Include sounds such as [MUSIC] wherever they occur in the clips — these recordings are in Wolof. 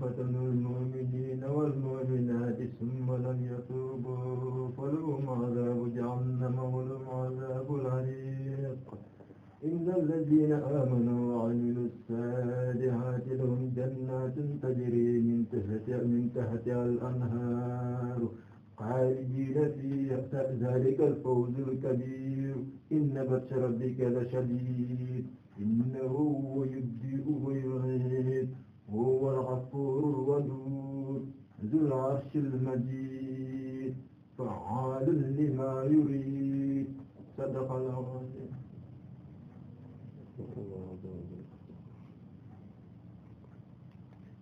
فتنوا المؤمنين والمؤمنات ثم لم يتوبوا فلهم عذاب جهنم ولهم عذاب الحريق إلا الذين آمنوا وعملوا الصالحات لهم جنات تجري من تحتها من تحتها الأنهار خالدين فيها ذلك الفوز الكبير إن بطش ربك لشديد إنه المجيد فعال لما يريد صدق الله العظيم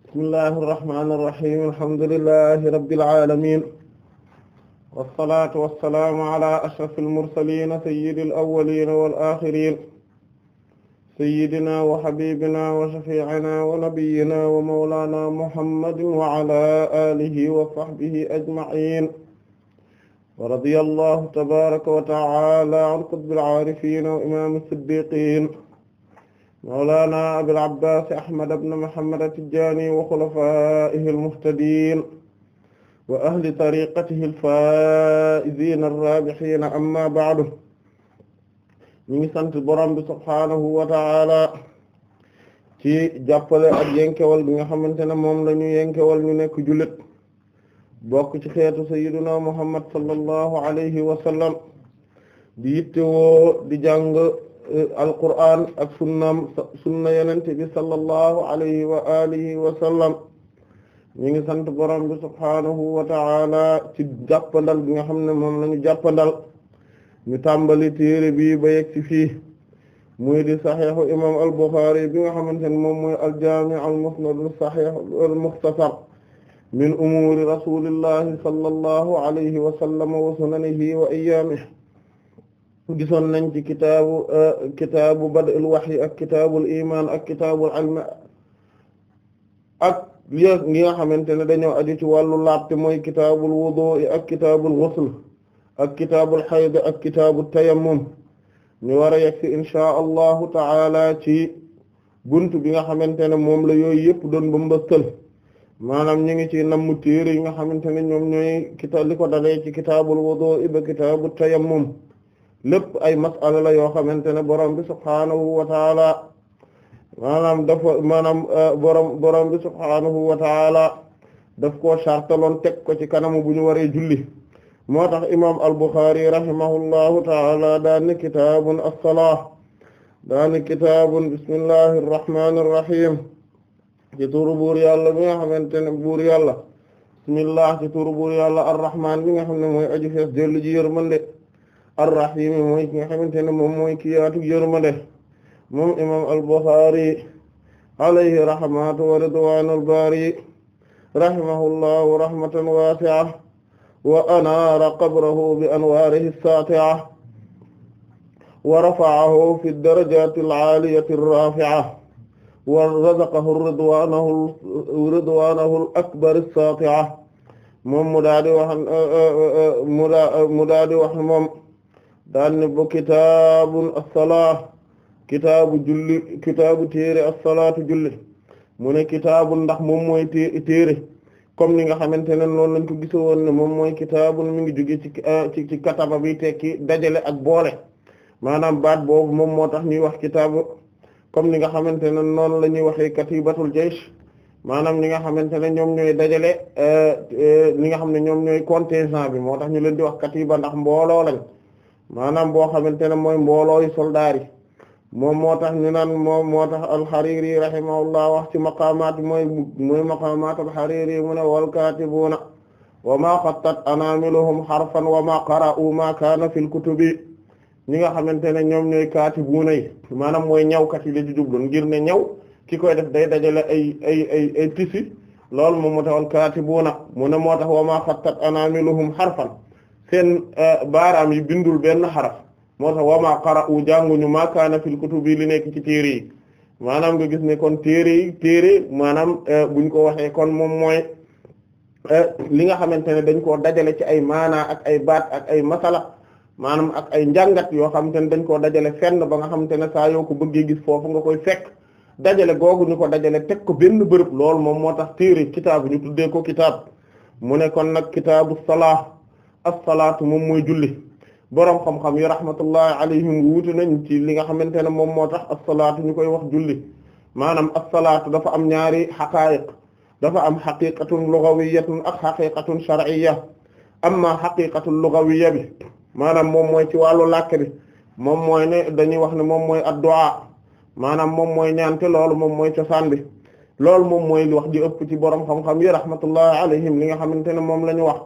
بسم الله الرحمن الرحيم الحمد لله رب العالمين والصلاة والسلام على أشرف المرسلين سيد الأولين والآخرين sayyidina wa habibina wa shafi'ina wa nabiyyina wa mawlana muhammadin wa ala alihi wa sahbihi ajma'in wa radiyallahu tabaraka wa ta'ala an qutbil aarifin wa imam as-siddiqin mawlana abil abbas ahmad ibn muhammad at-tijani wa khulafa'ihi al-muhtadin wa ahli tariqatihi al-fa'izin ar-rabihin amma ba'du ñu ngi sant borom bi subhaanahu wa ta'ala ci jàppale ak yenkewal bi nga xamante ne moom la ñu yenkewal ñu nekk jullit bokk ci xeetu sayyiduna muhammad sallallahu alayhi wa sallam di yittewoo di jàng eh, alqur'aan ak sunnaam sunna yenente bi sallallahu alayhi wa alihi wa sallam ñu ngi sant borom bi subhaanahu wa ta'ala ci jàppandal bi nga xam ne moom la ñu ñu tàmbali téere bi ba yegg ci fii muy di saxiixu imam al bi nga xamante ne moom mooy al-jaami' al-musnad as-saxiix min umuuri rasulillahi sallallahu alayhi wa sallam wa sunanihi wa ayyaamihi gisoon nañ ci kitaabu kitaabu bad'il wahyi ak kitaabul imaan ak kitaabul ilm ak li nga xamante ne dañoo aju ci wàllu laabte mooy kitaabul ak kitaabul ghusl ak kitaabul xayd ak kitaabu tayammum ñu war a yegg si inchaa allahu taala ci bunt bi nga xamante ne moom la yooyu yëpp doon bambastal maanaam ñu ngi ci namm téere yi nga xamante ne ñoom ñooy kita li ko dalee ci kitaabul wudu ba kitaabu tayammum lépp ay masala la yoo xamante ne borom bi subhaanahu wa taala maanaam dafa maanaam euh, borom borom bi subhaanahu wa taala ko koo sartaloon teg ko ci kanamu bu ñu waree julli moo tax imam al-Bukhari rahimahullahu ta'ala daan ne kitaabun as-salaah daan ne kitaabun bismillahi irrahmani irrahim ci turu buur yàlla bi nga xamante ne buur yàlla bismillah ci turu buur yàlla arrahman bi nga xam ne mooy aju fees jëllu ji yërmande arrahim mooy ki nga xamante ne moom mooy ki yaatu yërmande moom imam al-Bukhari alayhi rahmatu wa ridwanul bari rahimahullahu rahmatan wasi'a wa anaara qabrahu bi anwaarihi saati'a wa rafa'ahu fi darajaati al-'aaliyati ar-raafi'a wa razaqahu ridwaanahu ridwaanahu al-akbar as-saati'a moom mu daal di wax mu daal di wax moom daan ne bu kitaabu as-salaa kitaabu julli kitaabu téere as-salaatu julli mu ne kitaabu ndax moom mooy téere comme ni nga xamante ne noonu lañ ko gisoo woon ne moom mooy kitaabun mi ngi jóge ci euh, ci ci kataba bi tekki dajale ak boole maanaam baat boobu moom moo tax ñuy wax kitaabu comme ni nga xamante ne noonu la ñuy waxee katibatul jaysh maanaam ñi nga xamante ne ñoom ñooy dajale ni euh, euh, nga xam ne ñoom ñooy contingent bi moo tax ñu leen di wax katiba ndax mbooloo lañ maanaam boo xamante ne mooy mboolooy soldaar yi moom moo tax ñu naan moom moo tax alxariri rahimahullah wax ci maqaamaat mooy mooy maqaamaat alxariri mu ne wal kaatibuuna wa maa xattat anaamiluhum xarfan wa maa qara'u maa kaana fil kutubi ñi nga xamante ne ñoom ñooy kaatibuuna yi maanaam mooy ñawkat yi la ci jublu ngir ne ñaw ki koy def day dajale ay ay ay ay loolu moom moo taxoon kaatibuuna mu ne moo tax wa maa xattat anaamiluhum xarfan seen euh, baaraam yi bindul benn xaraf moo tax wama qara'u jànguñu ma kaana fil kutubi li nekk ci téere yi maanaam nga gis ne kon téere téere maanaam eh, buñ ko waxee kon moom mooy eh, li nga xamante ne dañ koo dajale ci ay maanaa ak ay baat ak ay masala maanaam ak ay njàngat yoo xamante ne dañ koo dajale fenn ba nga xamante ne saa yoo ko bëggee gis foofu nga koy fekk dajale googu ñu ko dajale teg ko benn bërëb lool moom moo tax téere kitaabu ñu tuddee ko kitaab mu ne kon nag kitaabu salaa as-salaatu moom mooy julli boroom xam-xam yi rahmatullahi alayhim wuute nañ ci li nga xamante ne moom moo tax as-salaatu ñu koy wax julli maanaam as-salaatu dafa am ñaari xaqaayiq dafa am xaqiqatun lughawiyatun ak xaqiqatun shar'iyya amma xaqiqatul lughawiyya bi maanaam moom mooy ci wàllu làkk bi moom mooy ne dañuy wax ne moom mooy addu'a maanaam moom mooy ñaante loolu moom mooy cosaan bi loolu moom mooy wax ji ëpp ci boroom xam-xam yi rahmatullahi alayhim li nga xamante ne moom la ñu wax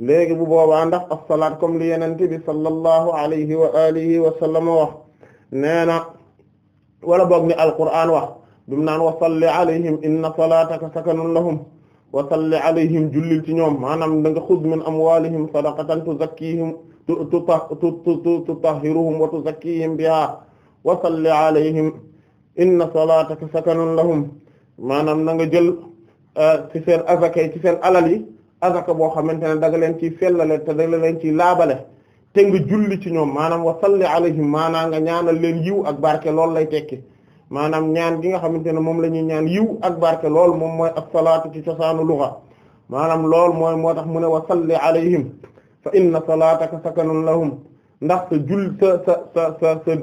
léegi bu boobaa ndax as-salaat comme li yenente bi sallallahu alayhi wa alihi wa sallam wax nee na wala boog ni alquraan wax dum naan wa salli alayhim inna salaataka sakanun lahum wa salli alayhim jullil ci ñoom maanaam da nga xud min amwalihim sadaqatan tuzakkihim tutahhiruhum wa tuzakkihim biha wa salli alayhim inna salaataka sakanun lahum maanaam na nga jël euh, ci seen azakay ci seen alal yi azaka boo xamante ne da nga leen ciy fellale te da nga leen ciy laabale te nga julli ci ñoom maanaam wa salli alayhim maanaam nga leen yiw ak barke loolu lay tekki maanaam ñaan gi nga xamante ne moom la ñuy ñaan yiw ak barke lool moom mooy as-salaatu ci cosaanu luga maanaam lool mooy moo tax mu ne wa salli alayhim fa inna salaataka sakanun lahum ndax sa jull sa sa sa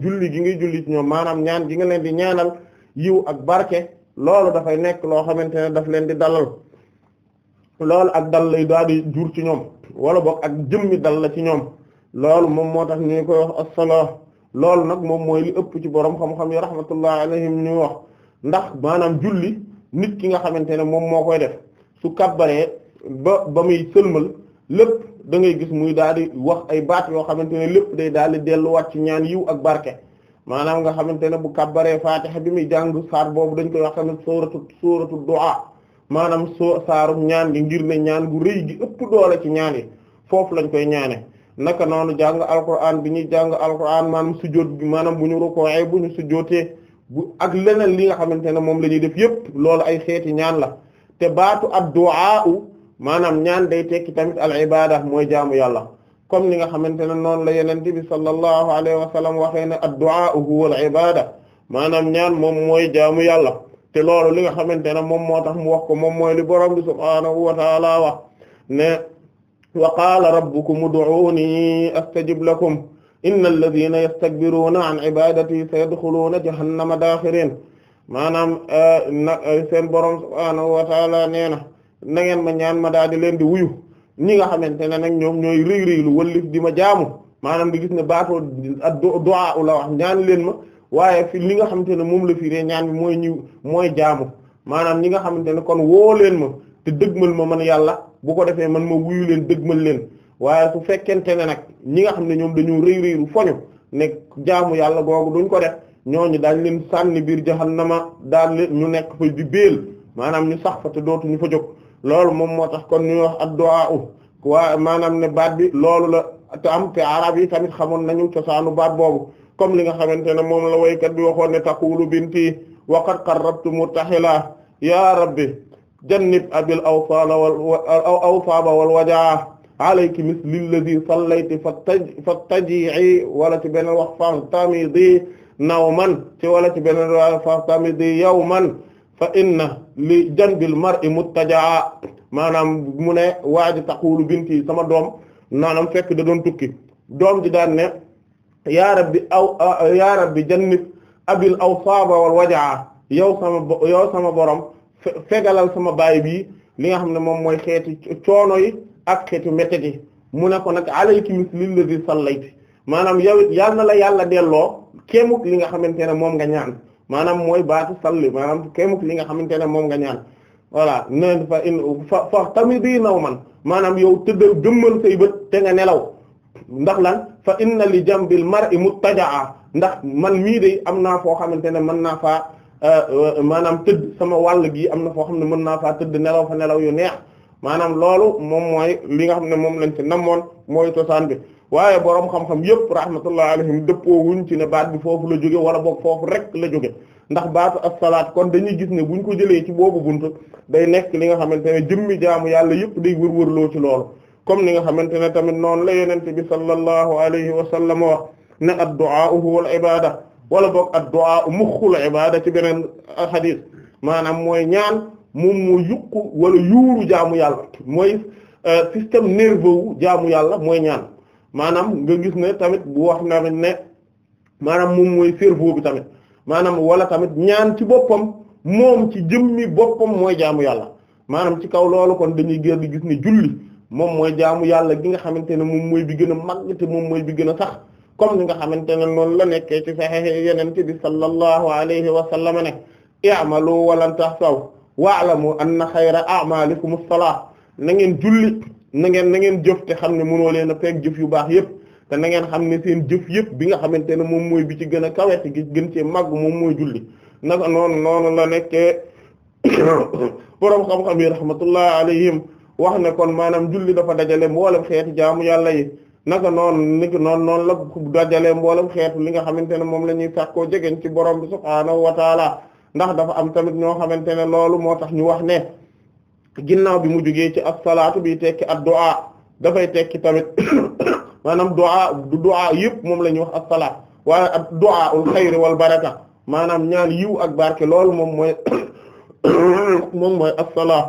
gi ngay julli ñoom maanaam ñaan gi nga leen di ñaanal yiw ak barke loolu dafay nekk loo xamante ne daf leen di dalal loolu ak dal lay daal di jur ci ñoom wala boog ak jëmmi dal la ci ñoom loolu moom moo tax ñu koy wax as-salaa loolu nag moom mooy li ëpp ci borom xam-xam yi rahmatullahi alayhim ñu wax ndax maanaam julli nit ki nga xamante ne moom moo koy def su kabbaree ba ba muy sëlmal lépp da ngay gis muy daal di wax ay baat yoo xamante ne lépp day daal di delluwaat ci ñaan yiw ak barke maanaam nga xamante ne bu kabbaree faatiha bi muy jàng saar boobu dañ koy wax tamit suuratu suuratu du'a maanaam soo saarum ñaan gi ngir ne ñaan gu rëy gi ëpp doole ci ñaan yi foofu lañ koy ñaane naka noonu jàng alquran bi ñuy jàng alquran maanaam sujjóot bi maanaam bu ñu rukkooee bu ñu sujjóotee bu ak leneen li nga xamante ne moom la ñuy def yëpp loolu ay xeeti ñaan la te baatu addu'a maanaam ñaan day tekki tamit al ibada mooy jaamu yàlla comme ni nga xamante ne noonu la yeneen bi sallallahu alayhi wa sallam waxee ne addu'a huwa al ibada maanaam ñaan moom mooy jaamu yàlla te loolu li nga xamante ne moom moo tax mu wax ko moom mooy li borom bi subhaanahu wa taala wax ne wa qaala rabbukum ud'uuni astajib lakum inna alladhina yastakbiruuna an ibadati sayadkhuluuna jahannama daaxirin maanaam eh, na eh, seen borom subhaanahu wa taala nee na na ngeen ma ñaan ma daal di leen di wuyu ñi nga xamante ne nag ñoom ñooy réy réylu wallif di ma jaamu maanaam di gis ne baatoo ak du'a la wax ñaan leen ma waaye fi li nga xamante ne moom la firee ñaan bi mooy ñu mooy jaamu maanaam ñi nga xamante ne kon woo leen ma te dëgmal ma man yàlla bu ko defee man ma wuyu leen dëgmal leen waaye su fekkente ne nag ñi nga xam ne ñoom dañoo rëy rëylu foñu nekk jaamu yàlla googu duñ ko def ñooñu daañ leen sànni biir na ma daal leen ñu nekk fa di béel maanaam ñu sax fa te dootuñu fa jóg loolu moom moo tax kon ñuy wax addu'a waa maanaam ne baat bi loolu la te am te arab yi tamit xamoon nañu cosaanu baat boobu comme li nga xamante ne moom la waykat bi waxoon ne taqulu binti wa qad qarrabtu murtahila ya rabbi jannib abil awsana wal awsaba wal wajaa alayki misli alladhi sallayta fattaji'i wala ci beneen wax fastamidi nawman ci wala ci beneen wax fastamidi yawman fa inna li janbil mar'i muttajaa maanaam mu ne waaji taqulu binti sama doom maanaam fekk da doon tukki doom ji daan ne yaa rabbi aw yaa rabbi jannib abil awsaaba wal wajaa yow sama sama borom fegalal sama baay bi li nga xam ne moom mooy xeeti coono yi ak xeeti métit yi mu ne ko nag alayki mislil ladhi sallayti maanaam yow it yal na la yàlla delloo kéemuk li nga xamante ne moom nga ñaan maanaam mooy baatu salli maanaam kéemuk li nga xamante ne moom nga ñaan voilà nen fa in fa fa tamit di naw man maanaam yow tëddal gëmmal say bët te nelaw ndax lan fa inna li jambil mar'i muttajaa ndax man mii de am naa foo xamante ne mën naa faa euh, maanaam tëdd sama wàll gi am na foo xam ne mën naa faa tëdd nelaw fa nelaw yu neex maanaam loolu moom mooy li nga xam ne moom lañ ci namoon mooy tosaan bi waaye boroom xam-xam yëpp rahmatullahi alayhim dëppoo wuñ ci ne baat bi foofu la jóge wala boog foofu rek la jóge ndax baatu as-salaat kon dañuy gis ne buñ ko jëlee ci boobu bunt day nekk li nga xamante ne jëmmi jaamu yàlla yëpp day wër-wër loo ci loolu comme ni nga xamante ne tamit noonu la yonent bi sallallahu alayhi wa sallam wax ne ad-du'a huwa al-ibada wala boog ad-du'a muxxul ibada ci beneen hadith maanaam mooy ñaan moom mu yuqu wala yuuru jaamu yàlla mooy euh, système nerveux jaamu yàlla mooy ñaan maanaam nga gis ne tamit bu wax na ne maanaam moom mooy cerveau bi tamit maanaam wala tamit ñaan ci boppam moom ci jëmmi boppam mooy jaamu yàlla maanaam ci kaw loolu kon dañuy gër di julli moom mooy jaamu yàlla bi nga xamante ne moom mooy bi gën a màgg moom mooy bi gën a sax comme ni nga xamante ne noonu la nekkee ci saxiix yenente bi sallallahu alayhi wa sallam ne i'malu wa lan tahsaw wa'lamu anna xayra a'malikum as-salah na ngeen julli na ngeen na ngeen jëf te xam ne mënoo leen a fekk jëf yu baax yëpp te na ngeen xam ne seen jëf yëpp bi nga xamante ne moom mooy bi ci gën a kawe ci gën cee màgg moom mooy julli naka noonu noonu la nekkee [COUGHS] boroom xam wax ne kon maanaam julli dafa dajale mboolem xeetu jaamu yàlla yi naka noonu noon ki noonu noonu la dajale mboolem xeet li nga xamante ne moom la ñuy sàkkoo jegeen ci borom bi subhaanahu wa taala ndax dafa am tamit ñoo xamante ne loolu moo tax ñu wax ne ginnaaw bi mu jógee ci as-salaatu bi tekki do a dafay tekki tamit [COUGHS] maanaam du'a du du'a yëpp moom la ñuy wax as-salaat waaye ad-du'a ul xayri wal baraka maanaam ñaan yiw ak barke loolu moom mooy [COUGHS] moom mooy as-salaat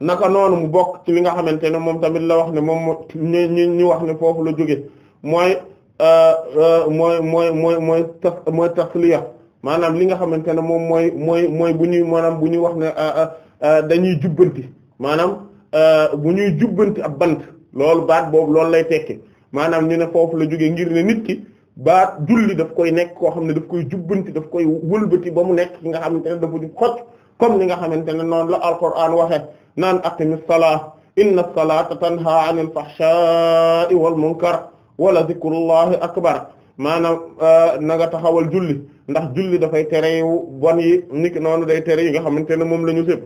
naka noonu mu bokk ci li nga xamante ne moom tamit la wax ne moom moo ñu ñu wax ne foofu la jóge mooy euh, euh, mooy mooy mooy mooy tas mooy maanaam li nga xamante ne moom mooy mooy mooy bu ñuy maanaam bu ñuy wax ne euh, dañuy jubbanti maanaam bu ñuy jubbanti a bant loolu baat boobu loolu lay tekki maanaam ñu ne foofu la jóge ngir ne nit ki baat julli daf koy nekk koo xam ne daf koy jubbanti daf koy wëlbati ba mu nekk li nga xam ne dafa di xocc comme ni nga xamante ne noonu la alquran waxe naan aqimis salaa inna salaata tanhaa anil fahshaa'i wal munkar wala zikrullahi akbar maanaam euh, na nga taxawal julli ndax julli dafay tere wu bon yi niki noonu day tere yi nga xamante ne moom la ñu sëb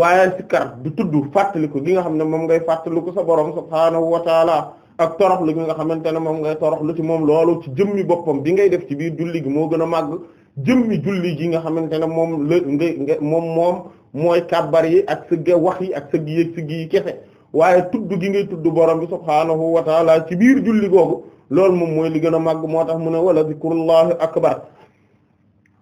waaye sikar du tudd fàttaliku gi nga xam ne moom ngay fàttaliku sa borom subhaanahu wa taala ak torox lu gi nga xamante ne moom ngay torox lu ci moom loolu ci jëmmi boppam bi ngay def ci biir julli gi moo gën a màgg jëmmi julli ji nga xamante ne moom la nga moom moom mooy kàbbar yi ak sëgg wax yi ak sëgg yi sëgg yi kese waaye tudd gi ngay tudd borom bi subhaanahu wa taala ci biir julli googu lool moom mooy li gën a màgg moo tax mu ne wala zikrullahi akbar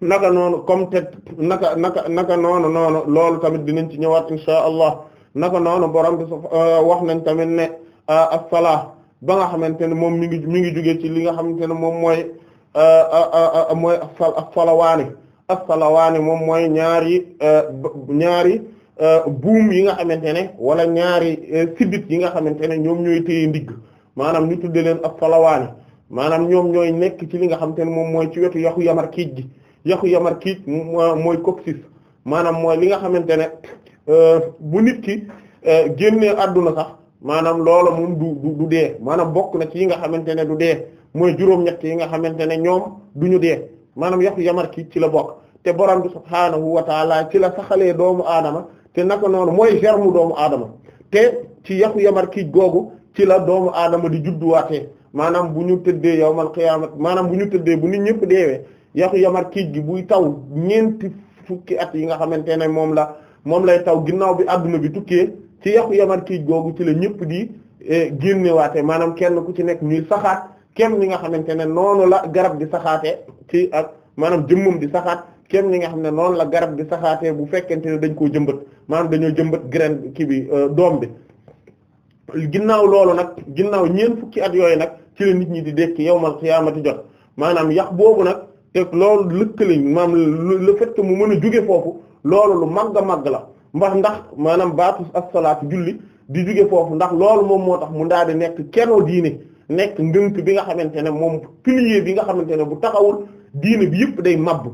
naka noonu comme te naka naka naka noonu noonu loolu tamit dinañ ci ñëwaat insha allah noonu borom bi euh, wax nañ tamit ne euh, as-salah ba nga xamante ne moom mi ngi mi ngi jóge ci li nga xamante ne moom mooy euh, mooy as-salawaani as-salawaani moom mooy ñaari euh, ñaari euh, buum yi nga xamante ne wala ñaari euh, siddit yi nga xamante ne ñoom ñooy téye ndigg maanaam ñu tudde leen as-salawaani maanaam ñoom ñooy nekk ci li nga xamante ne moom mooy ci wetu yaxu yamar kiij gi yaxu yamar kiij mooy coccyx maanaam mooy li nga xamante ne bu nit ki génnee àdduna sax maanaam loola moom du dee maanaam bokk na ci yi nga xamante ne du dee mooy juróom-ñett yi nga xamante ne ñoom ñu dee maanaam yaxu yamar ki ci la bokk te borom bi subhaanahu wa taala ci la saxalee doomu aadama te naka noonu mooy germu doomu aadama te ci yaxu yamar ki googu ci la doomu aadama di judduwaatee maanaam bu ñu tëddee yawmal qiyaama maanaam bu ñu tëddee bu nit ñëpp deewee yaxu yamar kiij gi buy taw ñeenti fukki at yi nga xamante ne moom la moom lay taw ginnaaw bi adduna bi tukkee ci yaxu yamar kiij googu ci la ñëpp di eh, génnewaate maanaam kenn ku ci nekk ñuy saxaat kem ñi nga xamante ne noonu la garab di saxaate ci ak maanaam jëmmum di saxaat kem ñi nga xam ne noonu la garab di saxaatee bu fekkente ne dañ koo jëmbat maanaam dañoo jëmbat graine kii bi euh, doom bi ginnaaw loolu nag ginnaaw ñeent fukki at yooyu nag ci la nit ñi di dekk yawmal qiyaamati jot maanaam yax boobu nag te loolu lëkkale maanaam le fait mu mën a juge foofu loolu lu màgg a màgg la mbax ndax maanaam baatu as-salaat julli di juge foofu ndax loolu moom moo tax mu daal di nekk keno diine nekk ngënk bi nga xamante ne moom pilier bi nga xamante ne bu taxawul diine bi yëpp day mabbu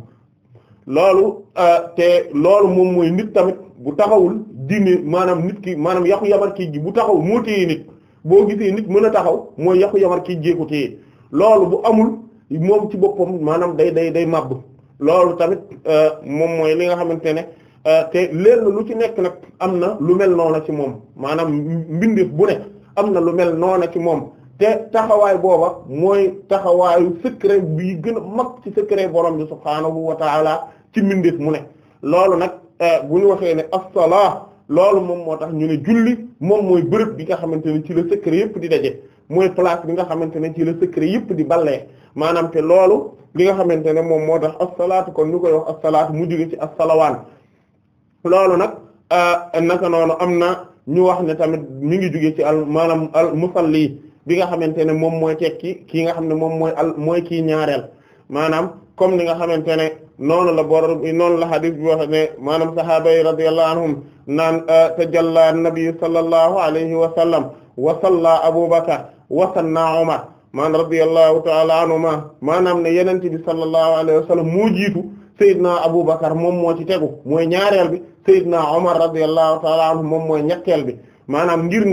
loolu euh, te loolu moom mooy nit tamit bu taxawul diine maanaam nit ki maanaam yaxu yamar kii ji bu taxaw moo téye boo gisee nit mën a taxaw mooy yaxu yamar kii jéego téye loolu bu amul moom ci boppam maanaam day day day mabbu loolu tamit euh, moom mooy li nga xamante ne. Euh, te lenn lu ci nekk nag am na lu mel noona ci moom maanaam mbindeef bu ne am na lu mel noona ci moom te taxawaay booba mooy taxawaayu secret bi gën mag ci secret borom bi subhaanahu wa taala ci mbindeef mu ne loolu nag eh, bu ñu waxee ne as-salaa loolu moom moo tax ñu ne julli moom mooy bërëb bi nga xamante ne ci la secret yëpp di daje mooy place bi nga xamante ne ci la secret yëpp di ballee maanaam te loolu li nga xamante ne moom moo tax as-salaatu kon ñu koy wax as-salaatu mu jóge ci as-salawaan loolu nag eh, naka noonu am na ñu wax ne tamit mi ngi jóge ci al maanaam al musalli bi nga xamante ne moom mooy tekki kii nga xam ne moom mooy al mooy ñaareel maanaam comme ni nga xamante ne noonu la bor noonu la hadith bi wax ne maanaam sahaaba yi radiyallahu anhum naan ah, tajalla nabi sallallahu alayhi wa sallam wa salla abubakar wa sanna umar man radiyallahu ta'ala anhuma maanaam ne yenente bi sallallahu alayhi wa sallam moo jiitu Seydina Abubakar moom moo ci tegu mooy ñaareel bi Seydina Omar radiyallahu ta'ala anhu moom mooy ñetteel bi maanaam ngir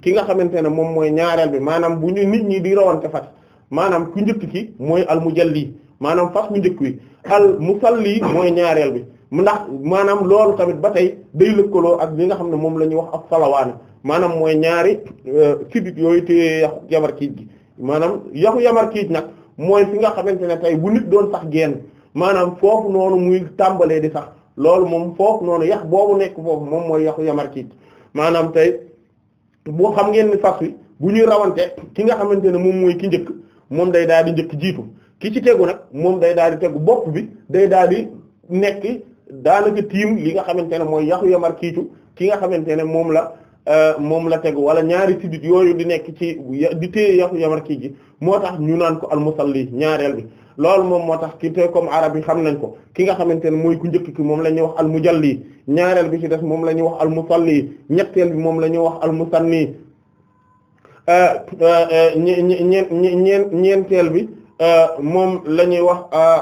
ki nga xamante ne moom mooy ñaareel bi maanaam bu ñu nit ñi di rawante fas maanaam ku njëkk ki mooy al mu mujalli maanaam fas mu njëkk wi al musalli mooy ñaareel bi ndax maanaam loolu tamit ba tey day lëkkaloo ak li nga xam ne moom la ñuy wax ab salawaane maanaam mooy ñaari euh, sidit yooyu te yaxu yamar kiij gi maanaam yaxu yamar kiij nag mooy fi nga xamante ne tey bu nit doon sax génn maanaam foofu noonu muy tàmbalee di sax loolu moom foofu noonu yax boobu nekk foofu moom mooy yaxu yamar kiij maanaam tey boo xam ngeen ni fas wi bu ñuy rawante ki nga xamante ne moom mooy ki njëkk moom day daal di njëkk jiitu ki ci tegu nag moom day daal di tegu bopp bi day daal di nekk daanaka tiim li nga xamante ne mooy yaxu yamar kiicu ki nga xamante ne moom la euh, moom la tegu wala ñaari sidit yooyu di nekk ci di téye yaxu yamar kiici moo tax ñu naan ko almusalli ñaareel bi loolu moom moo tax ki te comme arab yi xam nañ ko ki nga xamante ne mooy ku njëkk ki moom la ñuy wax almujalli ñaareel bi ci def moom la ñuy wax almusalli ñetteel bi moom la ñuy wax almusanni ñeen euh, euh, euh, ñeen ñeenteel bi moom la ñuy wax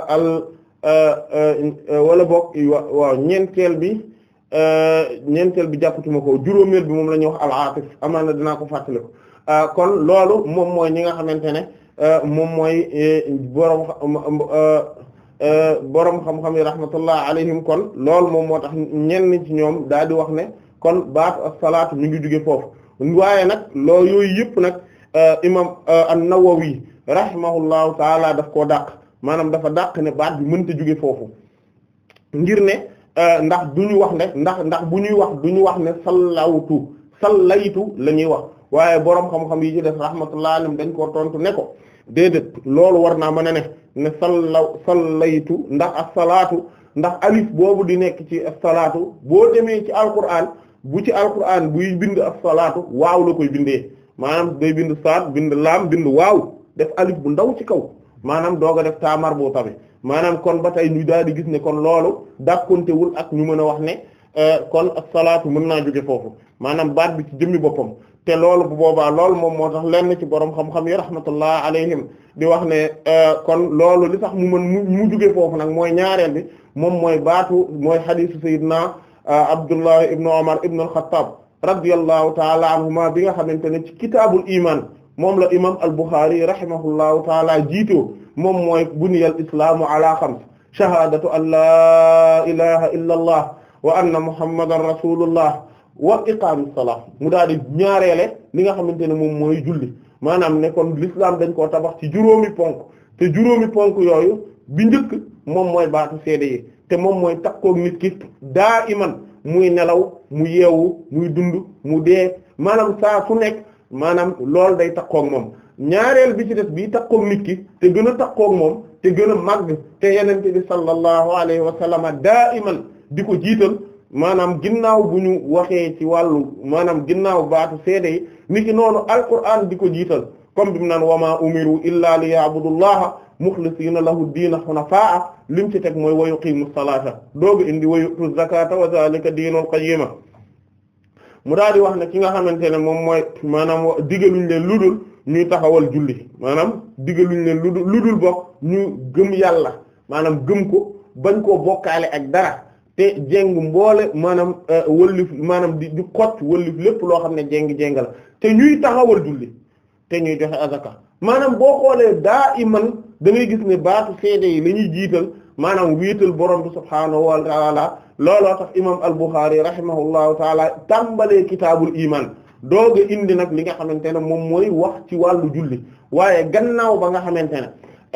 al wala boog waaw ñeenteel bi ñeenteel bi jàppatuma ko juróomeel bi moom la ñuy wax al atif amaana dinaa ko fàttali ko kon loolu moom mooy ñi nga xamante ne Euh, moom mooy borom euh, borom euh, xam-xam yi rahmatullah alayhim kon loolu moom moo tax ñenn ci ñoom daal di wax ne kon baatu as-salaatu mi ngi jóge foofu waaye nag loo yooyu yëpp nag imam an-Nawawi rahimahullahu taala daf ko dàq maanaam dafa dàq ne baat bi mënta jóge foofu ngir ne ndax du ñuy wax ne ndax ndax bu ñuy wax du ñu wax ne sallawtu sallaytu la ñuy wax waaye borom xam-xam yi ci def rahmatullah alayhim dañ ko tontu ne ko. déedéet loolu war naa mën a ne ne salla sallaytu ndax as-salaatu ndax alif boobu di nekk ci as-salaatu boo demee ci al alquran bu ci al alquran buy bind as-salaatu waaw la koy bindee maanaam day bind saat bind laam bind waaw def alif bu ndaw ci kaw maanaam doog a def taamar boo tabe maanaam kon ba tey ñu daal di gis ne kon loolu dàkkontewul ak ñu mën a wax ne euh, kon as-salaatu mën naa jóge foofu maanaam baat bi ci jëmmi boppam te loolu bu boobaa loolu moom moo tax lenn ci borom xam-xam yi rahmatullah alayhim di wax ne euh, kon loolu li tax mu mën mu foofu nag mooy ñaareel bi moom mooy baatu mooy xadiisu sayyidina euh, Abdullah ibn Umar ibn al-Khattab radiyallahu taala anhuma nga xamante ne ci kitaabul iman moom la imam al-Bukhari rahimahullahu taala jiitoo moom mooy buniyal islaamu ala xams shahaadatu an la ilaha illa allah wa anna muhammadan rasulullah wa iqaamis salaa mu daal di ñaareele li nga xamante ne moom mooy julli maanaam ne kon l'islam dañ koo tabax ci juróomi ponk te juróomi ponk yooyu bi njëkk moom mooy baatu seede yi te moom mooy takkook nit ki daa iman muy nelaw mu yeewu muy dund mu dee maanaam saa su nekk maanaam lool day takkook moom ñaareel bi ci def bii takkook nit ki te gën a takkook moom te gën a màgg te yenente bi sallallahu alayhi wa sallama daa iman di ko jiital maanaam ginnaaw bu ñu waxee ci wàllu maanaam ginnaaw baatu seede yi niki noonu alquran di ko jiital comme bi mu naan wama umiru illa li ya'budullaha muxlisiina lahu diina xunafaa lim ci teg mooy wa yuqiimu salaata doogu indi wa yu'tu zakata wa zalika diinul mu daal di wax ne ki nga xamante ne moom mooy maanaam digaluñ leen ludul ñuy taxawal julli maanaam digaluñ leen lu dul bokk ñu gëm yàlla maanaam gëm ko bañ koo bokkaale ak dara te jeng mboole maanaam euh, wëllif maanaam di di kocc wëllif lépp loo xam ne jeng jengal te ñuy taxawal julli te ñuy joxe azaka maanaam boo xoolee daa iman da ngay gis ne baatu seede yi la ñuy jiital maanaam wiital borom bi subhaanahu wa taala looloo tax imam al-Bukhari rahimahullahu taala tàmbalee kitaabul iman dooga indi nag li nga xamante ne moom mooy wax ci wàllu julli waaye gannaaw ba nga xamante ne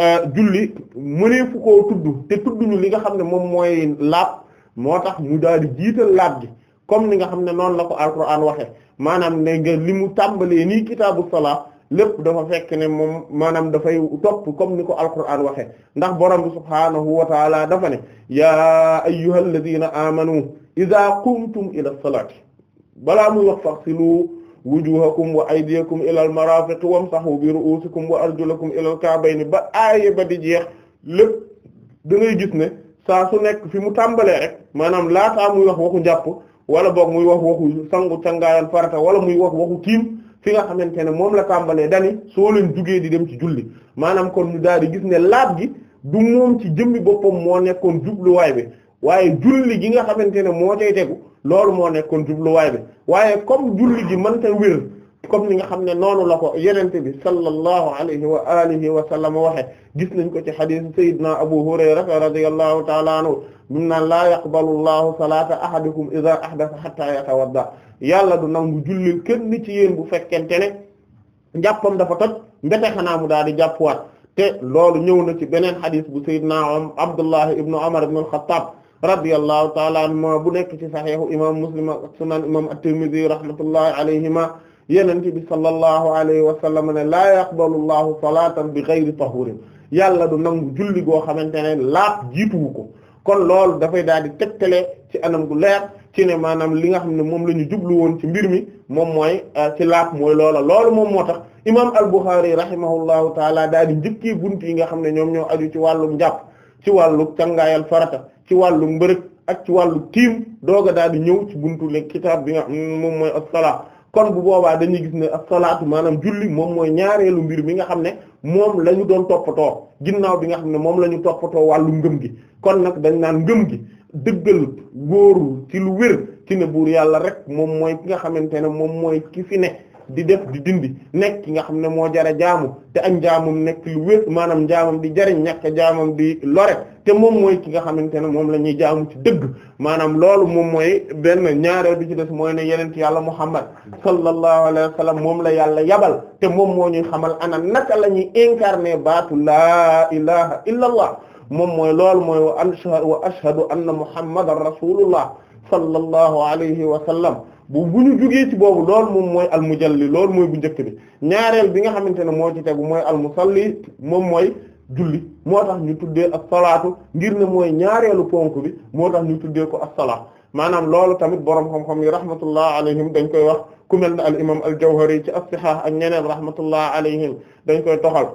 euh, julli mëneefu koo tudd te tudduñu li nga xam ne moom mooy laab moo tax mu daal di jiital laat gi comme ni nga xam ne noonu la ko alquran waxe maanaam ne nga li mu tàmbalee nii kitaabu salaa lépp dafa fekk ne moom maanaam dafay topp comme ni ko alquran waxe ndax borom bi subhaanahu wa taala dafa ne yaa ayyuhal ladina amanu iza qumtum ila salaati balaa muy wax faghsilu wujuhakum wa aydiyakum ila al marafiq wamsahu bi ru'usikum wa arjulakum ila al ka'bayn ba aaye ba di jeex lépp da ngay gis ne saa su nekk fi mu tàmbalee rek maanaam laataa muy wax waxu njàpp wala boog muy wax waxu sangu cangaayal farata wala muy wax waxu tiim fi nga xamante ne moom la tàmbalee dani soo leen jugee di dem ci julli maanaam kon ñu daal di gis ne laab gi du moom ci jëmmi boppam moo nekkoon jubluwaay bi waaye julli gi nga xamante ne moo cay tegu loolu moo nekkoon jubluwaay bi waaye comme julli gi mënta wér comme ni nga xam ne noonu la ko yenente bi sallallahu alayhi wa alihi wa sallam waxe gis nañ ko ci xadis sayidna abu hurayra radiyallahu taala anhu mum la laa yaqbalu llahu salata ahadikum idha hatta yatawadda yàlla du nangu julli kenn ci yéen bu fekkente ne njàppam dafa toj mbete xanaa mu daal di jàppuwaat te loolu ñëw na ci beneen xadis bu sayidna abdullah ibnu umar ibn al-khattab radiyallahu taala bu nekk ci saxiixu imam muslim sunan imam at-tirmidhi rahmatullahi alayhima yenente bi sallallahu alayhi wa sallam ne laa yaqbalu llahu salatan bi ghayri tahurin yàlla du nangu julli goo xamante ne laab jiituwu ko kon loolu dafay daal di tegtale ci anam gu leer ci ne maanaam li nga xam ne moom la ñu jublu woon ci mbir mi moom mooy euh, ci laab mooy loola loolu moom moo tax imam al-Bukhari rahimahullahu taala daal di njëkkee bunt yi nga xam ne ñoom ñoo aju ci wàllum njàpp ci wàllu cangaayal farata ci wàllu mbërëg ak ci wàllu tiim doog daal di ñëw ci buntu bi moom mooy as-salaa kon bu boobaa dañuy gis ne as-salaatu maanaam julli moom mooy ñaareelu mbir mi nga xam ne moom la ñu doon toppatoo ginnaaw bi nga xam ne moom la ñu toppatoo wàllu ngëm gi kon nag dañ naan ngëm gi dëggal góoru ci lu wér ci ne buur yàlla rek moom mooy ki nga xamante ne moom mooy ki fi ne di def di dindi nekk ki nga xam ne moo jara jaamu te ak njaamam nekk lu wér maanaam njaamam di jariñ ñàkk jaamam di lore te moom mooy ki nga xamante ne moom la ñuy jaamu ci dëgg maanaam lool moom mooy benn ñaareel bi ci des mooy ne yenent yàlla Muhammad sallallahu alayhi wa sallam moom la yàlla yabal te moom moo ñuy xamal ana naka la ñuy incarner baatu laa ilaha illa moom mooy loolu mooy wa ashhadu wa ashhadu anna muhammadan rasulullah sallallahu alayhi wa sallam bu bu ñu jugee ci boobu loolu moom mooy almujalli loolu mooy bu njëkk bi ñaareel bi nga xamante ne moo ci tegu mooy almusalli moom mooy julli moo tax ñu tuddee ak salaatu ngir ne mooy ñaareelu ponk bi moo tax ñu tuddee ko as-salaat maanaam loolu tamit borom xam-xam yi rahmatullah alayhim dañ koy wax ku mel ne al imam al-Jawhari ci as-Sihah ak ñeneen rahmatullah alayhim dañ koy toxal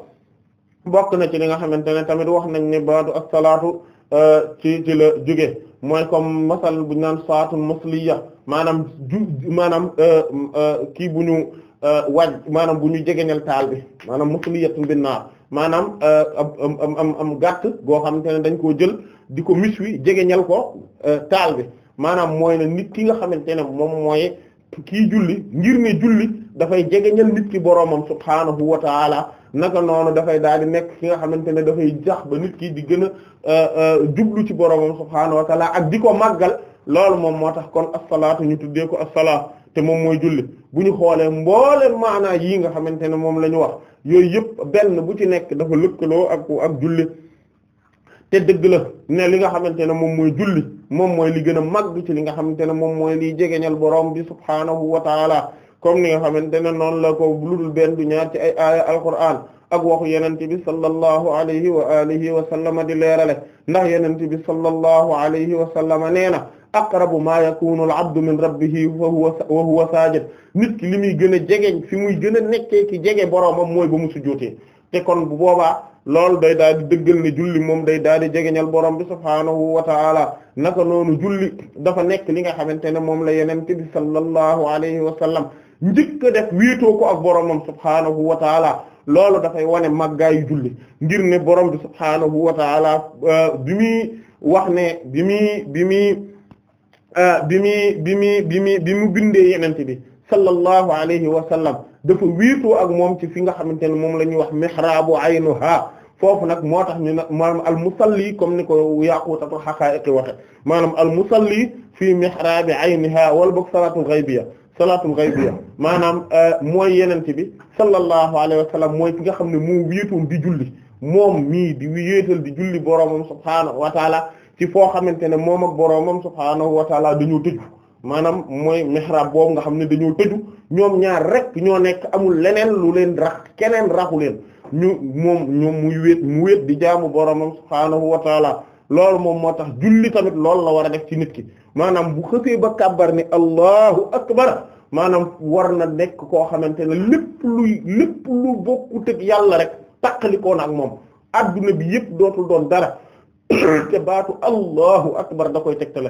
bokk na ci li nga xamante ne tamit wax nañ ne baatu as-salaatu Euh, ci ci la jóge mooy comme masal bu ñu naan saatun masliya maanaam ju maanaam euh, euh, kii bu ñu waaj maanaam bu ñu jegeñal taal bi maanaam masliyatun bin naar maanaam am gàtt goo xamante ne dañ koo jël di ko mis wi ñal ko taal bi maanaam mooy ne nit ki nga xamante ne moom mooy kii julli ngir ne julli dafay jegeñal nit ki boroomam subhaanahu wa taala naka noonu dafay daal di nekk ki nga xamante ne dafay jax ba nit ki di gën a euh, euh, jublu ci borom subhaanahu wa ak di ko màggal loolu moom moo tax kon as-salaatu ñu tuddee ko te moom mooy julli bu ñu xoolee mbooleen maanaa yii nga xamante ne moom la ñu wax yooyu yëpp benn bu ci nekk dafa lëkkaloo ak ak dëgg la ne li nga xamante ne moom mooy julli moom mooy li gën a màgg ci li nga xamante ne moom mooy liy jegeñal borom bi subhaanahu wa taala comme ni nga xamante ne noonu la ko ludul benn du ñaar ci ay aaya alquraan ak waxu yenente bi sallallahu alayhi wa alihi wa sallama di leerale ndax yenente bi sallallahu alayhi wa sallama nee na aqrabu ma yakunu al abdu min rabbihi wa huwa wa huwa saajid nit ki li muy gën a jege fi muy gën a nekkee ki jege borom boroomam mooy ba mu sujjóotee te kon bu boobaa loolu day daal di dëggal ne julli moom day daal di jegeñal borom bi subhaanahu wa taala naka noonu julli dafa nekk li nga xamante ne moom la yenente bi sallallahu alayhi wa sallam njëkk def wéetoo ko ak boromam subhaanahu wa taala loolu dafay wane màggaayu julli ngir ne borom bi subhaanahu wa taala euh, bi muy wax ne bi muy bi muy euh, bi mi bi mi bi muy bi mu bindee yenente bi sallallahu alayhi wa sallam dafa wéetoo ak moom ci fi nga xamante ne moom la ñuy wax mihraabu aynuha foofu nag moo tax ñu ne al almusalli comme ni ko yaqutatu haqa'iqi waxe maanaam almusalli fii mihraabi ayniha wala boog salatul ghaybiyya salaatul ghaybiya maanaam euh, mooy yenente bi sallallahu alayhi wa mooy ki nga xam ne mu wéetoon di julli moom mii di wéetal di julli boroomam subhaanahu wa taala ci foo xamante ne moom ak boroomam subhaanahu wa taala dañoo tëju maanaam mooy mihrab boobu nga xam ne dañoo tëju ñoom ñaar rek ñoo nekk amul leneen lu leen rax keneen raxu leen ñu moom ñoom muy wéet mu wéet di jaamu boroomam subhaanahu wa taala loolu moom moo tax julli tamit loolu la war a def ci nit ki maanaam bu xësee ba kàbbar ni allahu akbar maanaam war na nekk koo xamante ne lépp luy lépp lu bokkut ak yàlla rek tàqalikoo na ak moom adduna bi yëpp dootul doon dara [COUGHS] te baatu allahu akbar da koy tegtale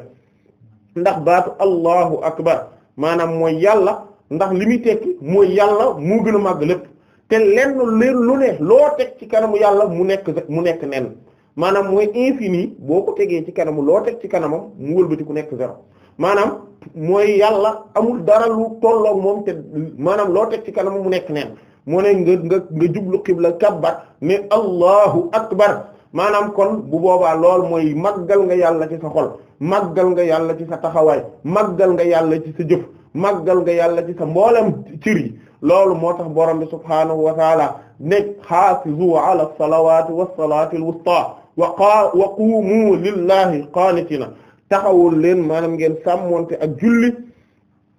ndax baatu allahu akbar maanaam mooy yàlla ndax li muy tekki mooy yàlla moo gën a màgg lépp te lenn leen lu ne loo teg ci kanamu yàlla mu nekk mu nekk nen maanaam mooy infini boo ko tegee ci kanamu loo teg ci kanamam mu wëlbati ku nekk zéro maanaam mooy yàlla amul dara lu tolloog moom te maanaam loo teg ci kanamam mu nekk neen mu ne nga nga nga jublu xibla kabbar ne allahu akbar maanaam kon bu boobaa lool mooy màggal nga yàlla ci sa xol màggal nga yàlla ci sa taxawaay màggal nga yàlla ci sa jëf màggal nga yàlla ci sa mboolam cir yi loolu moo tax borom bi subhaanahu wa taala nekk xaafizu ala salawaati wa salaati al wusta wa qaa wa qumu lillahi qaanitina taxawul leen maanaam ngeen sàmmonte ak julli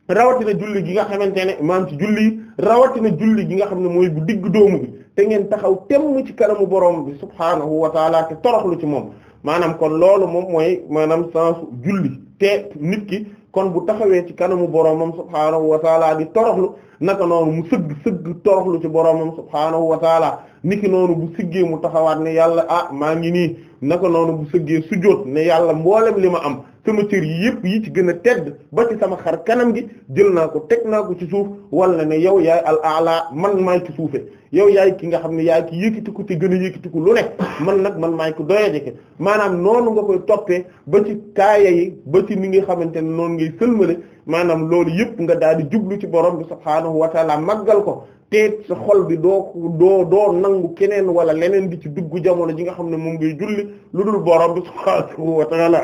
rawatina julli gi nga xamante ne maanaam ci julli rawatina julli gi nga xam ne mooy bu digg doomu bi te ngeen taxaw temm ci kanamu borom bi subhaanahu wa taala te toroxlu ci moom maanaam kon loolu moom mooy maanaam sensu julli te nit ki kon bu taxawee ci kanamu boromam subhaanahu wa taala di toroxlu naka noonu mu sëgg sëgg toroxlu ci boromam subhaanahu wa taala niki noonu bu siggee mu taxawaat ne yàlla ah maa ngi nii naka noonu bu sëggee sujjóot ne yàlla mboolem li ma am sama cër yi yëpp yi ci gën a tedd ba ci sama xar kanam gi jël naa ko teg naa ko ci suuf wala ne yow yaay al ala man maay ci suufe yow yaay ki nga xam ne yaay ki yëkkatiku te gën a yëkkatiku lu ne man nag man maay ko doyajeke maanaam noonu nga koy toppee ba ci kaaya yi ba ci ni ngi xamante ne noonu ngay sëlmale maanaam loolu yëpp nga daal di jublu ci borom bi subhaanahu wa taala màggal ko te sa xol bi doo doo doo nangu keneen wala leneen bi ci dugg jamono ji nga xam ne moom ngay julli lu dul borom bi subhaanahu wa taala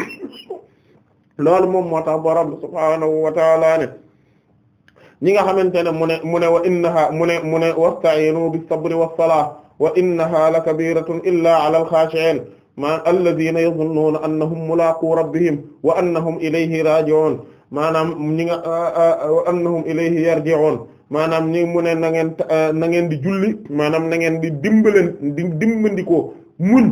[COUGHS] loolu moom moo tax borom bi subhaanahu wa ne ñi nga xamante ne mu ne mu ne wa innaha mu ne mu ne wasta'inu bis sabri was salaa wa innaha la kabiratun illa ala al xaashiin maanaam alladhina yadhunnuna annahum mulaqu rabbihim wa annahum ilayhi raji'un maanaam ñi nga annahum ilayhi yarji'un maanaam ñi mu ne nangeen ngeen na di julli maanaam na ngeen di dimbaleen di dimbandikoo muñ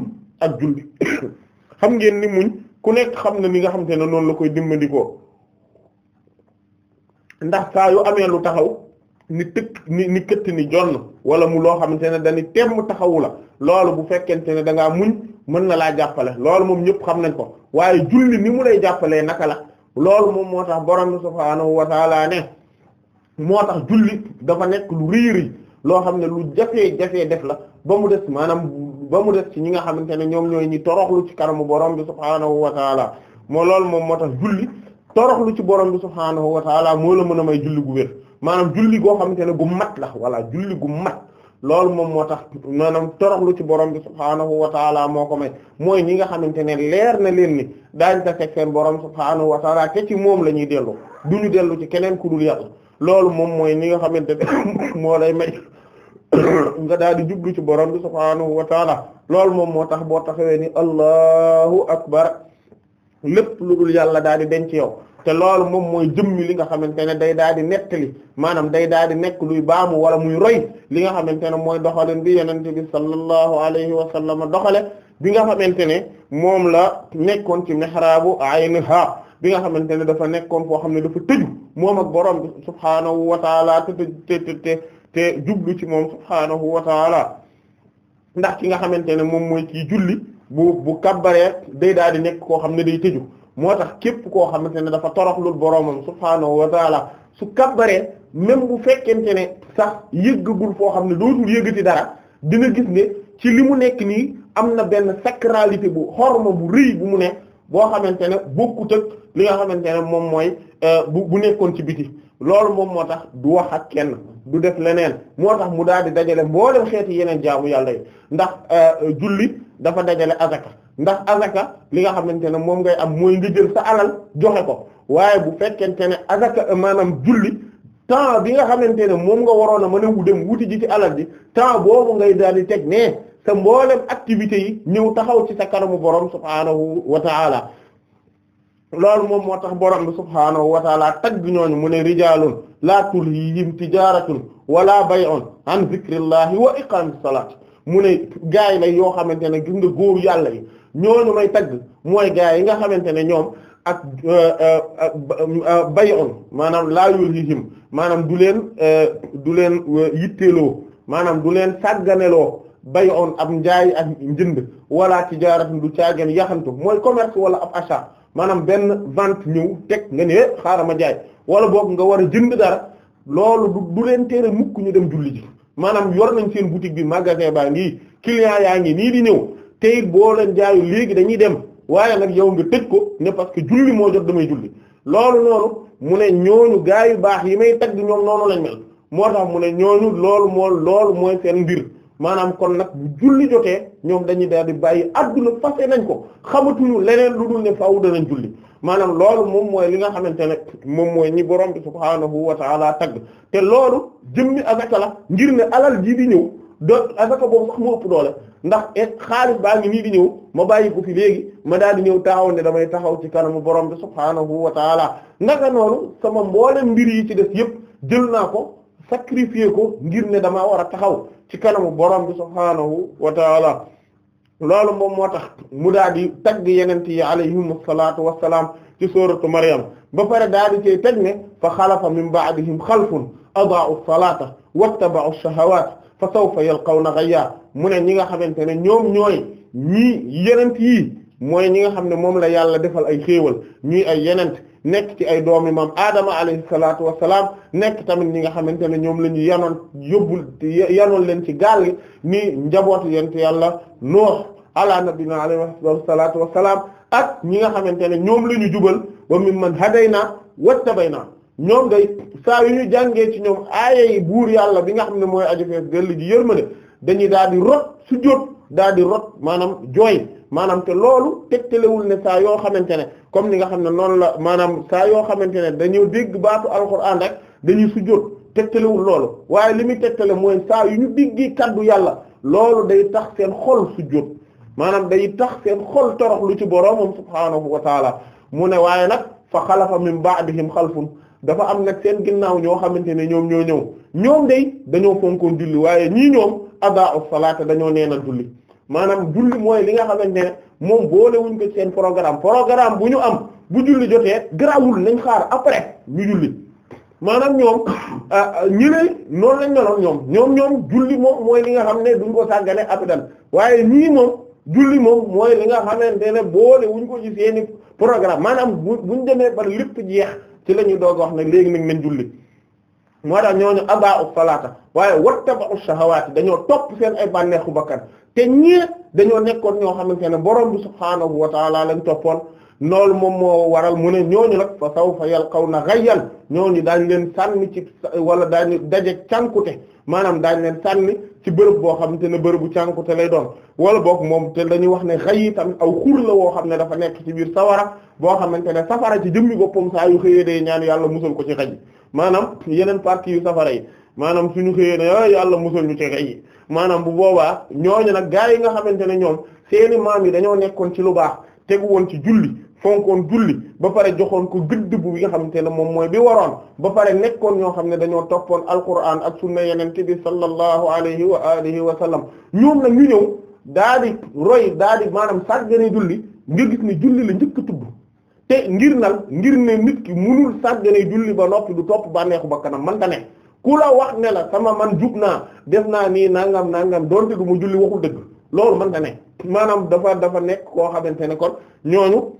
ak julli [COUGHS] xam ngeen ni muñ ku nekk xam na ni nga xam te ne noonu la koy dimbandikoo ndax saa yu amee lu taxaw ni tëkk ni ni këtt ni jonn wala mu loo xamante ne dañuy temm taxawu la loolu bu fekkente ne da ngaa muñ mën na laa jàppale loolu moom ñëpp xam nañ ko waaye julli ni mu lay jàppalee naka la loolu moom moo tax borom subhaanahu wa taala ne moo tax julli dafa nekk lu riiri loo xam ne lu jafee jafee def la ba mu des maanaam ba mu des ci ñi nga xamante ne ñoom ñooy ñi toroxlu ci kanamu borom bi subhaanahu wa taala moo loolu moom moo tax julli toroxlu ci borom bi subhaanahu wa taala moo la mën a may julli gu wér maanaam julli goo te ne gu mat la walla julli gu mat loolu moom moo tax maanaam toroxlu ci borom bi subhaanahu wa moo ko may mooy ñi nga xamante ne leer na leen ni daañ ta fekk seen borom subhaanahu wa taala te ci moom la dellu du ñu dellu ci keneen ku dul yàlla loolu moom mooy ñi nga xamante ne [COUGHS] moo lay may [COUGHS] daal di jublu ci borom loolu moom moo tax boo taxawee ni allahu akbar lépp lu dul yàlla daal di denc yow te loolu moom mooy jëmmi li nga xamante ne day daal di nettali maanaam day daal di nekk luy baamu wala muy roy li nga xamante ne mooy doxalin bi yenente bi sallallahu alayhi wa sallam doxale bi nga xamante ne moom la nekkoon ci mihraabu Aynaha bi nga xamante ne dafa nekkoon foo xam ne dafa tëju moom ak borom bi subhaanahu wa taala te te te jublu ci moom subhaanahu wa taala ndax ki nga xamante ne moom mooy ci julli bu bu kabbaree day daal nekk koo xam ne day tëju moo tax képp koo xamante ne dafa toroxlul boroomam subhaanahu wa taala su kabbaree même bu fekkente ne sax yëggagul foo xam ne dootul yëggati dara dina gis ne ci li mu nekk nii am na benn sacralité bu xorma bu rëy bu mu ne boo xamante ne bokkut li nga xamante ne moom mooy euh, bu bu nekkoon ci biti loolu moom moo tax du wax ak kenn du def leneen moo tax mu daal di dajale mboolem xeeti yeneen jaamu yàlla yi ndax euh, julli dafa dajale azaka ndax azaka li nga xamante ne moom ngay am mooy nga jël sa alal joxe ko waaye bu fekkente ne azaka maanaam julli temps bi nga xamante ne moom nga waroon a mën a dem wuti ji ci alal ji temps boobu ngay daal di teg nee sa mboolem activité yi ñëw taxaw ci sa kanamu borom subhaanahu wa taala loolu moom moo tax borom bi subhaanahu wa taala tagg ñooñu mu ne rijaalun laa tulhiihim tijaaratun wala bay'un an zikrillahi wa iqaamis salaat mu ne gaay la yoo xamante ne gis nga yàlla yi ñooñu may tagg mooy gaa yi nga xamante ne ñoom ak euh, euh, euh, bay'un maanaam laa yulhihim maanaam du leen du leen yitteeloo maanaam du leen bay bay'un ab njaay ak njënd wala tijaaratu du caageen yaxantu mooy commerce wala ab achat maanaam benn vente ñëw teg nga ne xaaral ma jaay wala boog nga war a jënd dara loolu du leen tere mukk ñu dem julli ji maanaam yor nañ seen boutique bi magasin baa ngi client yaa ngi nii di ñëw tey boo leen jaayu léegi dañuy dem waaye nag yow nga tëj ko ne parce que julli moo jot damay julli loolu noonu mu ne ñooñu gaa yu baax yi may tagg ñoom noonu lañ mel moo tax mu ne ñooñu loolu moo loolu mooy seen mbir maanaam kon nag bu julli jotee ñoom dañuy daal di bàyyi adduna fase nañ ko xamatuñu leneen lu dul ne faaw danañ julli maanaam loolu moom mooy li nga xamante ne moom mooy ñi borom bi subhaanahu wa ta'ala tagg te loolu jëmmi azaka la ngir ne alal ji di ñëw do azaka boobu sax mu ëpp doole ndax e xaalis baa ngi nii di ñëw ma bàyyi ko fi léegi ma daal di ñëw taxaw ne damay taxaw ci kanamu borom bi subhaanahu wa taala naka noonu sama mboolem mbir yi ci def yépp jël naa ko sacrifier ko ngir ne damaa war a taxaw ci kanamu borom bi subhaanahu wa taala loolu moom moo tax mu daal di tagg yeneen yi alayhim salaatu wa salaam ci suuratu Maryam ba pare daal di cay teg ne fa xalafa min ba'dihim xalfun adaa'u salaata wattaba'u shahawaat fa sawfa yalqawna ghayya mu ne ñi nga xamante ne ñoom ñooy ñi yenent yi mooy ñi nga xam ne moom la yàlla defal ay xéewal ñuy ay yenent nekk ci ay doomi mam aadama alayhi salaatu wassalaam nekk tamit ñi nga xamante ne ñoom la ñu yanoon yóbbul leen ci gaal gi ni njabootu yent yàlla noox ala nabina alayhi salaatu salaam ak ñi nga xamante ne ñoom la ñu jubal wa mimman hadayna wattabayna ñoom day saa yu ñu jàngee ci ñoom aaya yi buur yàlla bi nga xam ne mooy aju fees gëll ji yërmande dañuy daal di rot sujjóot daal di rot maanaam jooy maanaam te loolu tegtalewul ne yoo xamante ne comme ni nga xam ne noonu la maanaam saa yoo xamante ne dañoo dégg baatu alxuraan rek dañuy sujjóot tegtalewul loolu waaye li muy tegtale mooy saa yu ñu diggi kaddu yàlla loolu day tax seen xol sujjóot maanaam day tax seen xol torox lu ci boroomam subhaanahu wa taala mu ne waaye nag fa xalafa min ba'dihim xalfun dafa am nag seen ginnaaw ñoo xamante ne ñoom ñoo ñëw ñoom day dañoo fonkoon julli waaye ñii ñoom adaa u salaata dañoo neenal julli maanaam julli mooy li nga xamante ne moom boolewuñ ko seen programme programme bu ñu am bu julli jotee garaawul nañ xaar après ñu julli maanaam ñoom [COUGHS] ah, ah, ñi ne noonu lañ meloon ñoom ñoom ñoom julli moom mooy li nga xam ne duñ ko sàggane abadan waaye ñii moom julli moom mooy li nga xamante ne boole wuñ ko ci seeni programme maanaam buñ demee ba lépp jeex ci la ñuy doog wax ne léegi nag nañ julli moo tax ñooñu abaa u salaata waaye wattaba'u shahawaati dañoo topp seen ay bànneexu bakkan te ñii dañoo nekkoon ñoo xam xamante ne borom bi subhaanahu wa ta'aala lañ toppoon loolu moom moo waral mu ne ñooñu nag fa sawfa yalqawna ghayyan ñooñu daañ leen sànni ci wala daañu daje cànkute maanaam daañ leen sànni ci bërëb boo xam te ne bërëbu cànkute lay doon wala boog moom te dañuy wax ne xëy tamit aw xur la woo xam ne dafa nekk ci biir sawara boo xamante ne safara ci jëmmi boppam saa yu xëyee day ñaan yàlla musal ko ci xëy maanaam yeneen partie yu safara yi maanaam suñu xëyee ne yàlla musal ñu ci yi maanaam bu boobaa ñooñu nag gaa yi nga xamante ne ñoom seeni maam yi dañoo nekkoon ci lu baax tegu woon ci julli fonkoon julli ba pare joxoon ko gëdd bu bi nga xamante ne moom mooy bi waroon ba pare nekkoon ñoo xam ne dañoo toppoon alquran ak sunna yeneen te bi sallallahu alayhi wa alihi wa sallam ñoom nag ñu ñëw daa di roy daa di maanaam sàggane julli ngir gis ne julli la njëkk tudd te ngir nal ngir ne nit ki munul sàggane julli ba noppi du topp bànneexu ba kanam man da ne ku la wax ne la sama man jub naa def naa nii nangam nangam doonte du mu julli waxul dëgg loolu man da maanaam dafa dafa nekk koo xamante ne kon ñooñu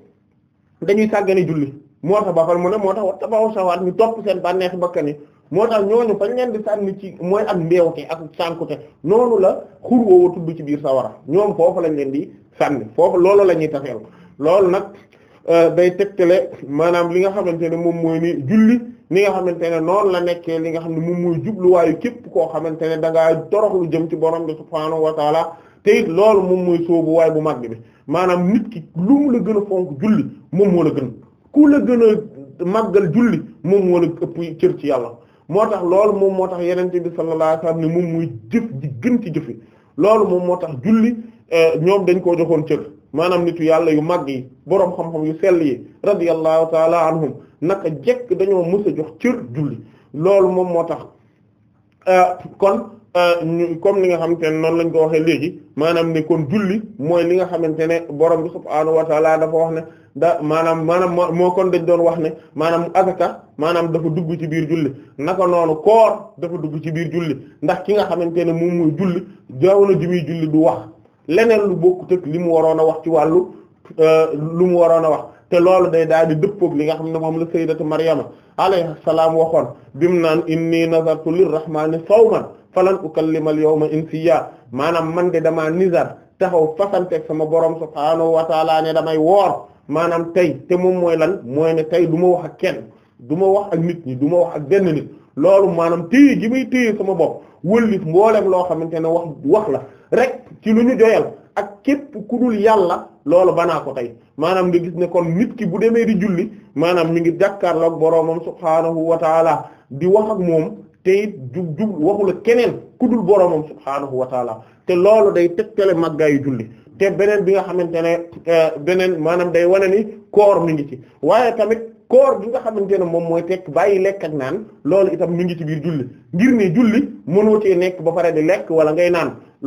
dañuy sàggane julli moo tax ba far mu ne moo tax wa tabawu sawaat ñu topp seen bànneexi bakkan yi moo tax ñooñu fañ leen di sànni ci mooy ak mbeewte ak sànkute noonu la xur woowa tudd ci biir sawara ñoom foofu lañ leen di sànni foofu loolu la ñuy tafeel loolu nag euh, day tegtale maanaam li nga xamante ne moom mooy ni julli ni xamante ne noonu la nekkee li nga xam ne mu mooy jubluwaayu képp koo xamante ne da ngaa jëm ci borom bi subhaanahu wa taala te it loolu moom muy sóobu waay bu mag bi maanaam nit ki lu mu la gën a fonk julli moom moo la gën ku la gën a màggal julli moom moo la ëpp cër ci yàlla moo tax loolu moom moo tax yenente bi sallallahu alayhi wasallam ne moom muy jëf ji gën ci jëfi loolu moom moo tax julli eh, ñoom dañ koo joxoon cër maanaam nit yàlla yu màgg yi boroom xam-xam yu sell yi radiyallahu taala anhum naka jekk dañoo mës a jox cër julli loolu moom moo tax eh, kon Euh, comme ni nga xamante ne noonu lañ ko waxee léegi maanaam ne kon julli mooy li nga xamante ne borom bi subhaanahu wa dafa wax ne da maanaam maanaam moo kon dañ doon wax ne maanaam azaka maanaam dafa dugg ci biir julli naka noonu koor dafa dugg ci biir julli ndax ki nga xamante ne mu muy julli jamono ji muy julli du wax leneen lu bokkut ak li mu waroon a wax ci wàllu euh, lu mu waroon a wax te loolu day daal di dëppoog li nga xam ne moom la sayyidatu Maryama alayha salaam waxoon bim naan inni nazartu lir rahmani sawman falan ukallima al-yawma insiya maanaam man de damaa nizar taxaw fasanteeg sama borom subhaanahu wa taala ne damay woor maanaam tey te moom mooy lan mooy ne tey du ma wax ak kenn du ma wax ak nit ñi du ma wax ak benn nit loolu maanaam téye gi muy téye sama bopp wëllit mboolem loo xamante ne wax wax la rek ci lu ñu doyal ak képp ku dul yàlla loolu banaa ko tey maanaam nga gis ne kon nit ki bu demee di julli maanaam mi ngi jàkkaarloog boroomam subhaanahu wa taala di wax ak moom te it jub jub waxula keneen ku dul boroomam subhaanahu wa te loolu day tegtale màggaayu julli te beneen bi nga xamante ne eh, beneen maanaam day wana ni koor mi ngi ci waaye tamit koor bi nga xamante ne moom mooy tekk bàyyi lekk ak naan loolu itam mi ngi ci biir julli ngir ne julli mënoo cee nekk ba pare di lekk wala ngay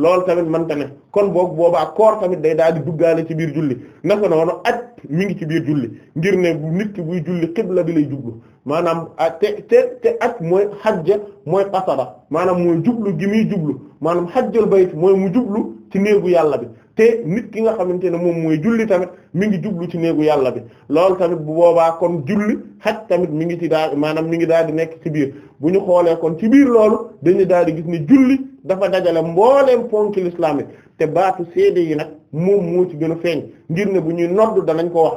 loolu tamit mënta ne kon boog boobaa koor tamit day daal di duggaale ci biir julli naka noonu at mi ngi ci biir julli ngir ne nit ki buy julli la bi lay jublu maanaam ah, te te te at mooy xajja mooy qasada maanaam mooy jublu gi muy jublu maanaam xajjal bayt mooy mu jublu ci néegu yàlla bi te nit ki nga xamante ne moom mooy julli tamit mi ngi jublu ci néegu yàlla bi loolu tamit bu boobaa kon julli xaj tamit mi ngi ci daal maanaam mi ngi daal di nekk ci biir bu ñu xoolee kon ci biir loolu dañu daal di gis ne julli dafa dajale mbooleem ponk l'islam te baatu seede yi nag moom moo ci gën a feeñ ngir ne bu ñuy nodd danañ ko wax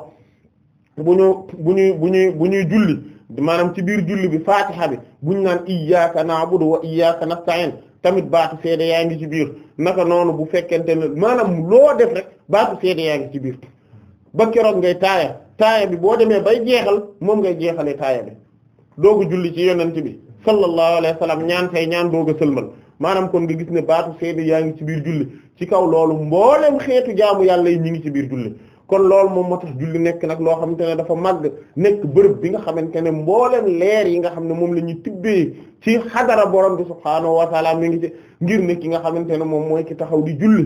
bu ñu ñuy bu ñuy bu ñuy julli maanaam ci biir julli bi fatiha bi bu buñ naan iyyaka na'budu wa na nasta'in tamit baatu seede yaa ngi ci biir naka noonu bu fekkente ne maanaam loo def rek baatu seede yaa ngi ci biir ba keroog ngay taaya taaya bi boo demee bay jeexal moom ngay jeexalee taaya bi doogu julli ci yonent bi sallallahu alayhi wa sallam ñaan fay ñaan doog sëlmal maanaam kon nga gis ne baatu seede yaa ngi ci biir julli ci kaw loolu mboolem xeetu jaamu yàlla yi ñu ngi ci biir julli kon loolu moom moo tax julli nekk nag loo xamante ne dafa màgg nekk bërëb bi nga xamante ne mbooleem leer yi nga xam ne moom la ñuy tibbee ci xadara borom bi subhaanahu wa taala mi ngi ci ngir ne ki nga xamante ne moom mooy ki taxaw di julli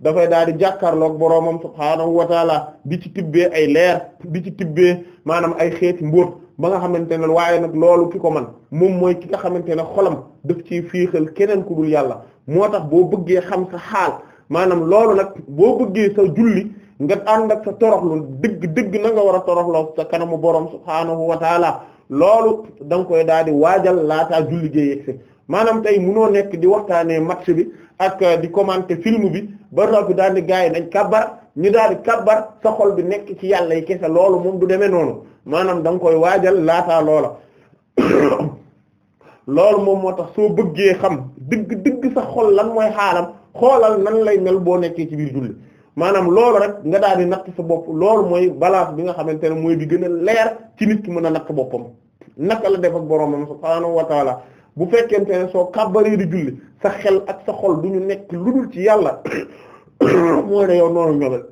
dafay daal di jàkkaarloog boromam subhaanahu wa taala di ci tibbee ay leer bi ci tibbee maanaam ay xeeti mbóot ba nga xamante ne waaye nag loolu ki ko man moom mooy ki nga xamante ne xolam daf ciy fiixal keneen ku dul yàlla moo tax boo bëggee xam sa xaal maanaam loolu nag boo bëggee sa julli nga ànd ak sa toroxlu dëgg dëgg na war a toroxloo sa kanamu borom subhaanahu wa taala loolu danga koy daal di waajal laataa julli gee si maanaam tey munoo nekk di waxtaanee match bi ak uh, di commenter film bi bari ba noppi daal di gars yi dañ kabar ñi daal di kabar sa xol bi nekk ci yàlla yi kese loolu moom du demee noonu maanaam da nga koy waajal laataa loola. [COUGHS] loolu moom moo tax soo bëggee xam dëgg dëgg sa xol lan mooy xaalam xoolal nan lay mel boo nekkee ci biir julli maanaam loolu rek nga daal di natt sa bopp loolu mooy balance bi nga xamante ne mooy di gën a leer ci nit ki mën a natt boppam naka la def ak boroomam subhaanahu wa taala bu fekkente ne soo kàbbaree di julli sa xel ak sa xol du ñu nekk lu dul ci yàlla [COUGHS] mooy noonu ñomel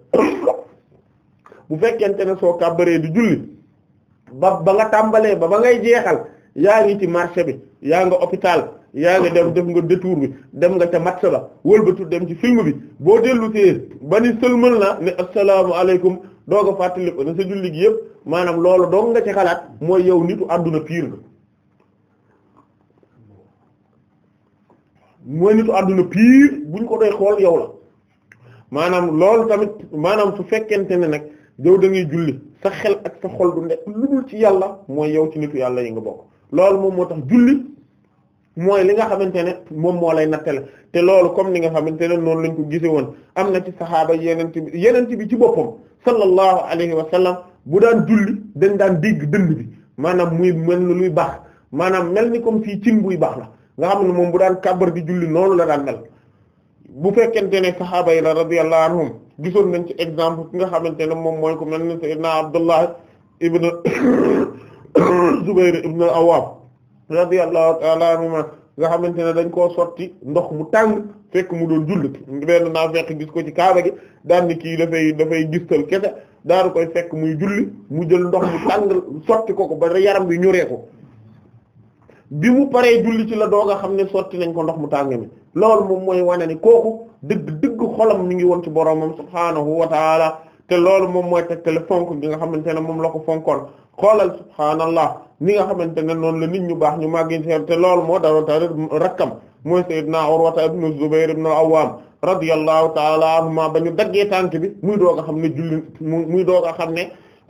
[COUGHS] bu fekkente ne soo kàbbaree di julli ba ba nga tàmbalee ba ba ngay jeexal yaa ngi ci marché bi yaa nga hôpital yaa ngi dem def nga détour bi dem nga ca match ba wëlbatu dem ci film bi boo dellu see ba ni sëlmal na ne assalaamu aleykum doog a fàttali ko ne sa julli gi yëpp maanaam loolu doog nga ci xalaat mooy yow nitu àdduna pire nga mooy àdduna pire buñ ko doy xool yow la maanaam loolu tamit maanaam su fekkente ne nag yow dangay ngay julli sa xel ak sa xol du nekk lu dul ci yàlla mooy yow ci nitu yàlla yi nga bokk loolu moom moo tax julli. mooy li nga xamante ne moom moo lay nattale te loolu comme ni nga xamante ne noonu lañ ko gise woon am na ci saxaaba yeneen bi yeneen bi ci boppam sallallahu alayhi wa sallam bu daan julli dañ daan dégg dënd bi maanaam muy mel ni luy baax maanaam mel ni comme fii cin buy baax la nga xam ne moom bu daan kàbbar di julli noonu la daan mel bu fekkente ne saxaaba yi la radiyallahu anhum gisoon nañ ci exemple ki nga xamante ne moom mooy ko mel ni sayyidina Abdullah ibn [COUGHS] Zubayr ibn al-Awwab radiyallahu ta'ala anhuma nga xamante ne dañ koo sotti ndox mu tàng fekk mu doon jullit benn naa fekk gis ko ci kaaba gi daan ni kii dafay dafay gistal kese daanu koy fekk muy julli mu jël ndox mu tàng sotti ko ko ba yaram wi ñuree ko bi mu paree julli ci la doog a xam ne sotti nañ ko ndox mu tàng mi loolu moom mooy wane ni kooku dëgg dëgg xolam mi ngi woon ci boromam subhaanahu wa taala te loolu moom mooy tegtale fonk nga xamante ne moom la ko fonkoon xoolal subhaanallah ni nga xamante ne noonu la nit ñu baax ñu màgg ci te loolu moo dara tari rakkam mooy sayyidna Urwata ibn Zubayr ibn al-Awwam radiyallahu ta'ala anhuma ba ñu daggee tànk bi muy doog a xam ne julli muy doog a xam ne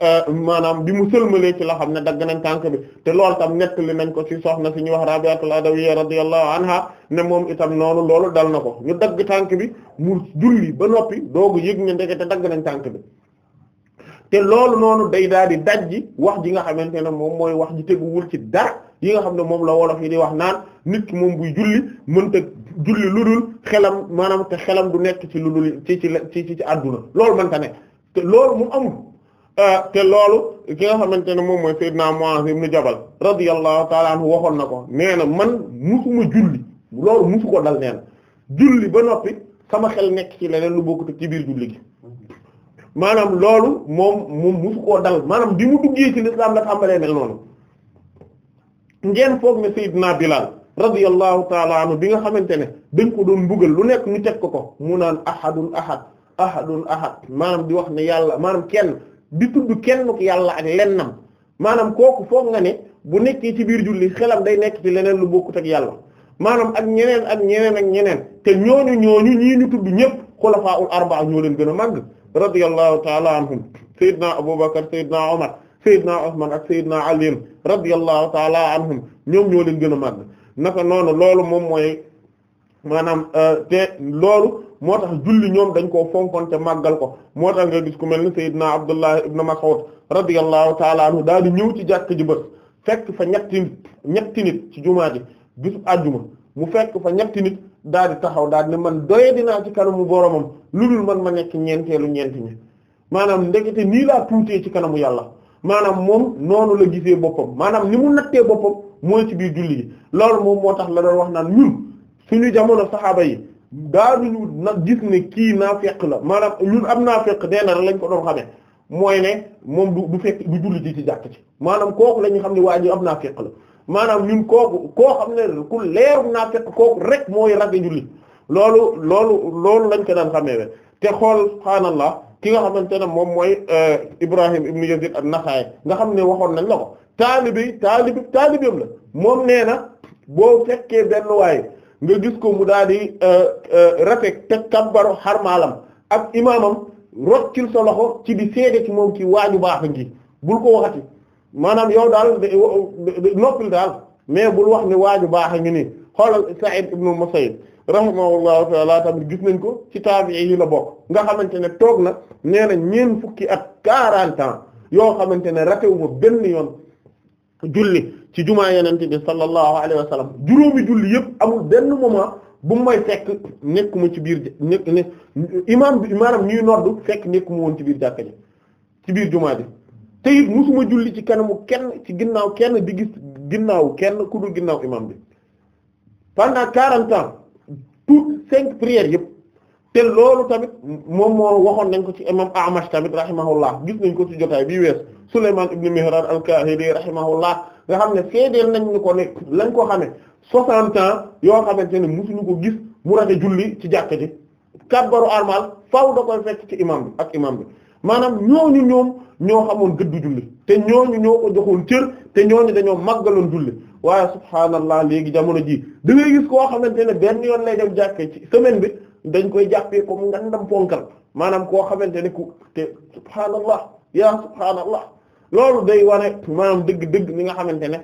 euh, maanaam bi mu sëlmalee ci la xam ne dagg nañ tànk bi te loolu tam nettali nañ ko ci soxna si ñuy wax at Rabi'atul Adawiyya radiyallahu anha ne moom itam noonu loolu dal na ko ñu dagg tànk bi mu julli ba noppi doogu yëg ne ndekete dagg nañ tànk bi te loolu noonu day daal di dajji wax ji nga xamante ne moom mooy wax ji teguwul ci dara yi nga xam ne moom la wolof yi di wax naan nit ki moom buy julli mënta julli lu dul xelam maanaam te xelam du nekk ci lu dul ci ci ci ci àdduna loolu mënta ne te loolu mu amul euh, te loolu ki nga xamante ne moom mooy Seydina Muaz ibn Jabal radiyallahu ta'ala anhu waxoon na ko nee na man musuma julli loolu musu ko dal nee na julli ba noppi sama xel nekk ci leneen lu bokkut ci biir julli gi. maanaam loolu moom moom musu koo dal maanaam di mu duggee ci lislaam la tàmbalee mel noonu ngeen foog ne Seydina Bilal radiyallahu taala anhu bi nga xamante ne dañ ko doon mbugal lu nekk ñu teg ko ko mu naan ahadun ahad ahadun ahad maanaam di wax na yàlla maanaam kenn di tudd kenn ko yàlla ak lennam maanaam kooku foog nga ni bu nekkee ci biir julli xelam day nekk ci leneen lu bokkut ak yàlla maanaam ak ñeneen ak ñeneen ak ñeneen te ñooñu ñooñu ñii ñu tudd ñépp xulafaa'ul arba'a ñoo gën a màgg radiyallahu ta'ala anhum sayyidina Abubakar sayyidina Umar sayyidina Usman ak sayyidina Ali radiyallahu ta'ala anhum ñoom ñoo leen gën a màgg naka noonu loolu moom mooy maanaam euh, te loolu moo tax julli ñoom dañ koo fonkoon te màggal ko moo tax nga gis ku mel ni sayyidina Abdullah ibn Mas'ud radiyallahu ta'ala anhu daal di ñëw ci jàkk ji bës fekk fa ñetti ñetti nit ci jumaa ji bisu àjjuma mu fekk fa ñetti nit daal di taxaw daal ne man doye dinaa ci kanamu boromam lu dul man ma nekk ñeenteelu ñeenti ñi maanaam ndekete nii laa tuutee ci kanamu yàlla maanaam moom noonu la gisee boppam maanaam ni mu nattee boppam mooy ci biir julli gi loolu moom moo tax la doon wax naan ñun suñu jamono saxaaba yi daanuñu nag gis ne kii naa naafeq la maanaam ñun am naa dee na lañ ko doon xamee mooy ne moom du du fekk du julli ji ci jàkk ci maanaam kooku la ñu xam ne waa ji am naafeq la maanaam ñun kooku ko xam ne ku leerum naa fekk kooku rek mooy ragal julli loolu loolu loolu lañ ko daan xamee te xool subhaanallah ki nga xamante ne moom mooy euh, Ibrahim ibn Yazid an-Nakha'i nga xam ne waxoon nañ la ko taalibi taalibi taalibeem la moom nee na boo fekkee benn waaye nga gis ko mu daal di euh, euh, rafet te kabbaru xarmaalam ak imaamam roccil sa loxo ci di seede ci moom ki waaju baax a ngi bul ko waxati. maanaam yow daal noppil daal mais bul wax ni waaju baax a ngi nii xoolal Sa'id ibnu Musayyib rahimahullahu ta'ala tamit gis nañ ko ci taabi'i yi la bokk nga xamante ne toog na nee na ñeent fukki at 40 ans yoo xamante ne ratewuma benn yoon julli ci jumaa yenente bi sallallahu alayhi wa sallam juróomi julli yëpp amul benn moment bu may fekk nekkuma ci biir nekk ne bi maanaam ñuy noddu fekk nekkuma woon ci biir jàkka ci biir jumaa ji te it musuma julli ci kanamu kenn ci ginnaaw kenn di gis ginnaaw kenn ku dul ginnaaw imam bi pendant quarante ans toutes cinq prières yëpp te loolu tamit moom moo waxoon nañ ko ci imam Amash tamit rahimahullah gis nañ ko ci jotaay bii wees Sulaymaan ibn Mihraan al rahimahullah nga xam ne seedeel nañ ni ko ne lañ ko xamee soixante ans yoo xamante ne musuñu ko gis mu rate julli ci jàkk ji kàbbaru armal faaw da koy fekk ci imam bi ak imam bi maanaam ñooñu ñoom ñoo xamoon gëddu julli te ñooñu ñoo ko joxoon cër te ñooñu dañoo màggaloon julli waaye subhaanallah léegi jamono ji da ngay gis koo xamante ne benn yoon lay dem jàkkee ci semaine bi dañ koy jàppee comme ngandam ponkal maanaam koo xamante ne ku te subhaanallah yaa subhaanallah loolu day wane maanaam dëgg-dëgg li nga xamante ne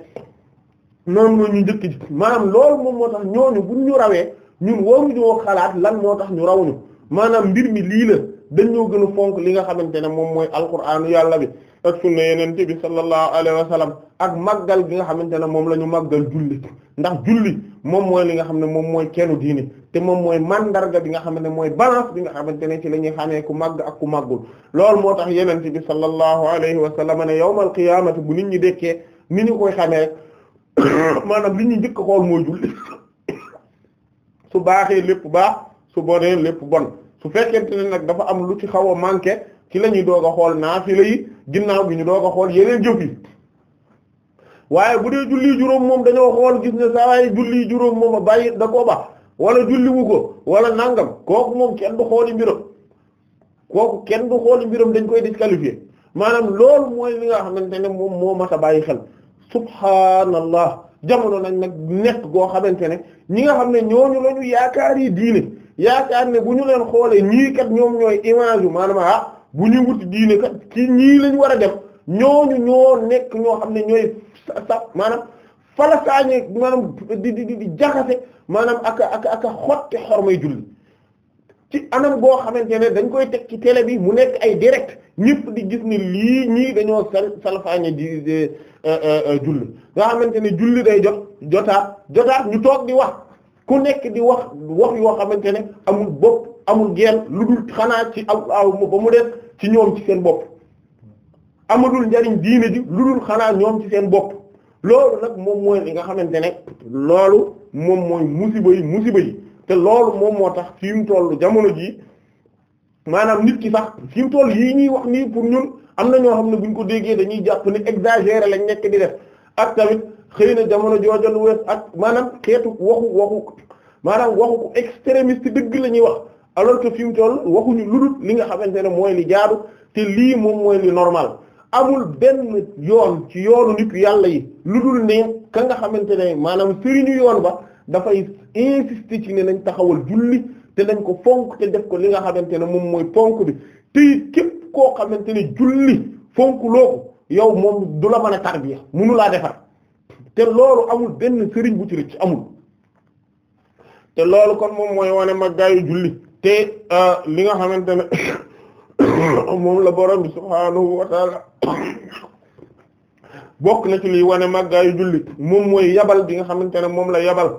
noonu moo ñu njëkk ji maanaam lool moom moo tax ñooñu buñ ñu rawee ñun waruñoo xalaat lan moo tax ñu raw ñu maanaam mbir mi lii dañ ñoo gën a fonk li nga xamante ne moom mooy alqur'aanu yàlla bi ak sunna yeneen bi sallallahu alayhi wa sallam ak màggal gi nga xamante ne moom la ñu màggal julli ndax julli moom mooy li nga xam ne moom mooy kennu diine te moom mooy mandarga bi nga xam ne mooy balance bi nga xamante ne ci la ñuy ku màgg ak ku màggul lool moo tax yeneen bi sallallahu alayhi wa sallam ne yawmal qiyaamati bu nit ñi dekkee ni ñu koy xamee rek [COUGHS] li ñu njëkk xool mooy julli [COUGHS] su baaxee lépp baax su bonee lépp bon su fekkente ne nag dafa am lu ci xaw a manqué ci la ñuy doog a xool naafila yi ginnaaw gi ñu doog a xool yeneen jëf yi waaye bu dee julli juróom moom dañoo xool gis ne saa waaye julli juróom moom a bàyyi da koo wala julli wu ko wala nangam kooku moom kenn du xooli mbiram kooku kenn du xooli mbiram dañ koy disqualifier maanaam lool mooy li nga xamante ne moom moo mat a bàyyi xel subhaanallah jamono nañ nag nekk goo xamante ne ñi nga xam ne ñooñu la ñu yaakaar ne bu ñu leen xoolee ñii kat ñoom ñooy image yu maanaam ah bu ñu wuti diine kat ci ñii lañ war a dem ñooñu ñoo nekk ñoo xam ne ñooy sa maanaam fala saañe di di di jaxase maanaam ak ak ak xotti xormay julli ci anam boo xamante ne dañ koy teg ci télé bi mu nekk ay direct ñëpp di gis ni lii ñii dañoo sal salfaañe di euh, euh, euh, julli nga xamante ne julli day jot jota ñu toog di wax ku nekk di wax wax yoo xamante ne amul bopp amul geen lu dul xanaa ci aw aw ba mu def ci ñoom ci seen bopp amadul njariñ diine ji lu dul xanaa ñoom ci seen bopp loolu nag moom mooy li nga xamante ne loolu moom mooy musiba yi musiba yi te loolu moom moo tax fi mu toll jamono jii maanaam nit ki sax fi mu toll yii ñuy wax nii pour ñun am na ñoo xam ne bu ñu ko déggee dañuy jàpp ni exagéré lañ nekk di def ak tamit xëy na jamono jooja lu wees ak maanaam xeetu waxu waxu maanaam waxu ko extrémiste dëgg la ñuy wax alors que fi mu toll waxuñu lu dul li nga xamante ne mooy li jaadu te lii moom mooy li normal amul benn yoon ci yoonu nit yàlla yi lu dul ne ka nga xamante ne maanaam sëriñu yoon ba dafay insister ci ne nañ taxawal julli te nañ ko fonk te def ko li nga xamante ne moom mooy ponk bi te it képp koo xamante ne julli fonk loo ko yow moom du la mën a tarbiya mënu laa defar te loolu amul benn sëriñ bu ci amul te loolu kon moom mooy wane màggaayu julli te euh, li nga xamante ne [COUGHS] moom la borom bi subhaanahu wa taala [COUGHS] bokk na ci liy wane màggaayu julli moom mooy yabal bi nga xamante ne moom la yabal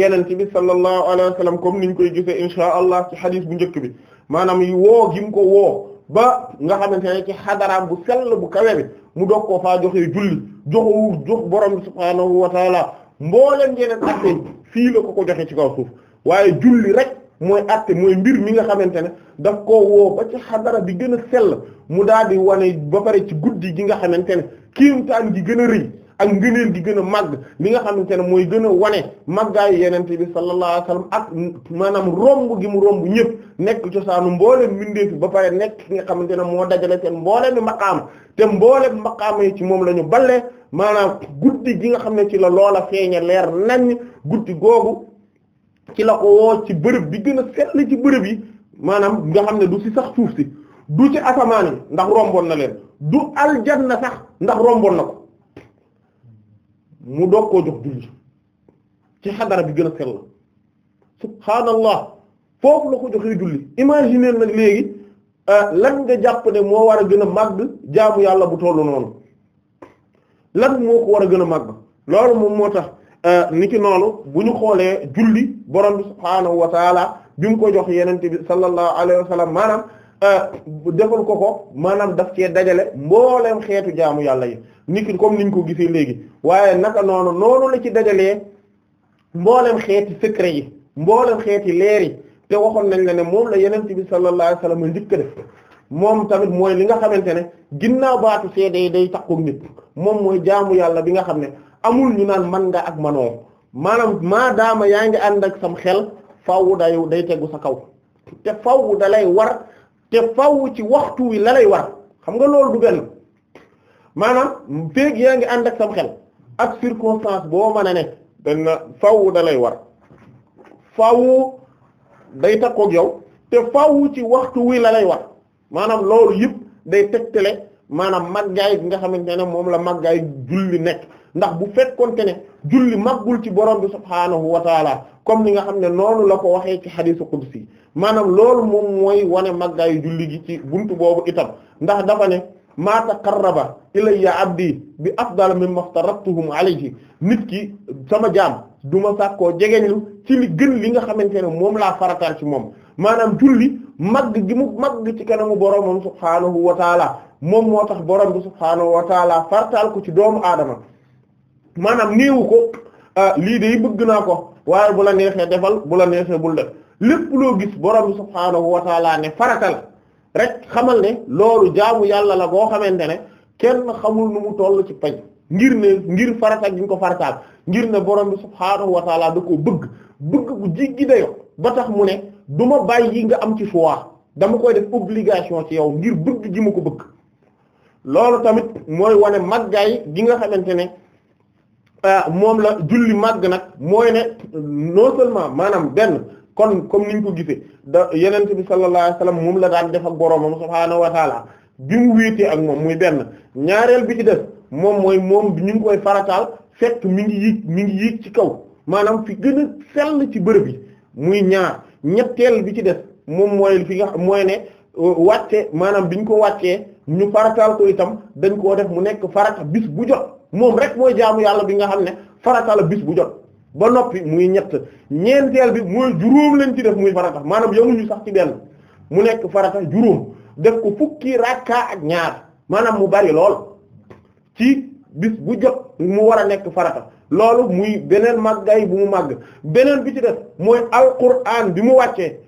yenente bi sallallahu alayhi wa sallam comme niñ koy gisee inshaa allah ci xadiis bu njëkk bi maanaam woo gim ko woo ba nga xamante ne ci xadaraam bu sell bu kawe bi mu doog koo faa joxee julli joxu jox borom subhaanahu wa taala mbooleem yeneen atte fii la ko ko joxe ci kaw suuf waaye julli rek mooy atte mooy mbir mi nga xamante ne daf koo woo ba ci xadara bi gën a sell mu daal di wane ba pare ci guddi gi nga xamante ne kiimtaan gi gën a rëy ak ngëneel gi gën a màgg li nga xam ne mooy gën a wane màggaayu yenente bi sallallahu alayhi wasallam ak maanaam romb gi mu romb ñëpp nekk cosaanu mbooleem mbindeefi ba pare nekk ki nga xam ne moo dajale seen mbooleem bi maqaam te mbooleem maqaama yi ci moom lañu ñu maanaam guddi gi nga xam ne ci la loola feeña leer nañ guddi googu ci la ko woo ci bërëb bi gën a sell ci bërëb yi maanaam nga xam ne du ci sax suuf si du ci asamaan yi ndax romboon na leen du aljanna sax ndax romboon na ko mu doog jox julli ci xadara bi gën a sell subhaanallah foofu la ko joxee julli imaginer nag léegi euh, lan nga jàpp ne moo war a gën a màgg jaamu yàlla bu tollu noonu lan moo ko war a gën a màgg loolu moom moo tax euh, ni ki noonu bu ñu xoolee julli borom bi subhaanahu wa taala ko jox yenente bi sallallahu alayhi wa sallam maanaam Euh, defal ko ko maanaam daf cee dajale mbooleem xeetu jaamu yàlla yi niki comme niñ ko gisee léegi waaye naka noonu noonu la ci dajale mboolem xeeti secret yi mbooleem xeeti leer yi te waxoon nañ la ne moom la yeneen bi sallallahu alayhi wasallam njëkk def moom tamit mooy li nga xamante ne ginnaaw baatu seede yi day takkook nit moom mooy jaamu yàlla bi nga xam ne amul ñu naan man nga ak manoo maanaam maa daama yaa ngi ànd ak sam xel faww day day tegu sa kaw te faww ci waxtu wi la lay war xam nga loolu du benn maanaam feeg yaa ngi ànd ak sam xel ak circonstance boo mën a nekk dañ na faww da lay war faww day takkoog yow te faww ci waxtu wi la lay war maanaam loolu yëpp day tegtale maanaam màggaay bi nga xamante ne moom la màggaay julli nekk ndax bu fekkoonte ne julli màggul ci borom bi subhaanahu wa taala comme ni nga xam ne noonu la ko waxee ci xadiisu qudsi maanaam loolu moom mooy wane màggaayu julli gi ci buntu boobu itam ndax dafa ne maa taqarraba ilayya abdi bi afdal mimma aftaratuhum alayhi nit ki sama jaam du ma sàkkoo jegeñlu ci li gën li nga xamante ne moom laa farataal ci moom maanaam julli magg gi mu màgg ci kanamu boromam subhaanahu wa taala moom moo tax borom bi subhaanahu wa taala farataal ko ci doomu aadama maanaam néewu ko ah, lii de bëgg naa ko waaye bu la neexee defal bu la neexee bul def lépp loo gis borom subhaanahu wa taala ne farata rek xamal ne loolu jaamu yàlla la goo xamante ne kenn xamul nu mu toll ci pay ngir ne ngir farata gi ñu ko farataal ngir ne borom bi subhaanahu wa taala da koo bëgg bëgg bu jiggi dayo ba tax mu ne du ma bàyyi nga am ci choix dama koy def obligation ci yow ngir bëgg gi mu ko bëgg loolu tamit mooy wane màggaay gi nga xamante ne Euh, moom la julli màgg nag mooy ne non maanaam benn kon comme niñ ko gisee da yenente bi sallallahu alayhi wa sallam moom la daan def ak boroomam subhaanahu wa taala bi mu wéetee ak moom muy benn ñaareel bi ci def moom mooy moom ñu koy farataal fekk mi ngi yéeg mi ngi yéeg ci kaw maanaam fi gën a ci bërëb yi muy ñaar ñetteel bi ci def moom mooy fi nga mooy ne euh, wàcce maanaam biñ ko wàccee ñu farataal ko itam dañ koo def mu nekk farata bis bu jot moom rek mooy jaamu yàlla bi nga xam ne farata la bis bu jot ba noppi muy ñett ñeenteel bi mooy juróom lañ ci def muy farata maanaam yamuñu sax ci benn mu nekk farata juróom def ko fukki rakka ak ñaar maanaam mu bari lool ci bis bu jot mu war a nekk farata loolu muy beneen màggay bu mu màgg beneen bi ci def mooy alquran bi mu wàccee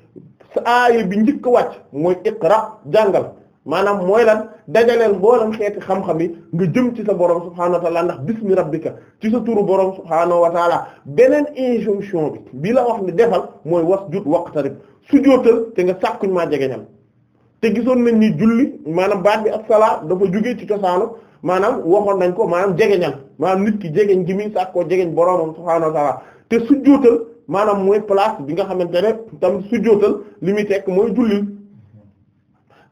sa aaya bi njëkk wàcc mooy iqra jàngal maanaam mooy lan dajaleel mboolem xeeti xam-xam yi nga jëm ci sa borom subhaanahu wa taala ndax bismi rabbika ci sa turu borom subhaanahu wa taala beneen injonction bi bi la wax ne defal mooy wasjud waqtarib sujjóotal te nga sàkkuñ maa jegeñal te gisoon nañ ni julli maanaam baat bi ab salaa dafa jógee ci cosaanu maanaam waxoon nañ ko maanaam jegeñal maanaam nit ki jegeñ gi muy sàkkoo jegeñ boromam subhaanahu wa taala te sujjóotal maanaam mooy place bi nga xamante ne tam sujjóotal li muy tekk mooy julli.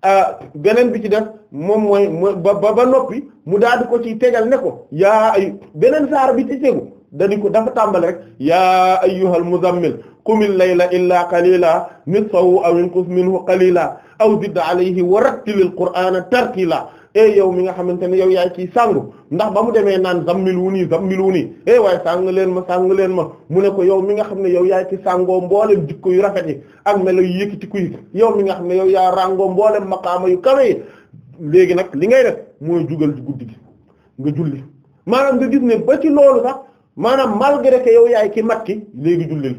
Ah, beneen bi ci def moom mooy ba ba noppi mu daal di ko ci tegal ne ko yaa ay beneen saar bi ci tegu dani ko dafa tàmbale rek yaa ayyuhal muzammil qumil layla illaa qalila nisfahu aw inqus minhu qalila aw zid alayhi wa rattilil qur'ana tartila e yow mi nga xamante ne yow yaay ciy sango ndax ba mu demee naan zammil wu nii zammil wu ni e eh, waaye sàng leen ma sàng leen ma mu ne ko yow mi nga xam ne yow yaay ci sàngoo mboolem jikko yu rafet yi ak melo yu yëkkatiku yi yow mi nga xam ne yow yaa ràngoo mboolem maqaama yu kawe yi léegi nag li ngay def mooy jugal guddi gi nga julli maanaam nga gis ne ba ci loolu sax maanaam malgré que yow yaay ki mat ki léegi jullil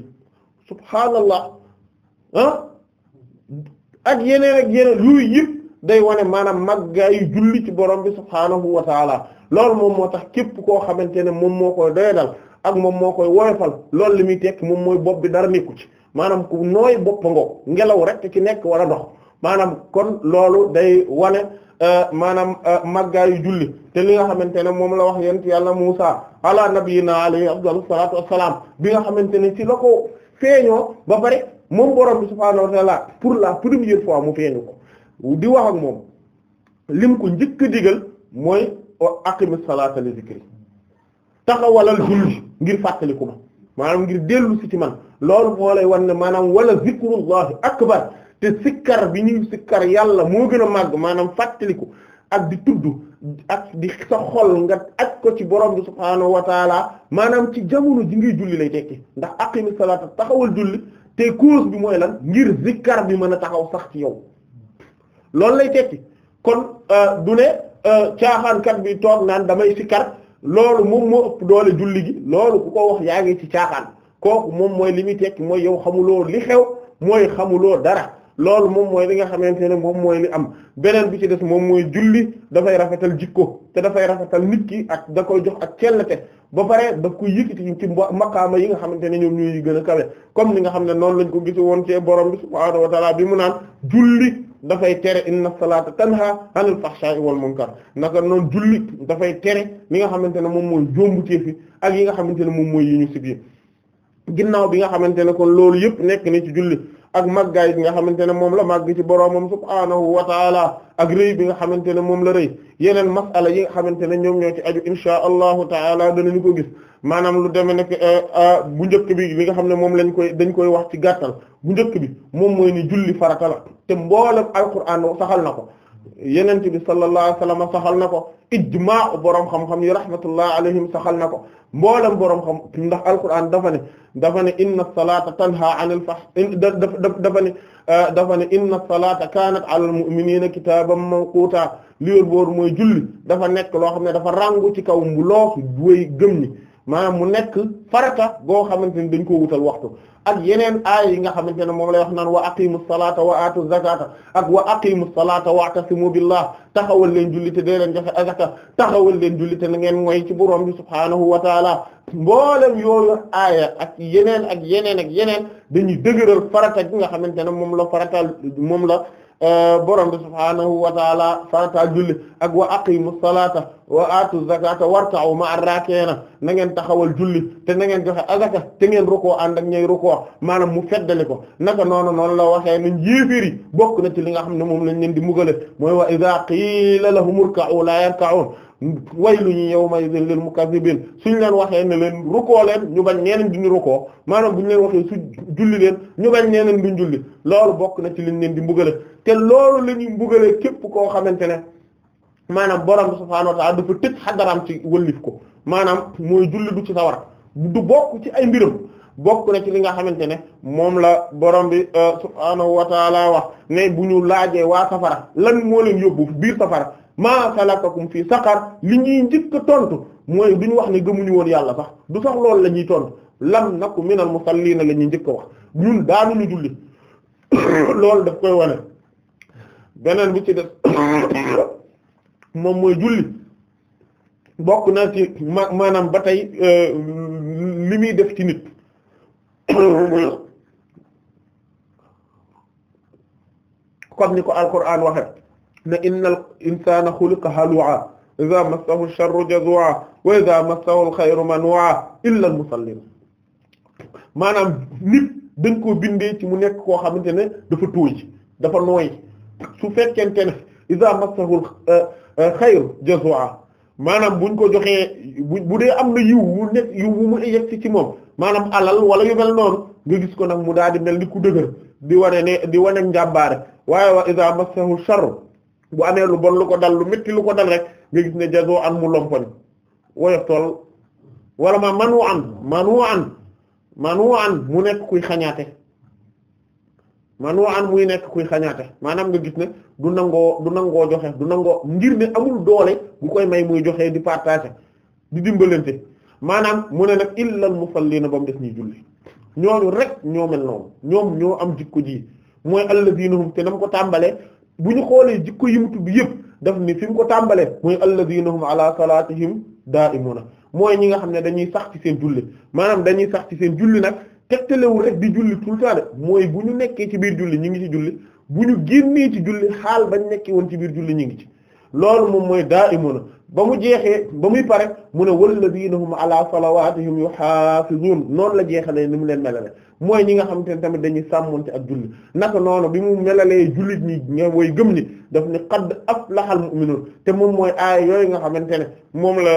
subhaanallah ah ak yeneen ak yeneen luy yëpp day wane maanaam màggaayu julli ci borom bi subhaanahu wa taala loolu moom moo tax képp koo xamante ne moom moo koy doyadal ak moom moo koy woyofal loolu li muy tekk moom mooy bopp bi dara nekku ci maanaam ku nooy bopp ngoog ngelaw rek ci nekk war a ndox maanaam kon loolu day wane euh, maanaam euh, màggaayu julli te li nga xamante ne moom la wax yent yàlla Muusaa ala nabiyina alayhi afdalu salaatu wassalaam bi nga xamante ne ci la ko feeñoo ba pare moom borom bi subhaanahu wa taala pour la première mu feeñu di wax ak moom lim ko njëkk digal mooy aqimis salata li zikri taxawalal julli ngir fàttaliku ma maanaam ngir dellu si ci man loolu moo lay wan ne maanaam wala zikrullahi akbar te sikkar bi ñuy sikkar yàlla moo gën a màgg maanaam fàttaliku ak di tudd ak di sa xol nga ak ko ci borom bi subhaanahu wa taala maanaam ci jamono ji ngay julli lay tekki ndax aqimis salata taxawal julli te cause bi mooy lan ngir zikkar bi mën a taxaw sax ci yow loolu lay tekki kon euh, du ne euh, kat bi toog naan damay sikkar loolu moom moo ëpp doole julli gi loolu ku ko wax yaa ngi ci caaxaan kooku moom mooy li muy tekki mooy yow xamuloo li xew mooy xamuloo dara loolu moom mooy li nga xamante ne moom mooy li am beneen bi ci des moom mooy julli dafay rafetal jikko te dafay rafetal nit ki ak da koy jox ak cellte ba pare daf koy yëkkati ci makaama yi nga xamante ne ñoom ñooy gën a kawe comme ni nga xam ne noonu lañ ko gisi woon ci borom bi subhaanahu bi mu naan julli dafay tere inna salaata tanha anil fahsha'i wal munkar naka noon julli dafay tere li nga xamante ne moom mooy jombuteef yi ak yi nga xamante ne moom mooy yi ñu sib yi ginnaaw bi nga xamante ne kon loolu yëpp nekk ni ci julli ak màggaay yi nga xamante ne moom la màgg ci boroomam subhaanahu wa ta'ala ak rëy bi nga xamante ne moom la rëy yeneen masala yi nga xamante ne ñoom ñoo ci aju inshaa allahu taala danañu ko gis maanaam lu demee nag euh, euh, bu njëkk bi nga xam ne moom lañ koy dañ koy wax ci gàttal njëkk bi moom mooy ni julli farata la te mboolem alquran saxal na ko yenent bi sallallahu alayhi wasallam saxal na ko ijmaa boroom xam-xam yi rahmatullah alayhim saxal na ko mboolem boroom xam ndax alquran dafa ne dafa ne inna salata tanha anil fahsh dafa ne euh, dafa ne inna salata kanat alal mu'minina kitaban mawquta li wër boor mooy julli dafa nekk loo xam ne dafa ràngu ci kaw mbuloosu duwéy gëm ñi maanaam mu nekk farata boo xamante ni dañ ko wutal waxtu ak yeneen aay yi nga xamante ne moom lay wax naan wa aqimu salata wa atu zakata ak wa aqimu salata wa'tasimu billah taxawal leen jullite dee leen joxe azaka taxawal leen jullite na ngeen mooy ci borom bi subhaanahu wa taala mboolem yooyu aaya ak yeneen ak yeneen ak yeneen dañuy dëgëral farata gi nga xamante ne moom la farataal moom la borom bi subhaanahu wa taala farata julli ak wa aqimu salata wa atu zakata warka'u ma'a rakiina na ngeen taxawal julli te na ngeen joxe azaka te ngeen rukoo ànd ak ñay rukoo maanaam mu feddali ko naka noonu noonu la waxee nuñ jiifiri bokk na ci li nga xam ne moom lañ leen di mugale mooy wa idha qiila lahum irka'u la yarka'un lu waylun yawma idhin lil mukazzibin suñ leen waxee ne leen rukkoo leen ñu bañ ñeneen duñu rukkoo maanaam bu ñu leen waxee su julli leen ñu bañ ñeneen duñ julli loolu bokk na ci liñ leen di mbugale te loolu la ñuy mbugale képp koo xamante ne maanaam borom subhaanahu wa ta'ala dafa tëj xadaraam ci wëllif ko maanaam mooy julli du ci sawar du bokk ci ay mbiram bokk na ci li nga xamante ne moom la borom bi euh, subhaanahu wa wax ne bu ñu laajee waa safara lan moo leen yóbbu biir safara maa salakakum fii saqar li ñuy njëkk a tontu mooy duñu wax ne gëmuñu woon yàlla sax du sax loolu la ñuy tontu lam naku minal musalliina la ñuy njëkk a wax ñun daanuñu julli [COUGHS] loolu daf koy wane beneen bi ci def [COUGHS] moom mooy julli bokk na ci ma maanaam ba tey euh, li muy def ci nit [COUGHS] comme ni ko Alquran waxe ne innal insana xuliqa halwa idha massahu sharru jazua wa idha massahu alxayru manua illa al musallin maanaam nit dañ koo bindee ci mu nekk koo xamante ne dafa tóoy dafa nooy su fekkente ne idha massahu eh, eh, xayru jazua maanaam buñ ko joxee bu dee am na yiw wu nekk yiw wu mu yegg ci moom maanaam alal wala yu mel noonu nga gis ko nag mu daal di mel ni ku dëgër di wane ne di wane njàmbaare waaye wa idha massahu sharru bu amee lu bon lu ko dal lu métti lu ko dal rek nga gis ne jazo an mu lompoñ woyof tol wala ma man wu manu man wu mu nekk kuy xañaate man wu muy nekk kuy xañaate maanaam nga gis ne du nangoo du nangoo joxe du nangoo ngir ne amul doole bu koy may muy joxe di partager di dimbalante maanaam mu ne nag illal lii ba mu def ñuy julli ñooñu rek ñoo mel noonu ñoom ñoo am jikko ji mooy alladinahum te nam ko tàmbalee bu ñu xoolee jikko yi mu yëpp daf ni fi mu ko tàmbalee mooy alladhina hum ala salatihim na mooy ñi nga xam ne dañuy sax ci seen julli maanaam dañuy sax ci seen julli nag tegtalewul rek di julli tout le mooy bu ñu nekkee ci biir julli ñu ngi ci julli bu ñu génnee ci julli xaal bañ nekkee woon ci biir julli ñu ngi ci loolu moom mooy daa da'imuna ba mu jeexee ba muy pare mu ne walladina hum ala salawatihim yuhafizun noonu la jeexale ni mu leen melale mooy ñi nga xam te ne tamit dañuy sàmmonte ak julli naka noonu bi mu melalee jullit ñi nga mooy gëm ñi daf ni qad laxal mu'minun te moom mooy aaya yooyu nga xamante ne moom la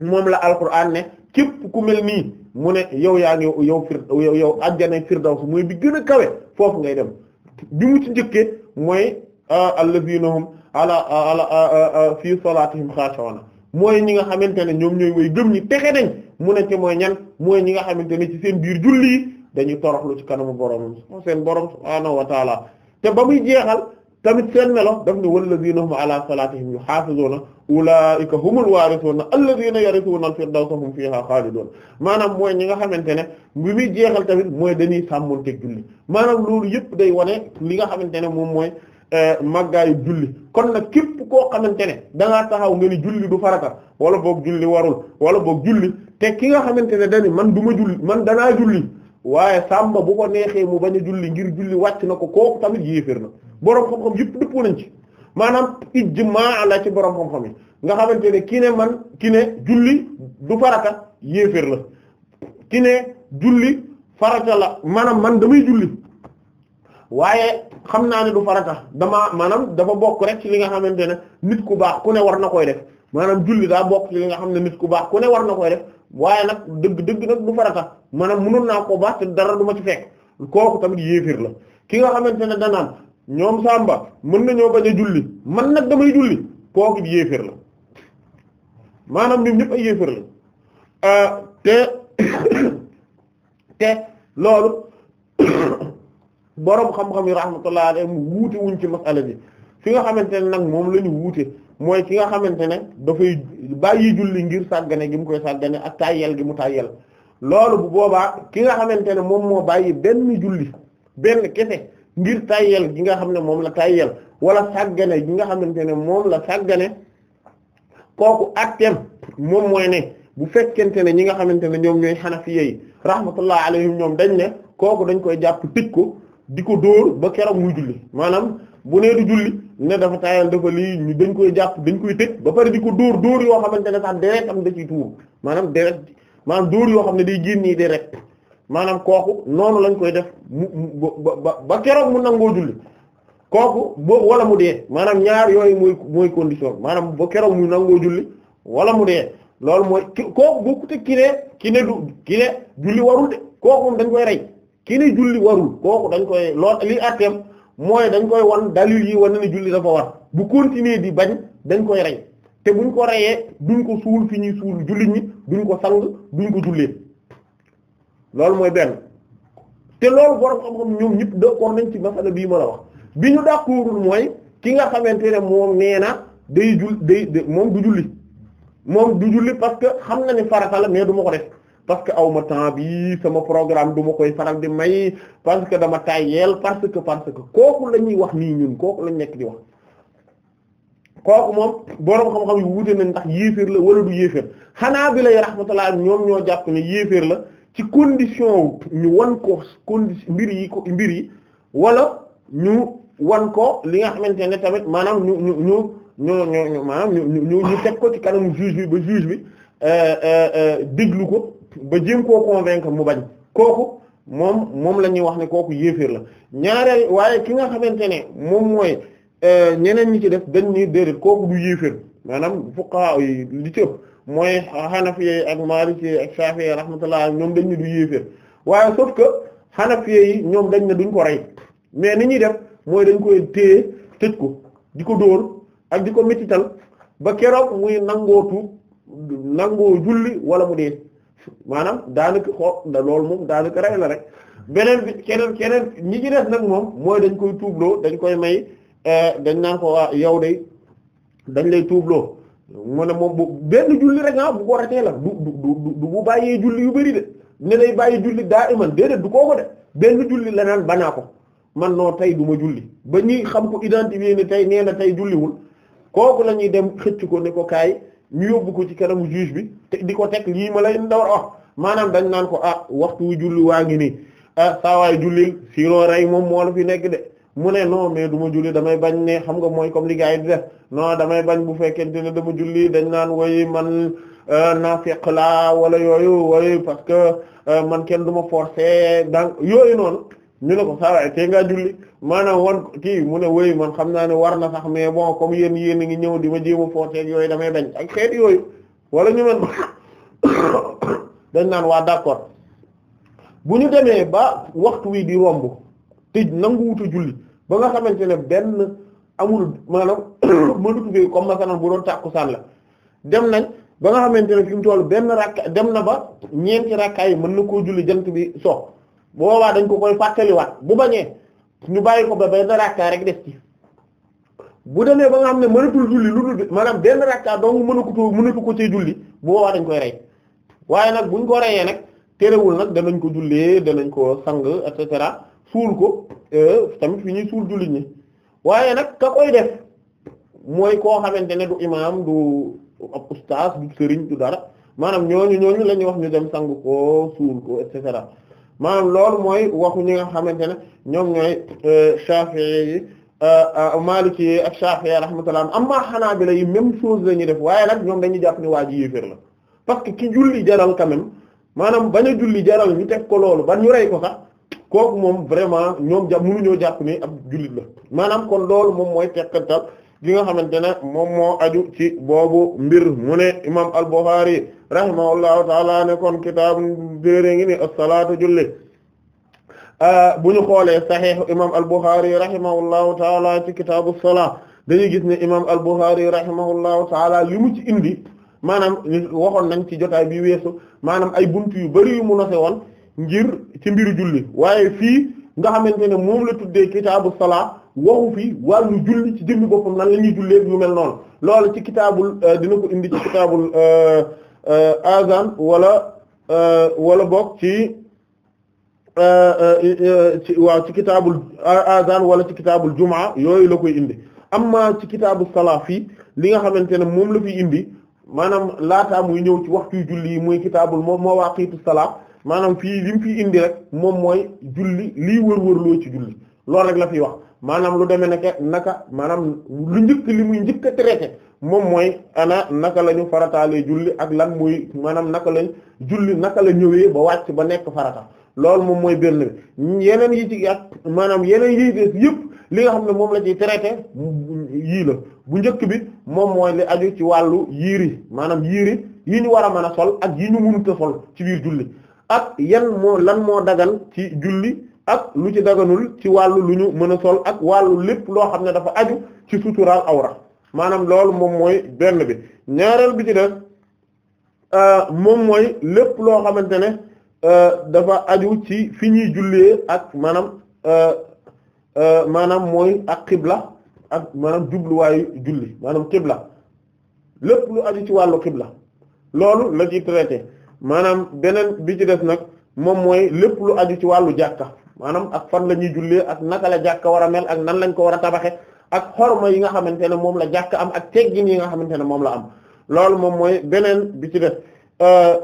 moom la alquran ne képp ku mel nii mu ne yow yaa ngi yow fir yow yow ajjana firdaws mooy bi gën a kawe foofu ngay dem bi mu ci njëkkee mooy ah, alladina hum ala ala fii salaatihim xaashi'uuna mooy ñi nga xamante ne ñoom ñooy way gëm ñi texe nañ mun ne ci mooy ñan mooy ñi nga xamante ne ci seen biir julli yi dañuy toroxlu ci kanamu borom seen borom subhaanahu wa taala te ba muy jeexal tamit seen melo daf ne wallaziina hum ala salaatihim yuhaafizuuna ulaa'ika humul waarisuuna allaziina yarisuuna al-firdawsa hum fiihaa xaaliduun maanaam mooy ñi nga xamante ne bi muy jeexal tamit mooy dañuy sàmmonte julli maanaam loolu yëpp day wane li nga xamante ne moom mooy Eh, yu julli kon nag képp koo xamante ne da taxaw nga ni julli du farata wala boog julli warul wala boog julli te ki nga xamante ne dani man du ma julli man danaa julli waaye sàmba bu ko neexee mu bañ a julli ngir julli wàcc na ko kooku tamit yéeféer na boroom xam-xam yëpp nañ ci maanaam ijmaa la ci boroom xam nga xamante ne ki ne man ki ne julli du farata yéeféer la ki ne julli farata la maanaam man damay julli waaye xam naa ne du farata dama maanaam dafa bokk rek ci li nga xamante ne nit ku baax ku ne war na koy def maanaam julli daa bokk ci li nga xam ne nit ku baax ku ne war na koy def waaye nag dëgg dëgg nag du farata maanaam mënoon naa koo baax te dara du ma ci fekk kooku tamit yéefir la ki nga xamante ne danaan ñoom Samba mën nañoo bañ a julli man nag damay julli kooku yéefir la maanaam ñun ñëpp ay yéefir euh, te [COUGHS] te loolu borom xam-xam yi rahmatullah alayhim wuute wuñ ci masala bi fi nga xamante ne nag moom la ñu wuute mooy ki nga xamante ne dafay bàyyi julli ngir sàggane gi mu koy sàggane ak tàyyel gi mu tàyyel loolu bu boobaa ki nga xamante ne moom moo bàyyi benn julli benn kese ngir tàyyel gi nga xam ne moom la tàyyel wala sàggane gi nga xamante ne moom la sàggane kooku atteem moom mooy ne bu fekkente ne ñi nga xamante ne ñoom ñooy xanafiye yi rahmatullah alayhim ñoom dañ ne kooku dañ koy jàpp tëj ko di ko dóor ba keroog muy julli maanaam bu nee du julli ne dafa taayal dafa lii dañ koy jàpp dañ koy tëj ba pare di ko dóor dóor yoo xamante ne sax deret am da ciy tuur maanaam deret maanaam dóor yoo xam ne day de rek maanaam kooku noonu lañ koy def mu ba ba keroog mu nangoo julli kooku boobu wala mu dee maanaam ñaar yooyu mooy mooy condition maanaam ba keroog mu nangoo julli wala mu dee loolu mooy kooku bokkut ak ki ne ki du ki ne julli warul dañ koy rey. ki ni julli warul kooku dañ koy lool li atteem mooy dañ koy wan dalil yi wan ne julli dafa war bu continuer di bañ dañ koy rey te buñ ko reyee duñ ko suul fi ñuy suul jullit ñi duñ ko sang duñ ko jullee loolu mooy benn te loolu borom xam-xam ñoom ñëpp d'accord nañ ci masala bii ma la wax bi ñu d'accordul mooy ki nga xamante ne moom nee na day jul day moom du julli moom du julli parce que xam na ni farata la mais ko def parce que aw ma temps bi sama programme du ma koy faral di may parce que dama tayyeel parce que parce que kooku la ñuy wax nii ñun kooku lañ nekk di wax kooku moom boroom xam-xam yu wute nañ ndax yéeféer la wala du yéeféer xanaa bi lay rahmatullah ñoom ñoo jàpp ne yéeféer la ci condition ñu wan ko mbir yi ko mbir yi wala ñu wan ko li nga xamante ne tamit maanaam ñu ñu ñu ñu ñu maanaam ñu ñu ñu teg ko ci kanam juge bi ba juge bi euh, euh, euh, déglu ko ba jéem koo convaincre mu bañ kooku moom moom la ñuy wax ne kooku yéeféer la ñaareel waaye ki nga xamante ne moom mooy euh, ñeneen ñi ci def dañ ñuy déedéet kooku du yéeféer maanaam fuqaha yi li ci mooy xanafiye ak maliki ak shafi'i rahmatullah ñoom dañ ne du yéeféer waaye sauf que xanafiye yi ñoom dañ ne duñ ko rey mais ni ñuy def mooy dañ koy téye tëj ko di ko dóor ak di ko métital ba keroog muy nangootu nangoo julli wala mu dee maanaam daanaka xool da loolu moom daanaka rey la rek beneen bi keneen keneen ñi ci des nag moom mooy dañ koy tuubloo dañ koy may eh, dañ naan ko waa yow de dañ lay tuubloo mu ne moom benn julli rek ah bu ko ratee la du du du du bu bàyyee julli yu bari de ne day bàyyi julli daa iman déedéet du koo de benn julli la naan banaa ko man noo tey du ma julli ba ñuy xam ko identifier ne tey nee na tey julliwul kooku la ñuy dem xëcc ko ne ko kaay ñu yóbbu ko ci kanamu juge bi di ko teg lii ma lay dawar wax maanaam dañ naan ko ah waxtu wu julli waa ngi nii ah saa waay julli sinon rey moom moo la fi nekk de mu ne noo mais du ma julli damay bañ ne xam nga mooy comme li gars yi di def non damay bañ bu fekkente ne dama julli dañ naan woy man euh, naafeq laa wala yooyu woy parce que euh, man kenn du ma forcer donc yooyu noonu. ñu ne ko saawaay tey ngaa julli maanaam wan kii mu ne wéy man xam naa ne war na sax mais bon comme yéen yéen a ngi ñëw di ma jéem a footeeg yooyu damay bañ ak xeet yooyu wala ñu man [COUGHS] dañ naan waa d'accord bu ñu demee ba waxtu wi di romb te nangu wuta julli ba nga xamante ne benn amul maanaam [COUGHS] mënatu bi comme masalan bu doon saan la dem nañ ba nga xamante ne fi mu toll benn rakka dem na ba ñeenti rakkaay mën na koo julli jant bi so boo waa dañ ko koy fàttaliwaat bu bañee ñu bàyyi ko ba benn rakka rek def ci bu demee ba nga xam ne mënatul julli lu maanaam benn rakka dong mënakutoo mënatu ko cee julli bu boobaa dañ koy rey waaye nag buñ ko reyee nag terewul nag danañ ko jullee danañ ko sang et cetera suul ko euh, tamit fi ñuy suul julli ñi waaye nag ka koy def mooy koo xamante ne du imaam du ab ustaas du dara maanaam ñooñu ñooñu lañuy wax ñu dem sang koo suul ko et cetera maanaam loolu mooy waxu ñi nga xamante ne ñoom ñooy euh, Shafi'i yi euh, euh, Maliki yi ak Shafi'i rahmatullah xanaa bi yi même chose la ñuy def waaye nag ñoom dañuy jàpp ni waa ji yéeféer la parce que ki julli jaral quand même maanaam bañ a julli jaral ñu teg ko loolu ba ñu rey ko sax kooku moom vraiment ñoom jàpp mënuñoo jàpp ni ab jullit la maanaam kon loolu moom mooy tekkatal gi nga xamante ne moom moo aju ci boobu mbir mu ne imam al rahimahullahu taala ne kon kitaabu déere ngi ni as-salaatu julli bu ñu xoolee saxiix imam al-Bukhari rahimahullahu taala ci kitaabu salaa dañuy gis ne imam al-Bukhari rahimahullahu taala li mu ci indi maanaam waxoon nañ ci jotaay bi weesu maanaam ay buntu yu bari yu mu nose woon ngir ci mbiru julli waaye fii nga xamante ne moom la tuddee kitaabu salaa waxu fi wàllu julli ci jëmmi boppam nan la ñuy jullee yu mel noonu loolu ci kitaabul dina ko indi Euh, azan wala euh, wala bokk euh, ci waaw ci kitaabul azan wala ci kitaabul jumaa yooyu la koy indi amma ci kitaabu salaa fii li nga xamante ne moom la fi indi maanaam laataa muy ñëw ci waxtu julli yi muy kitaabul moom mawaaqiitu salaa maanaam fii li mu fi indi rek moom mooy julli lii wër-wër loo ci julli loolu rek la fi wax maanaam lu demee naka naka maanaam lu njëkk li muy njëkk a moom mooy ana naka la ñu farataalee julli ak lan muy maanaam naka lañ julli naka la ñëwee ba wàcc ba nekk farata lool moom mooy benn bi yeneen yi ci ak maanaam yeneen yi des yëpp li nga xam ne moom la ciy traité yii la bu njëkk bi moom mooy li aju ci wàllu yiiri maanaam yiiri yi ñu war a mën a sol ak yi ñu mënut sol ci biir julli ak yan moo lan moo dagan ci julli ak lu ci daganul ci wàllu lu ñu mën a sol ak wàllu lépp loo xam ne dafa aju ci suturaal awra maanaam loolu moom mooy benn bi ñaareel bi ci def euh, moom mooy lépp loo xamante ne euh, dafa aju ci fi ñuy jullee ak maanaam euh, maanaam mooy ak xibla ak maanaam jubluwaayu julli maanaam xibla lépp lu aju ci wàllu xibla loolu la ci traité maanaam beneen bi ci des nag moom mooy lépp lu aju ci wàllu jàkka maanaam ak fan la ñuy jullee ak naka la jàkka war a ak nan lañ ko war a tabaxe ak xorma yi nga xamante ne moom la jàkk am ak teggin yi nga xamante ne moom la am loolu moom mooy beneen bi ci def euh,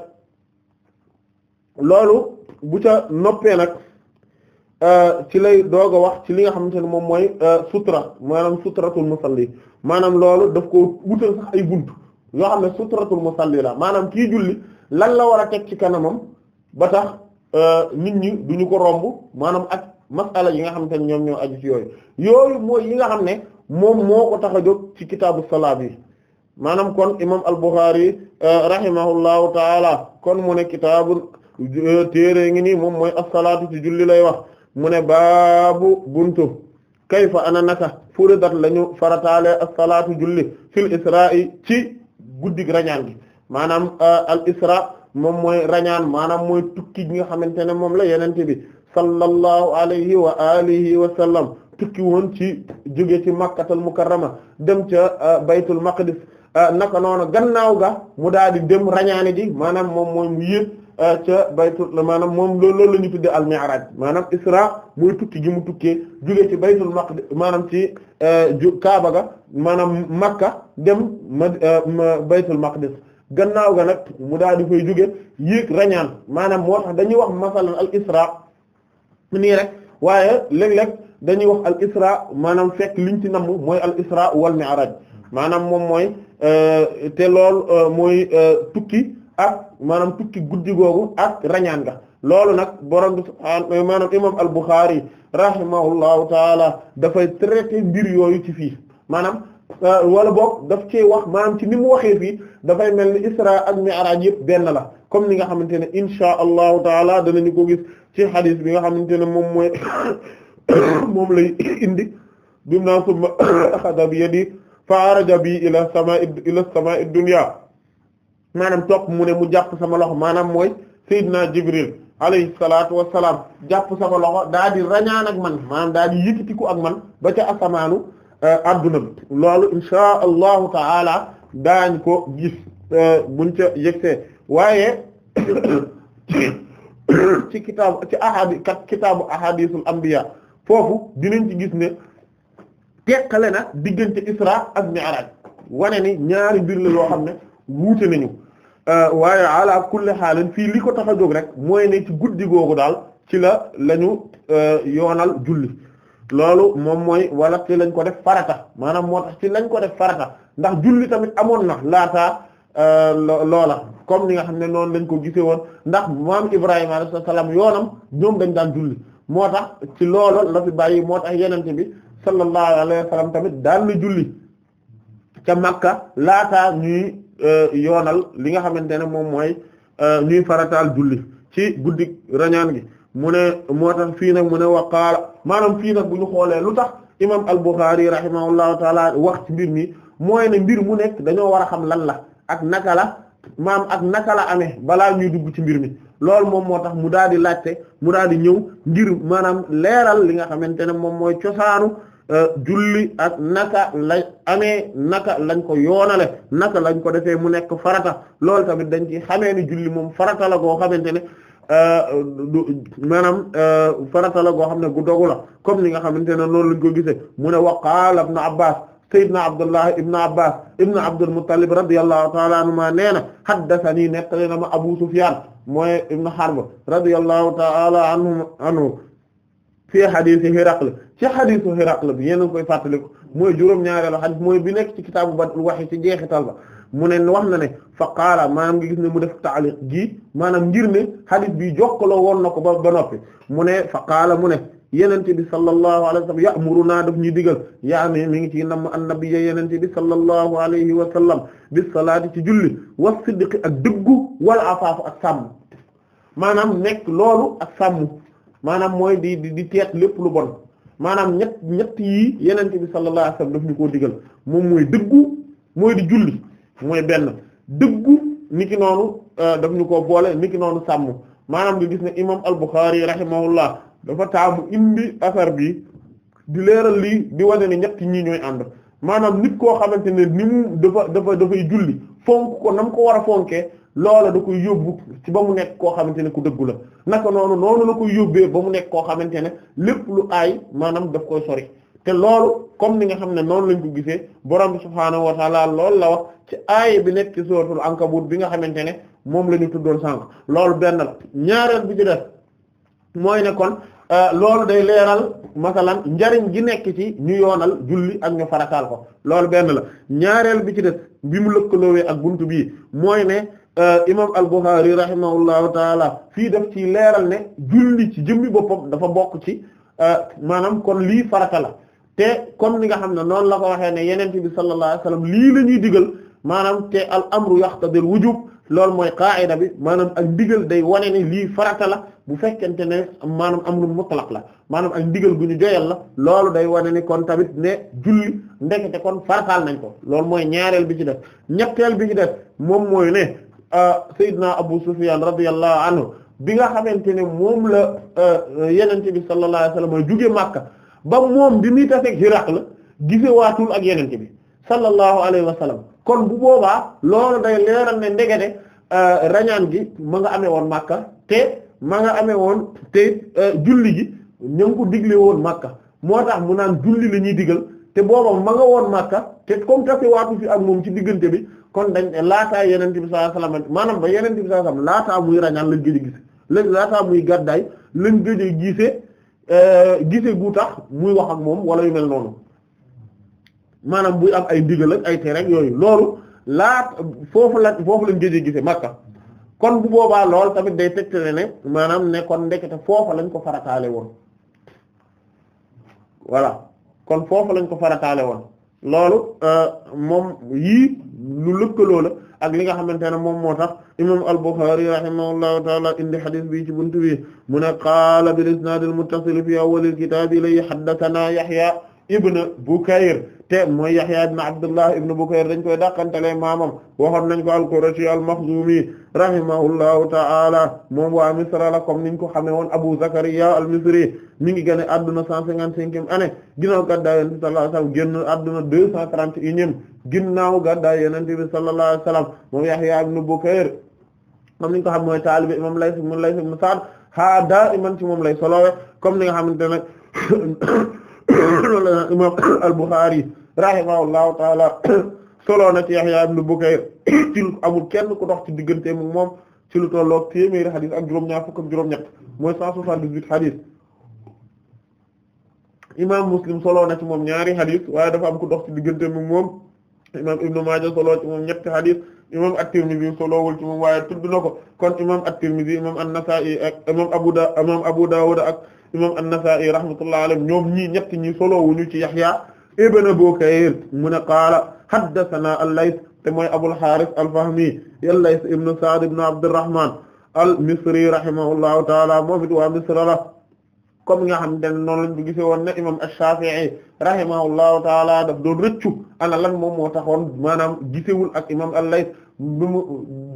loolu bu ca noppee nag euh, ci lay doog a wax ci li nga xamante ne moom mooy euh, sutura maanaam suturatul musalli maanaam loolu def ko wutal sax ay bunt yoo xam ne suturatul musalli la maanaam ki julli lan la war a teg ci kanamam ba tax nit ñi duñu ko romb maanaam ak masala yi nga xam ne ñoom ñoo aju ci yooyu yooyu mooy yi nga xam ne moom moo ko tax a jóg ci kitaabu salaa bi maanaam kon imam al-Bukhari euh, rahimahullahu taala kon mu ne kitaabu euh, téere ngi nii moom mooy as-salaatu ci julli lay wax mu ne baabu buntu kayfa ana naka furidat la ñu farataale as-salaatu julli fil isra'i ci guddig rañaan gi maanaam euh, al isra moom mooy rañaan maanaam mooy tukki gi nga xamante ne moom la yeneen bi sallallahu alayhi wa alihi wa sallam tukki woon ci jóge ci makkatal mukarrama dem ca uh, baytul maqdis uh, naka noonu gannaaw ga mu daal di dem rañaane ji maanaam moom mooy mu yéeg uh, ca baytul maanaam moom loolu la ñu tudde al mi'raj maanaam isra mooy tukki gi mu tukkee jóge ci baytul maqdis maanaam ci kaaba ga maanaam makka dem ma baytul maqdis gannaaw ga nag mu daal di fay jóge yéeg rañaan maanaam moo tax dañuy wax masalan al isra nii rek waaye léeg-léeg dañuy wax al isra maanaam fekk liñ ci namm mooy al isra wal mi'raj maanaam moom mooy euh, te lool euh, mooy euh, tukki ak maanaam tukki guddi googu ak rañaan nga loolu nag borom bi subhaanahu maanaam imam al Bukhari rahimahullahu taala dafay traité mbir yooyu ci fii maanaam Euh, wala boog daf cee wax maanaam ci ni mu waxee fii dafay mel ni isra ak mi'raj yëpp benn la comme ni nga xamante ne insha allahu taala danañu ko gis ci xadis bi nga xamante ne moom mooy [COUGHS] moom lay indi bi mu naan summa [COUGHS] axada bi yadi fa bi ila sama ila sama dunya maanaam topp mu ne mu jàpp sama loxo maanaam mooy Seydina Jibril alayhi salaatu wa salaam jàpp sama loxo daa di rañaan ak man ak man ba Euh, adduna bi loolu insha allahu taala daañ ko gis euh, buñ ca yëgtee waaye [COUGHS] ci kitaabu ci ahadi foofu dinañ gis ne teqale na diggante isra ak mi'raj wane ni ñaari mbir la yoo xam ne wuute nañu euh, waaye ala kulli xaalin fii li ko tax a rek mooy ne ci guddi googu daal ci la lañu yoonal julli loolu moom mooy wala ci lañ ko def farata maanaam moo tax ci lañ ko def farata ndax julli tamit amoon na laataa euh, loola comme li nga xam ne noonu lañ ko gisee woon ndax maam Ibrahima alayhi salaam yoonam ñoom dañ daan julli moo tax ci loolu la fi bàyyi moo tax yenente bi sallallahu alayhi wa sallam tamit daan na julli ca Makka laata ñuy euh, yoonal li nga xamante ne moom mooy euh, ñuy farataal julli ci guddi rañaan gi mu ne moo tax fii nag mu ne waqaala maanaam fii nag bu ñu xoolee lu tax imam al-Bukhari rahimahullahu taala wax ci mbir mi mooy ne mbir mu nekk dañoo war a xam lan la ak naka la maam ak naka la amee balaa ñuy dugg ci mbir mi loolu moom moo tax mu daal di laajte mu daal di ñëw ngir maanaam leeral li nga xamante ne moom mooy cosaanu euh, julli ak naka la amee naka lañ ko yoonale naka lañ ko defee mu nekk farata loolu tamit dañ ci xamee ni julli moom farata la goo xamante ne Euh, maanaam euh, farata la goo xam ne gu dogu la comme ni nga xamante ne noonu lañ ko gisee mu ne wa qaala ibn Abbas sayyidna Abdullah ibn Abbas ibn Abdul Muttalib radiyallahu ta'ala anhuma nee na haddathani nettali na ma Abu Sufyan mooy ibn Harb radiyallahu ta'ala anhu anhu fii hadiisi Hiraql ci hadiisu Hiraql bi yéen a koy fàttaliku mooy juróom-ñaareelu hadiis mooy bi nekk ci kitaabu Bad'ul Wahyi ci jeexital ba mu ne wax na ne fa qaala maanaam nga gis ne mu def taaliq gi maanaam ngir ne hadith bi jokkaloo woon na ko ba ba noppi mu ne fa qaala mu ne yenente bi sallallahu alayhi wa sallam ya'muruna daf ñuy digal yaani mi ngi ci nam annabiyya yenente bi sallallahu alayhi wa sallam bi salaati ci julli wa sidqi ak wala a afaafu ak sàmm maanaam nekk loolu ak sàmm maanaam mooy di teet lépp lu bon maanaam ñett ñett yi yenente bi sallallahu alayhi wa sallam daf ñu digal moom di julli mooy benn dëggu niki noonu euh, daf ñu ko boole niki noonu sàmm maanaam nga gis ne imam al-Bukhari rahimahullah dafa taamu indi affaire bii di leeral lii di wane ne ñett ñii ñooy ànd maanaam nit koo xamante ne ni mu dafa dafa dafay julli fonk ko na mu ko war a fonkee loola da koy yóbbu ci ba mu nekk koo xamante ne ku dëggu la naka noonu noonu la koy yóbbee ba mu nekk koo xamante ne lépp lu aay maanaam daf koy sori te loolu comme ni nga xam ne noonu lañ ko gisee borom bi subhaanahu wa taala loolu la wax ci aaya bi nekk ci suratul ankabut bi nga xamante ne moom la ñu tuddoon sànq loolu benn la ñaareel bi ci def mooy ne kon euh, loolu day leeral masalan njariñ gi nekk ci ñu yoonal julli ak ñu farataal ko loolu benn la ñaareel bi ci def bi mu lëkkaloowee ak bunt bii mooy ne euh, imam al-Bukhari rahimahullahu taala fii daf ci leeral ne julli ci jëmmi boppam dafa bokk ci euh, maanaam kon lii farata la te comme ni nga xam ne noonu la ko waxee ne yenent bi sallallahu alayhi wasallam lii la ñuy digal maanaam te al amru yaqtadil wujub loolu mooy qaida bi maanaam ak ndigal day wane ne lii farata la bu fekkente ne maanaam amru mutlaq la maanaam ak ndigal gu ñu joyal la loolu day wane ni kon tamit ne julli ndekete kon farataal nañ ko loolu mooy ñaareel bi ci def ñetteel bi ci def moom mooy ne euh, Seydina Abu Sufyan radiyallahu anhu bi nga xamante ne moom la euh, yenente bi sallallahu alayhi wasallam juge ba moom bi muy taseeg Hiraql la gisewaatul ak yeneen bi sallallahu alayhi wa kon bu boobaa loolu day leeral ne ndegede euh, rañaan gi ma nga amee woon Makka te ma nga amee woon te euh, julli gi ña ngi ko digle woon Makka moo tax mu naan julli la ñuy digal te booba ma nga woon Makka te comme tasewaatu fi ak moom ci diggante bi kon dañ laataa yeneen bi sallallahu alayhi wa sallam maanaam ba yeneen bi sallallahu alayhi wa laataa muy rañaan lañ gëj a gis lañ laataa muy gàddaay la gëj a Euh, gise gu tax muy wax moom wala yu mel noonu maanaam buy am ay ndigal ak ay tere ak yooyu loolu laa foofu la foofu lañ géjee gise Makka kon bu boobaa lool tamit day tegtale ne maanaam ne kon ndekete foofa lañ ko farataale woon voilà kon foofa lañ ko farataale woon loolu euh, moom yii lu lëkkaloo la ak li nga xamante ne moom moo tax imam al-Bukhari rahimahullahu taala indi xadis bi ci buntu bi mu ne qaala bil isnaad al-muttasil fi awwal al-kitaab ilay haddathana Yahya ibn Bukayr te mooy Yahya ibn Abdullah ibn Bukayr dañ koy dàqantele maamam waxoon nañ ko al-Qurashi al-Makhzumi rahimahullahu ta'ala moom waa Misra la comme niñ ko xamee woon Abu Zakariya al-Misri mi ngi génn adduna 155e année ginnaaw gàddaay Yonent bi sallallahu alayhi wasallam génn adduna ginnaaw gàddaay yonent bi sallallahu alayhi wasallam moom Yahya ibn Bukayr moom ni nga xam mooy taalibe imam Layth ibn Layth ibn Sa'd ha daa iman ci moom lay solowee comme ni nga xamante ne [COUGHS] imam al-Bukhari rahimahullahu taala [COUGHS] soloo na ci Yahya ibn Bukayr [COUGHS] ci amul kenn ku dox ci diggante mu moom ci lu tolloog téeméeri xadis ak juróom-ñaar fukk ak juróom-ñett mooy 178 xadis imam Muslim soloo na ci moom ñaari xadis waaye daf am ku dox ci diggante mu moom imam Ibn Maaja solo ci moom ñetti hadith imam At-Tirmidhi solowul ci moom waaye tudd na ko kon imam At-Tirmidhi imam An-Nasa'i ak eh, imam Abu Da imam Abu Dawud ak imam An-Nasa'i rahmatullahi alayhim ñoom ñii ñett ñi solowuñu ci Yahya ibn Bukayr mu ne qaala haddathana al-Layth te mooy Abul Harith al-Fahmi al-Layth ibn Sa'd ibn Abdurrahman al-Misri rahimahullahu ta'ala moom it waa Misra la comme nga xam den noonu lañ ko gisee woon ne imam Ash-Shafi'i rahimahullahu taala daf doon rëccu ana lan moom moo taxoon maanaam gisewul ak imam al-Layth bi mu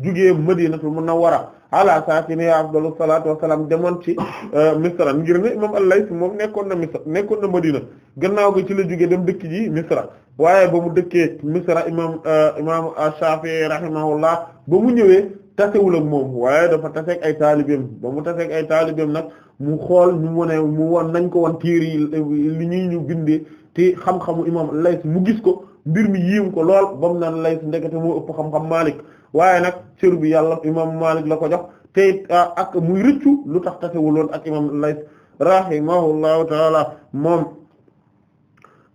jugee Madinatul Munawwara ala saakinihaa afdalu salaatu wa salaam demoon ci euh, Misra ngir na imam al-Layth moom nekkoon na Misra nekkoon na Madina gannaaw gi ci la jugee dem dëkk ji Misra waaye ba mu dëkkee Misra imam euh, imam Ash-Shafi'i rahimahullah ba mu ñëwee. tasewul ak moom waaye dafa taseeg ay taalibeem ba mu taseeg ay taalibeem nag mu xool ñu mu ne mu won nañ ko won tiir yi li ñuy ñu bindee ti xam-xamu imam Lays mu gis ko mbir mi yiim ko lool ba mu naan Lays ndekete moo ëpp xam-xam Maalik waaye nag cër bi yàlla imam Maalik la ko jox te ah, ak muy lu tax tasewuloon ak imam Lays rahimahullahu taala moom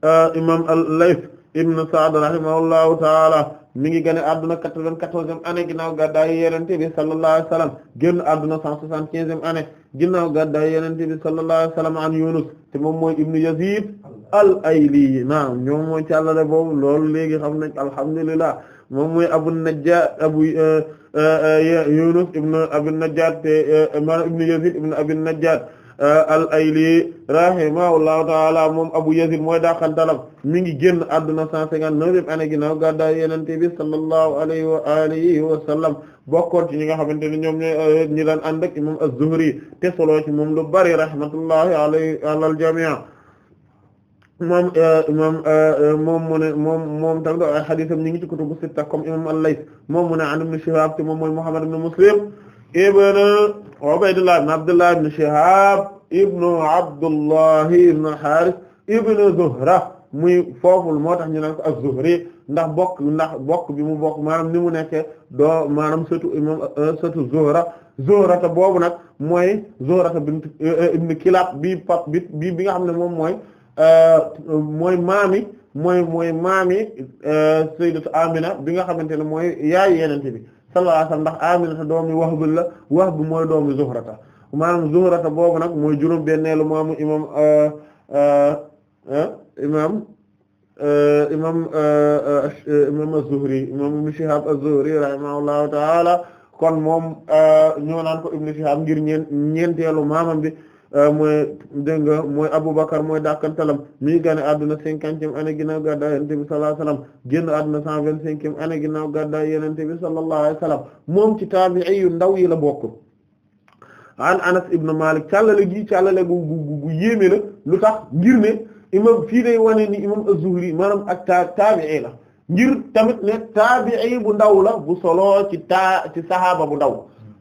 ah, imam Lays ibn Sa'd rahimahullahu taala mi ngi gane adduna quatre-vingt-quatorzième année ginnaaw gàddaayu Yonent bi sallallahu alayhi wa sallam génn adduna cent soixante-quinzième année ginnaaw gàddaayu Yonent bi sallallahu alayhi wa sallam an Yunus te moom mooy ibn Yazid al-Ayli naam ñoom mooy càllale boobu loolu léegi xam nañ alhamdulillah moom mooy Abu Najjar Abu eh, eh, eh, Yunus ibn Abi Najjar te ibn Yazid ibn Abi Najjar Euh, al-Ayli rahimahullahu ta'ala moom Abu Yazid mooy daaxantalam mi ngi génn àdduna 159 année ginnaaw gàddaay Yonent bi sallallahu alayhi wa alihi wa sallam bokkoon ci ñi nga xamante ne ñoom ñooy euh, ñi daan ànd ak imam az-Zuhri te solo ci moom lu bari rahmatullahi alayhi alal jamii moom euh, moom moom mu ne moom moom tamit ay xadiisam ñi ngi ci kutubu sitta comme imam al-Layth moom mu moom mooy Muhammad Muslim ibn Ubaydullah ibn Abdullah ibn Shihab ibn Abdullah ibn Harith ibn Zuhra muy fooful moo tax ñu naan ko az-Zuhri ndax bokk ndax bokk bi mu bokk maanaam ni mu nekkee doo maanaam sëtu imam euh, sëtu Zuhra Zuhrata boobu nag mooy Zuhrata bint euh, ibn Kilab bi pap bi bi bi nga xam ne moom mooy euh, mooy maami mooy mooy maami sayyidatu Amina bi nga xamante ne mooy yaay yenente bi sallallahu alayhi ndax Aminata doomi Wahb la Wahb mooy doomi Zuhrata maanaam Zuhrata boobu nag mooy juróom-benneelu maamu imam euh, euh, imam euh, imam zuhri imam Ibn Shihab az-Zuhri rahimahullahu kon moom ñoo ko Ibn Shihab ngir ñeen ñeenteelu maamam bi Euh, mooy dégg nga mooy Aboubacar mooy dàkkantalam mi ngi génn àdduna cinquantième année ginnaaw gàddaay Yonent bi sallallahu alayhi wasallam génn àdduna cent vingt-cinquième année ginnaaw gàddaay Yonent bi sallallahu alayhi wasallam moom ci taabi'i yu ndaw yi la bokk an Anas ibn Malik càllale gi càllale gu gu gu yéeme la lu tax gir ne imam fii day wane ni imam Az-Zuhri maanaam ak ta taabi'i la tamit ne taabi'i bu ndaw la bu solo ci taa ci saxaaba bu ndaw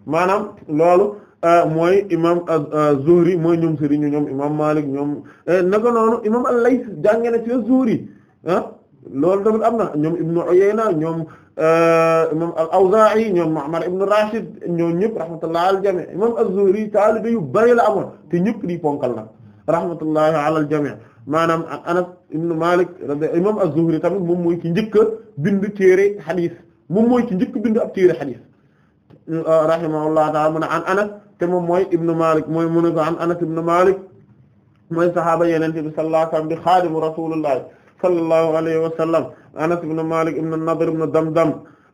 maanaam loolu Euh, mooy imam az-Zuhri euh, mooy ñoom sëriñu ñoom imam Malik ñoom euh, naka noonu imam al-Layth jàngee na ci az-Zuhri ah loolu tamit am na ñoom Ibn Uyayna ñoom imam al-Awzaa'i ñoom Ma'mar ibn Rashid ñoom ñëpp rahmatullah al jami' imam az-Zuhri taalibe yu bari la amoon te ñëpp di ponkal la rahmatullahi ala al jami' maanaam ak Anas ibn Malik imam az-Zuhri tamit moom mooy ki njëkk a bind téere xadiis moom mooy ki njëkk bind ab téere xadiis rahimahullah ta'ala mu ne an Anas te moom mooy ibnu Malik mooy mu ne ko an Anas ibnu Malik mooy sahaaba yenente bi sallallahu alayhi wa sallam di xaadimu rasulullah sallallahu alayhi wa sallam Anas ibnu Malik ibnu Nadr ibnu Damdam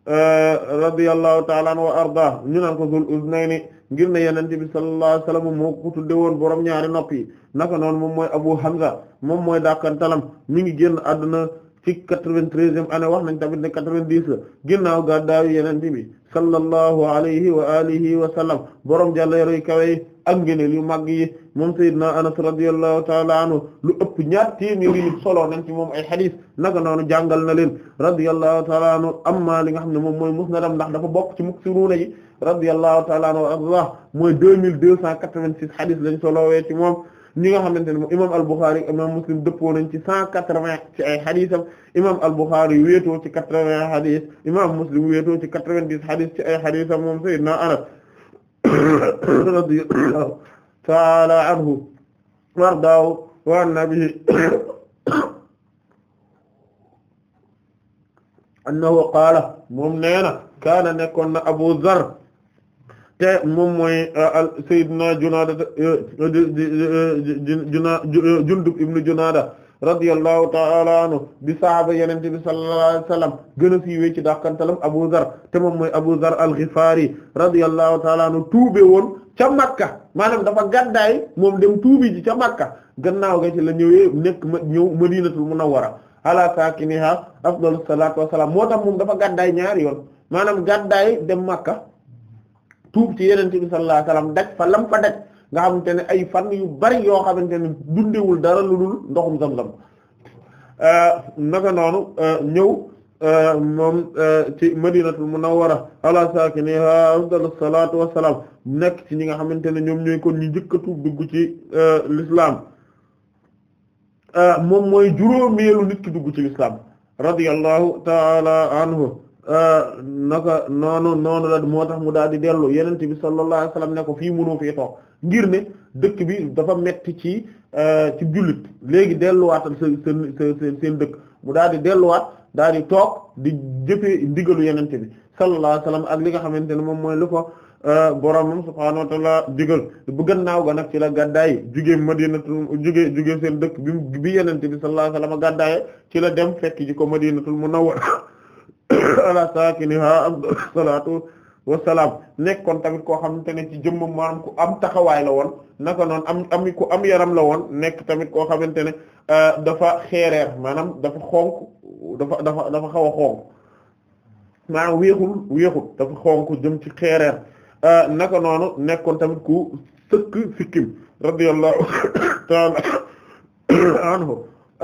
eh, radiyallahu ta'ala anhu wa arda ñu naan ko Zul Uznayni ngir ne yenente bi sallallahu alayhi wa sallam moo ko tudde woon borom ñaari nopp yi naka noonu moom mooy Abu Hamza moom mooy dàkkantalam mi ngi génn àdduna ci quatre-vingt-treizième année wax nañ tamit ne quatre-vingt-dix la ginnaaw gàddaayu yenente bi sallallahu alayhi wa alihi wa sallam borom jàlleero yu kawe yi ak ngëneel yu màgg yi moom sayyidina anas radiyallahu taala anhu lu ëpp ñaar téeméeri nit soloo nañ ci moom ay xadiis naka noonu jàngal na leen radiyallahu taala anhu amma li nga xam ne moom mooy musnadam ndax dafa bokk ci muksiruuna yi radiyallahu taala anhu wa ardah mooy deux mille deux cent quatre-vingt-six xadiis lañ solowee ci moom ñi nga xamante ne moom imaam al-Bukhari imaam Muslim dëppoo nañ ci cent quatre-vingts ci ay xadisam imaam al-Bukhari wéetoo ci quatre-vingts xadis imaam Muslim wéetoo ci quatre-vingt-dix xadis ci ay xadisam moom Seydina Anas [COUGHS] radiyallahu ta'ala anhu wardaaw wa nabi [COUGHS] annahu qaala moom nee kaana nekkoon na Abu Dharr te moom mooy euh, Seydina Junaada euh, euh, Jundub ibnu Junaada radiyallahu ta'ala anhu bi sahaaba di bi sallallahu alayhi wasallam gën a siiwee ci dàqantalam Abu Dhar te moom mooy Abu Dhar al-Ghifari radiyallahu ta'ala anhu tuube woon ca Makka maanaam dafa gàddaay moom dem tuubi ji ca Makka gannaaw ga ci la ñëwee nekk ma ñëw Madinatul Munawwara ala saakiniha afdalus salatu wassalam moo tam moom dafa gàddaay ñaari yoon maanaam gàddaay dem Makka tuub ci yenente bi sallallahu alayhi wasallam daj fa lam fa daj nga xamante ne ay fan yu bari yoo xamante ne dundewul dara lu dul ndoxum zam-zam euh, naka noonu euh, ñëw euh, moom ci madinatul munawwara ala sakiniha afdalus salatu wassalam nekk ci ñi nga xamante ne ñoom ñooy kon ñu njëkk tuub dugg ci l'islam moom mooy juróomeelu nit ki dugg ci l'islam radiyallahu ta'ala anhu Euh, naka noonu noonu la moo tax mu daal di dellu yenente bi sallallahu alayhi wasallam ne ko fii mënoo fii toog ngir ne dëkk bi dafa metti ci euh, ci jullit léegi delluwaatal seen seen seen dëkk mu daal di delluwaat daal di toog di jëfee ndigalu yenente bi sallallahu alayhi wasallam ak li nga xamante ne moom mooy lu ko euh, boromam subhaanahu wa ta'ala digal bu gannaaw ga nag ci la gàddaay jugee madinatul jugee jugee seen dëkk bi bi yenente bi sallallahu alayhi wasallam gàddaaye ci la dem fekk ji ko mu naw [COUGHS] ala saakiniha afdal salaatu wasalaam nekkoon tamit koo xamante ne ci jëmmam maanaam am taxawaay la woon naka noonu am am am yaram la woon nekk tamit koo xamante ne euh, dafa xeereer maanaam dafa xonk dafa dafa dafa xaw a xonk maanaam weexul weexul dafa xonk jëm ci xeereer euh, naka noonu nekkoon tamit ku sëkk sikkim radiyallahu [COUGHS] ta'ala anhu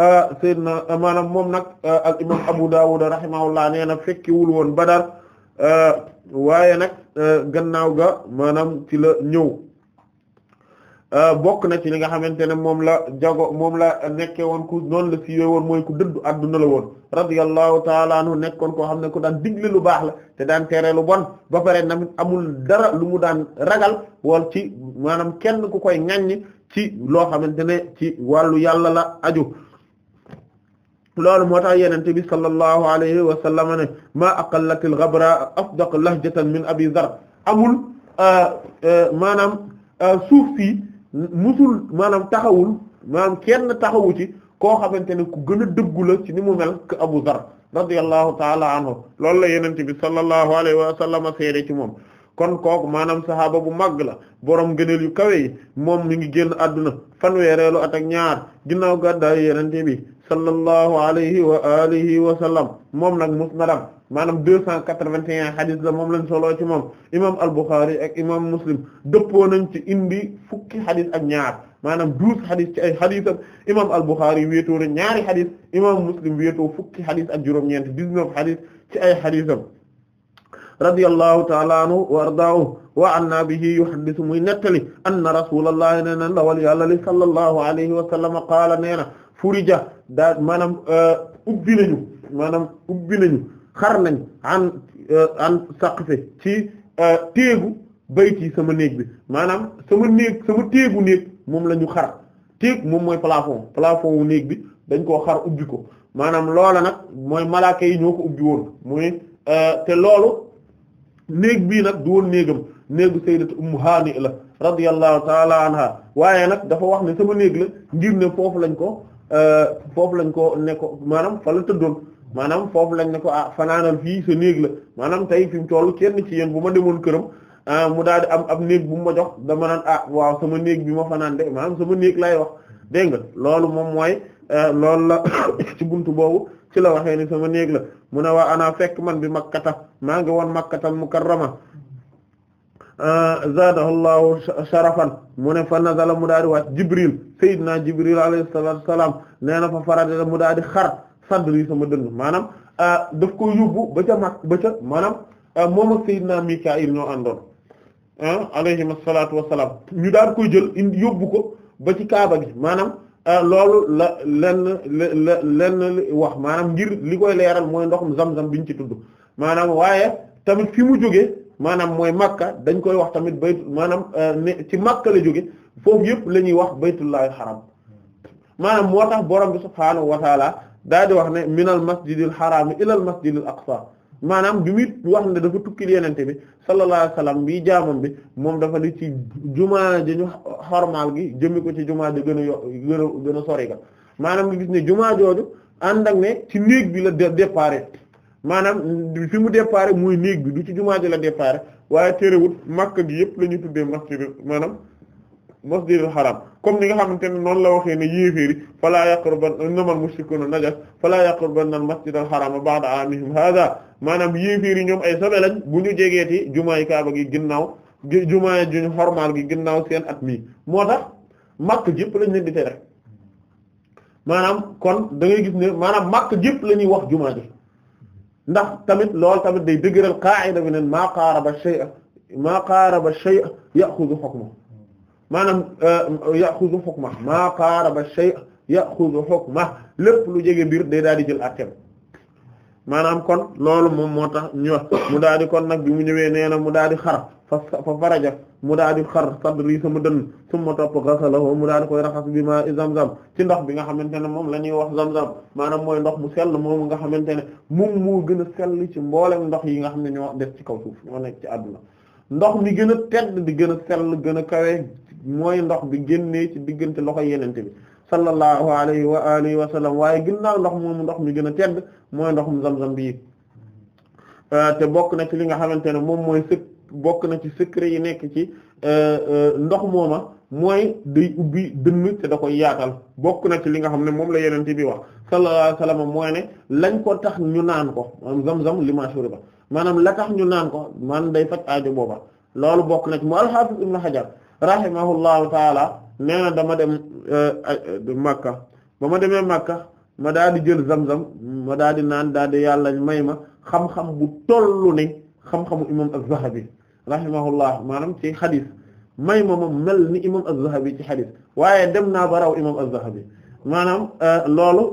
Ah, Seydina maanaam moom nag ah, al imam Abu Dawud rahimahullah nee na fekkiwul woon Badar ah, waaye nag gannaaw ga maanaam ci la ñëw bokk na ci li nga xamante ne moom la jago moom la nekke woon ku noonu la si woon mooy ku dëddu adduna la woon radiyallahu taala anhu nekkoon ko xam ne ku daan digle lu baax la te daan tere lu bon ba pare namit amul dara lu mu daan ragal wal ci maanaam kenn ku koy ŋaññi ci loo xamante ne ci wàllu yàlla la aju loolu moo tax yenente bi sallallahu alayhi wa sallam ne ma aqallatil ghabra afdaq lahjatan min abi zar amul euh, euh, maanaam euh, suuf si musul maanaam taxawul maanaam kenn taxawu ci koo xamante ne ku gën a dëggu la ci ni mu mel que abu zar radiyallahu taala anhu loolu la yenente bi sallallahu alayhi wa sallam seede ci moom kon kooku maanaam saxaaba bu màgg la borom gëneel yu kawe yi moom mi ngi génn àdduna fanweereelu at ak ñaar ginnaaw gàddaay yenente bi sallallahu alayhi wa alihi wa sallam moom nag musnadam maanaam deux cent quatre-vingt-un hadith la moom lañ soloo ci moom imam al-Bukhari ak imam Muslim dëppoo nañ ci indi fukki hadith ak ñaar maanaam douze hadith ci ay hadith ak imam al-Bukhari wéetoo na ñaari hadith imam Muslim wéetoo fukki hadith ak juróom-ñeent dix-neuf hadith ci ay haditham radiyallahu ta'ala anhu wa ardaahu wa anna bihi yuhaddisu muy nettali anna rasulullah nee na ndawal yàlla li sallallahu alayhi wa sallam qaala nee na furija daa maanaam euh, ubbi nañu maanaam ubbi nañu xar nañ an euh, an saqfe ci euh, téegu bayti sama néeg bi maanaam sama néeg sama téegu néeg moom la ñu xar téeg moom mooy plafond plafond wu néeg bi dañ koo xar ubbi ko maanaam loola nag mooy malaaka yi ñoo ko ubbi woon muy te loolu néeg bii nag du woon néegam néegu sayyidat ummu haani la radiyallahu taala anha waaye nag dafa wax ne sama néeg la ngir ne foofu lañ ko euh, foofu lañ ko nekko ko maanaam fa la tëddoon maanaam foofu lañ ne ko ah fanaanal fii sa néeg la maanaam tey fi mu toll kenn ci yéen bu ma demoon këram euh, mu daal di am ab néeg bu ma jox dama naan ah waaw sama néeg bi ma fanaan de maanaam sama néeg lay wax dégg nga loolu moom mooy euh, loolu la [COUGHS] ci buntu boobu ci la waxee ni sama néeg la mu ne waa ana fekk man bi makkata maa ngi woon makkatal mukarrama zaadahullahu sharafan mu ne fa nazala mu daa di wàcc jibril sayyidina jibril alayhi salatu wassalam nee na fa farade mu daa di xar sadri sama dënn maanaam ah, def ko yóbbu ba ca mag ba ca maanaam ah, moom ak sayyidina mika'il ñoo àndoon ah, alayhim asalatu ñu daal koy jël indi yóbbu ko ba ci kaaba gi maanam Euh, loolu la lenn lenn li wax maanaam ngir li koy leeral mooy ndoxum zam-zam biñ ci tudd maanaam waaye tamit fi mu jógee maanaam mooy makka dañ koy wax tamit baytu maanaam euh, ci makka la jóge foofu yëpp la ñuy wax baytullahil xaram maanaam moo tax borom bi subhaanahu wa taala daal di wax ne minal masjidil xaraami ilal masjidil aqsa maanaam bi muy wax ne dafa tukki yenente bi sallallahu alayhi wasallam bi jaamam bi moom dafa li ci jumaa ja ñu xormaal gi jëmi ko ci jumaa ji gën a yo gën a gën sori ga maanaam nga gis ne jumaa jooju ànd ci néeg bi la départ maanaam fi mu départ muy néeg bi du ci jumaa ja la départ waaye terewut Makka gi yëpp la ñu tuddee masjid maanaam masjidul haram comme ni nga xamante ne noonu la waxee ne yéeféeri falaa yaqruban innamal mushrikuuna najas falaa yaqrubanna al masjidal harama ba'da aamihim haada maanaam yéeféer yi ñoom ay sobe lañ bu ñu jegeeti jumaay kaaba gi ginnaaw jumaay juñ xormaal gi ginnaaw seen at mii moo tax màkk jëpp lañ leen di tere maanaam kon da gis ne maanaam màkk jëpp la wax jumaa ji ndax tamit loolu tamit day dëgëral qaa'ida bi neen maa qaaraba shay'a maa qaaraba shay'a ya'khudhu hukma maanaam euh, ya'khudhu hukma maa qaaraba shay'a ya'khudhu hukma lépp lu jege biir day daal di jël àtteem maanaam kon loolu moom moo tax ñu wax mu daal di kon nag bi mu ñëwee nee na mu daal di xar fa fa faraja mu daal di xar sadri sama dënn summa topp gasalahu mu daal di koy raxas bi ma zamzam ci ndox bi nga xamante ne moom la ñuy wax zamzam maanaam mooy ndox mu sell moom nga xamante ne moom moo gën a sell ci mboolem ndox yi nga xam ne ñoo des ci kaw suuf ñoo nekk ci aduna ndox mi gën a tedd di gën a sell gën a kawe mooy ndox bi génnee ci diggante loxo yenente bi sallallahu alayhi wa alihi wa sallam waaye ginnaaw ndox moomu ndox mi gën a tedd mooy mu zam-zam bii euh, te bokk na ci li nga xamante ne moom mooy bokk na ci secret yi nekk ci euh, euh, ndox mooma mooy day ubbi dënn te da koy yaatal bokk na ci li nga xam ne moom la yenente bi wax sallallahu alayhi wa sallam mooy ne lañ ko tax ñu naan ko zam-zam li ma shuriba maanaam la tax ñu naan ko man day faj aajo booba loolu bokk na ci mu al-Hafiz Ibn Hajar rahimahullahu taala nee dama dem eh, eh, Makka ba ma demee Makka ma daal di jël zam-zam ma daal naan daal di yàlla may ma xam-xam bu tollu ne xam-xamu imam az-Zahabi rahimahullah maanaam ci xadis may ma ma mel ni imam az-Zahabi ci xadis waaye dem naa ba raw imam az-Zahabi maanaam eh, loolu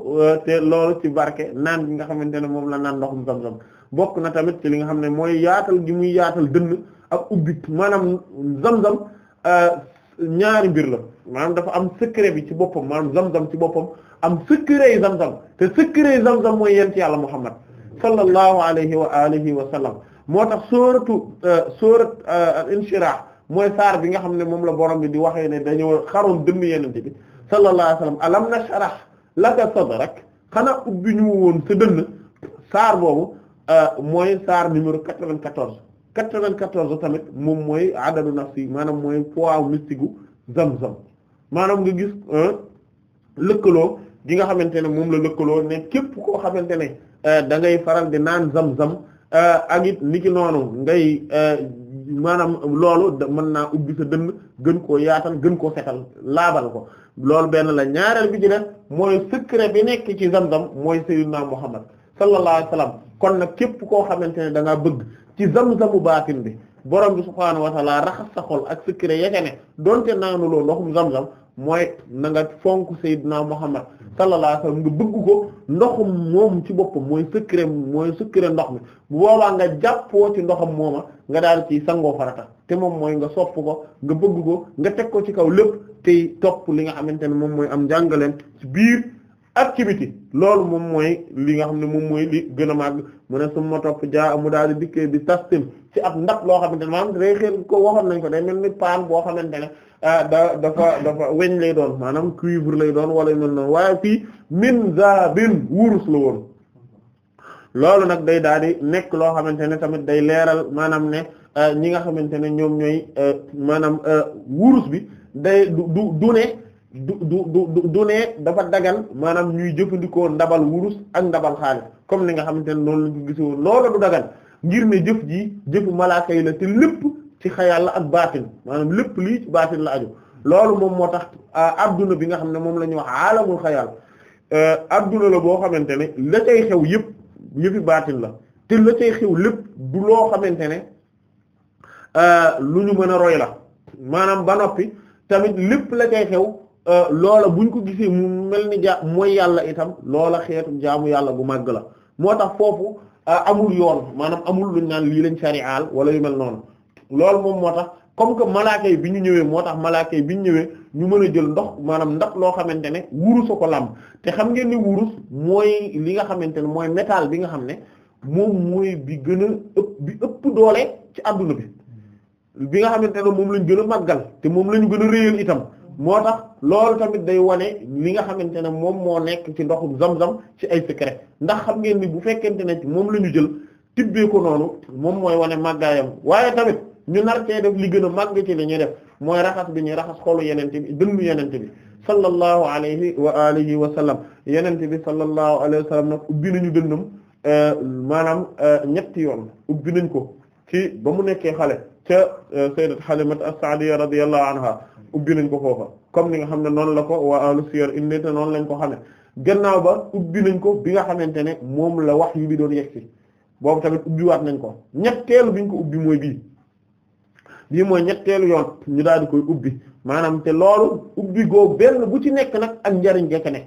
te loolu ci barke naan gi nga xamante ne moom la naan ndoxum zam-zam bokk na tamit ci li nga xam ne mooy yaatal gi muy yaatal dënn ak ubbit maanaam zam-zam ñaari mbir la maanaam dafa am secret bi ci boppam maanaam zam-zam ci boppam am secret yi zam-zam te secret yi zam-zam mooy yent yàlla Muhammad sallallahu alayhi wa alihi wa sallam moo tax sóoratu euh, sóorat euh, al-Inshirah mooy saar bi nga xam ne moom la borom bi di waxee ne dañoo xaroon dënn yenente bi sallallahu alayhi wa sallam alam nashrah laka sadrak xanaa ubbi ñu woon sa dënn saar boobu euh, mooy saar numéro quatre-vingt-quatorze quatre-vingt-quatorze tamit moom mooy adadu nafsi maanaam mooy poids mystique gu zam-zam maanaam nga gis euh, lëkkaloo gi nga xamante ne moom la lëkkaloo ne képp koo xamante ne euh, da ngay faral di naan zam-zam euh, ak it niki noonu ngay maanaam loolu mën naa ubbi sa dënn gën koo yaatal gën koo setal laabal ko loolu benn la ñaareel bi ci def mooy secret bi nekk ci zam-zam mooy sayyidina Muhammad sallallahu alayhi kon nag képp koo xamante ne da ngaa bëgg ci zam-zamu baatin bi borom bi subhaanahu wa ta'ala raxas sa xol ak secret ya donte naanu loo ndoxum zam-zam mooy nanga nga fonk Seydina Muhammad sallallahu alayhi wasallam nga bëgg ko ndoxum moom ci boppam mooy secret mooy secret ndox mi bu boobaa nga jàppoo ci ndoxam mooma nga daal ci sangoo farata te moom mooy nga sopp ko nga bëgg ko nga teg ko ci kaw lépp tey topp li nga xamante ne moom mooy am njàngaleem ci biir. ak loolu moom mooy li nga xam ne moom mooy li gën a màgg mu ne suma topp jaa mu daal di dikkee bi tastin ci ab ndax loo xamante ne maanaam day xel ko waxoon nañ ko day mel ni paan boo xamante ne ah, da dafa weñ lay doon maanaam cuivre lay doon wala mel noonu waaye fii min zabin wurus la woon loolu nag day daal di nekk loo xamante ne tamit day leeral maanaam ne ah, ñi nga xamante ne ñoom ñooy ah, maanaam wurus bi day du du ne du du du du ne dafa dagal maanaam ñuy jëfandikoo ndabal wurus ak ndabal xaalis comme ni nga xamante ne noonu lañ ko gisoo loola du dagan ngir ne jëf ji jëfu malaaka yi la te lépp ci xayal la ak baatin maanaam lépp lii ci baatin la ajo loolu moom moo tax euh, adduna bi nga xam ne moom la ñuy wax aalamul xayal euh, adduna la boo xamante ne la cay xew yëpp yëfi baatin la te la cay xew lépp du loo xamante ne euh, lu ñu mën a roy la maanaam ba noppi tamit lépp la cay xew Euh, loola buñ ko gisee mu mel ni ja mooy yàlla itam loola xeetu jaamu yàlla bu màgg la moo tax foofu euh, amul yoon maanaam amul luñ naan lii lañ sariaal wala yu mel noonu lool moom moo tax comme que malaake bi ñu ñëwee moo tax malaaka bi ñu ñëwee ñu mën a jël ndox maanaam ndax loo xamante ne wurus a ko lam te xam ngeen ne wurus mooy li nga xamante ne mooy métal bi nga xam ne moom mooy bi gën a bi ëpp doole ci adduna bi bi nga xamante ne moom lañ gën a màggal te moom lañu gën a réyal itam moo tax loolu tamit day wane li nga xamante ne moom moo nekk ci ndoxum zam-zam ci ay secret ndax xam ngeen ni bu fekkente ne moom la jël tibbeeku noonu moom mooy wane màggaayam waaye tamit ñu nar cee def li gën a màgg ci li ñuy def mooy raxas bi ñu raxas xolu yeneen bi dënnu yeneen bi sallallahu alayhi wa alihi wa sallam yeneen bi sallallahu alayhi wa sallam nag ubbi nañu dënnam euh, maanaam euh, ñetti yoon ubbi nañ ko ci ba mu nekkee xale ca euh, sayyidat Halimata as-Sa'diyya radiyallahu anha ubbi nañ ko foofa comme ni nga xam ne noonu la ko waa ahlu siyar indi te noonu lañ ko xamee gannaaw ba ubbi nañ ko bi nga xamante ne moom la wax yu bi doon yegg si boobu tamit ubbiwaat nañ ko ñetteelu biñ ko ubbi mooy bii bii mooy ñetteelu yoon ñu daal di koy ubbi maanaam te loolu ubbi goo benn bu ci nekk nag ak njariñ gekk ne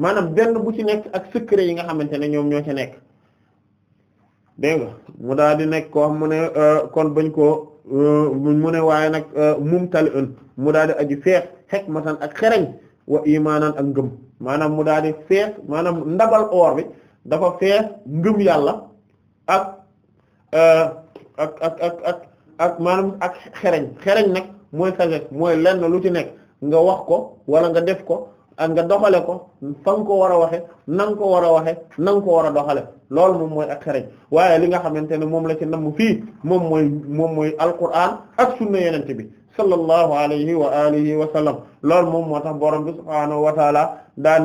maanaam benn bu ci nekk ak secret yi nga xamante ne ñoom ñoo ci nekk dégg nga mu daal di nekk ko mu ne euh, kon bañ ko Euh, mu ne waaye nag euh, mumtali'un mu daal di aji feex hikmatan ak xereñ wa imaanan ak ngëm maanaam mu daal di feex maanaam ndabal oor bi dafa feex ngëm yàlla ak euh, ak ak ak xereñ xereñ nag mooy sagesse mooy lenn lu ci nekk nga wax ko wala nga def ko ak nga doxale ko fa nga ko war a waxe na nga ko war a waxe na nga ko war a doxale loolu moom mooy ak xereñ waaye li nga xamante ne moom la ci namm fii moom mooy moom mooy alquran ak sunna yenente bi sallallahu alayhi wa alihi wa sallam loolu moom moo tax borom bi subhaanahu wataala taala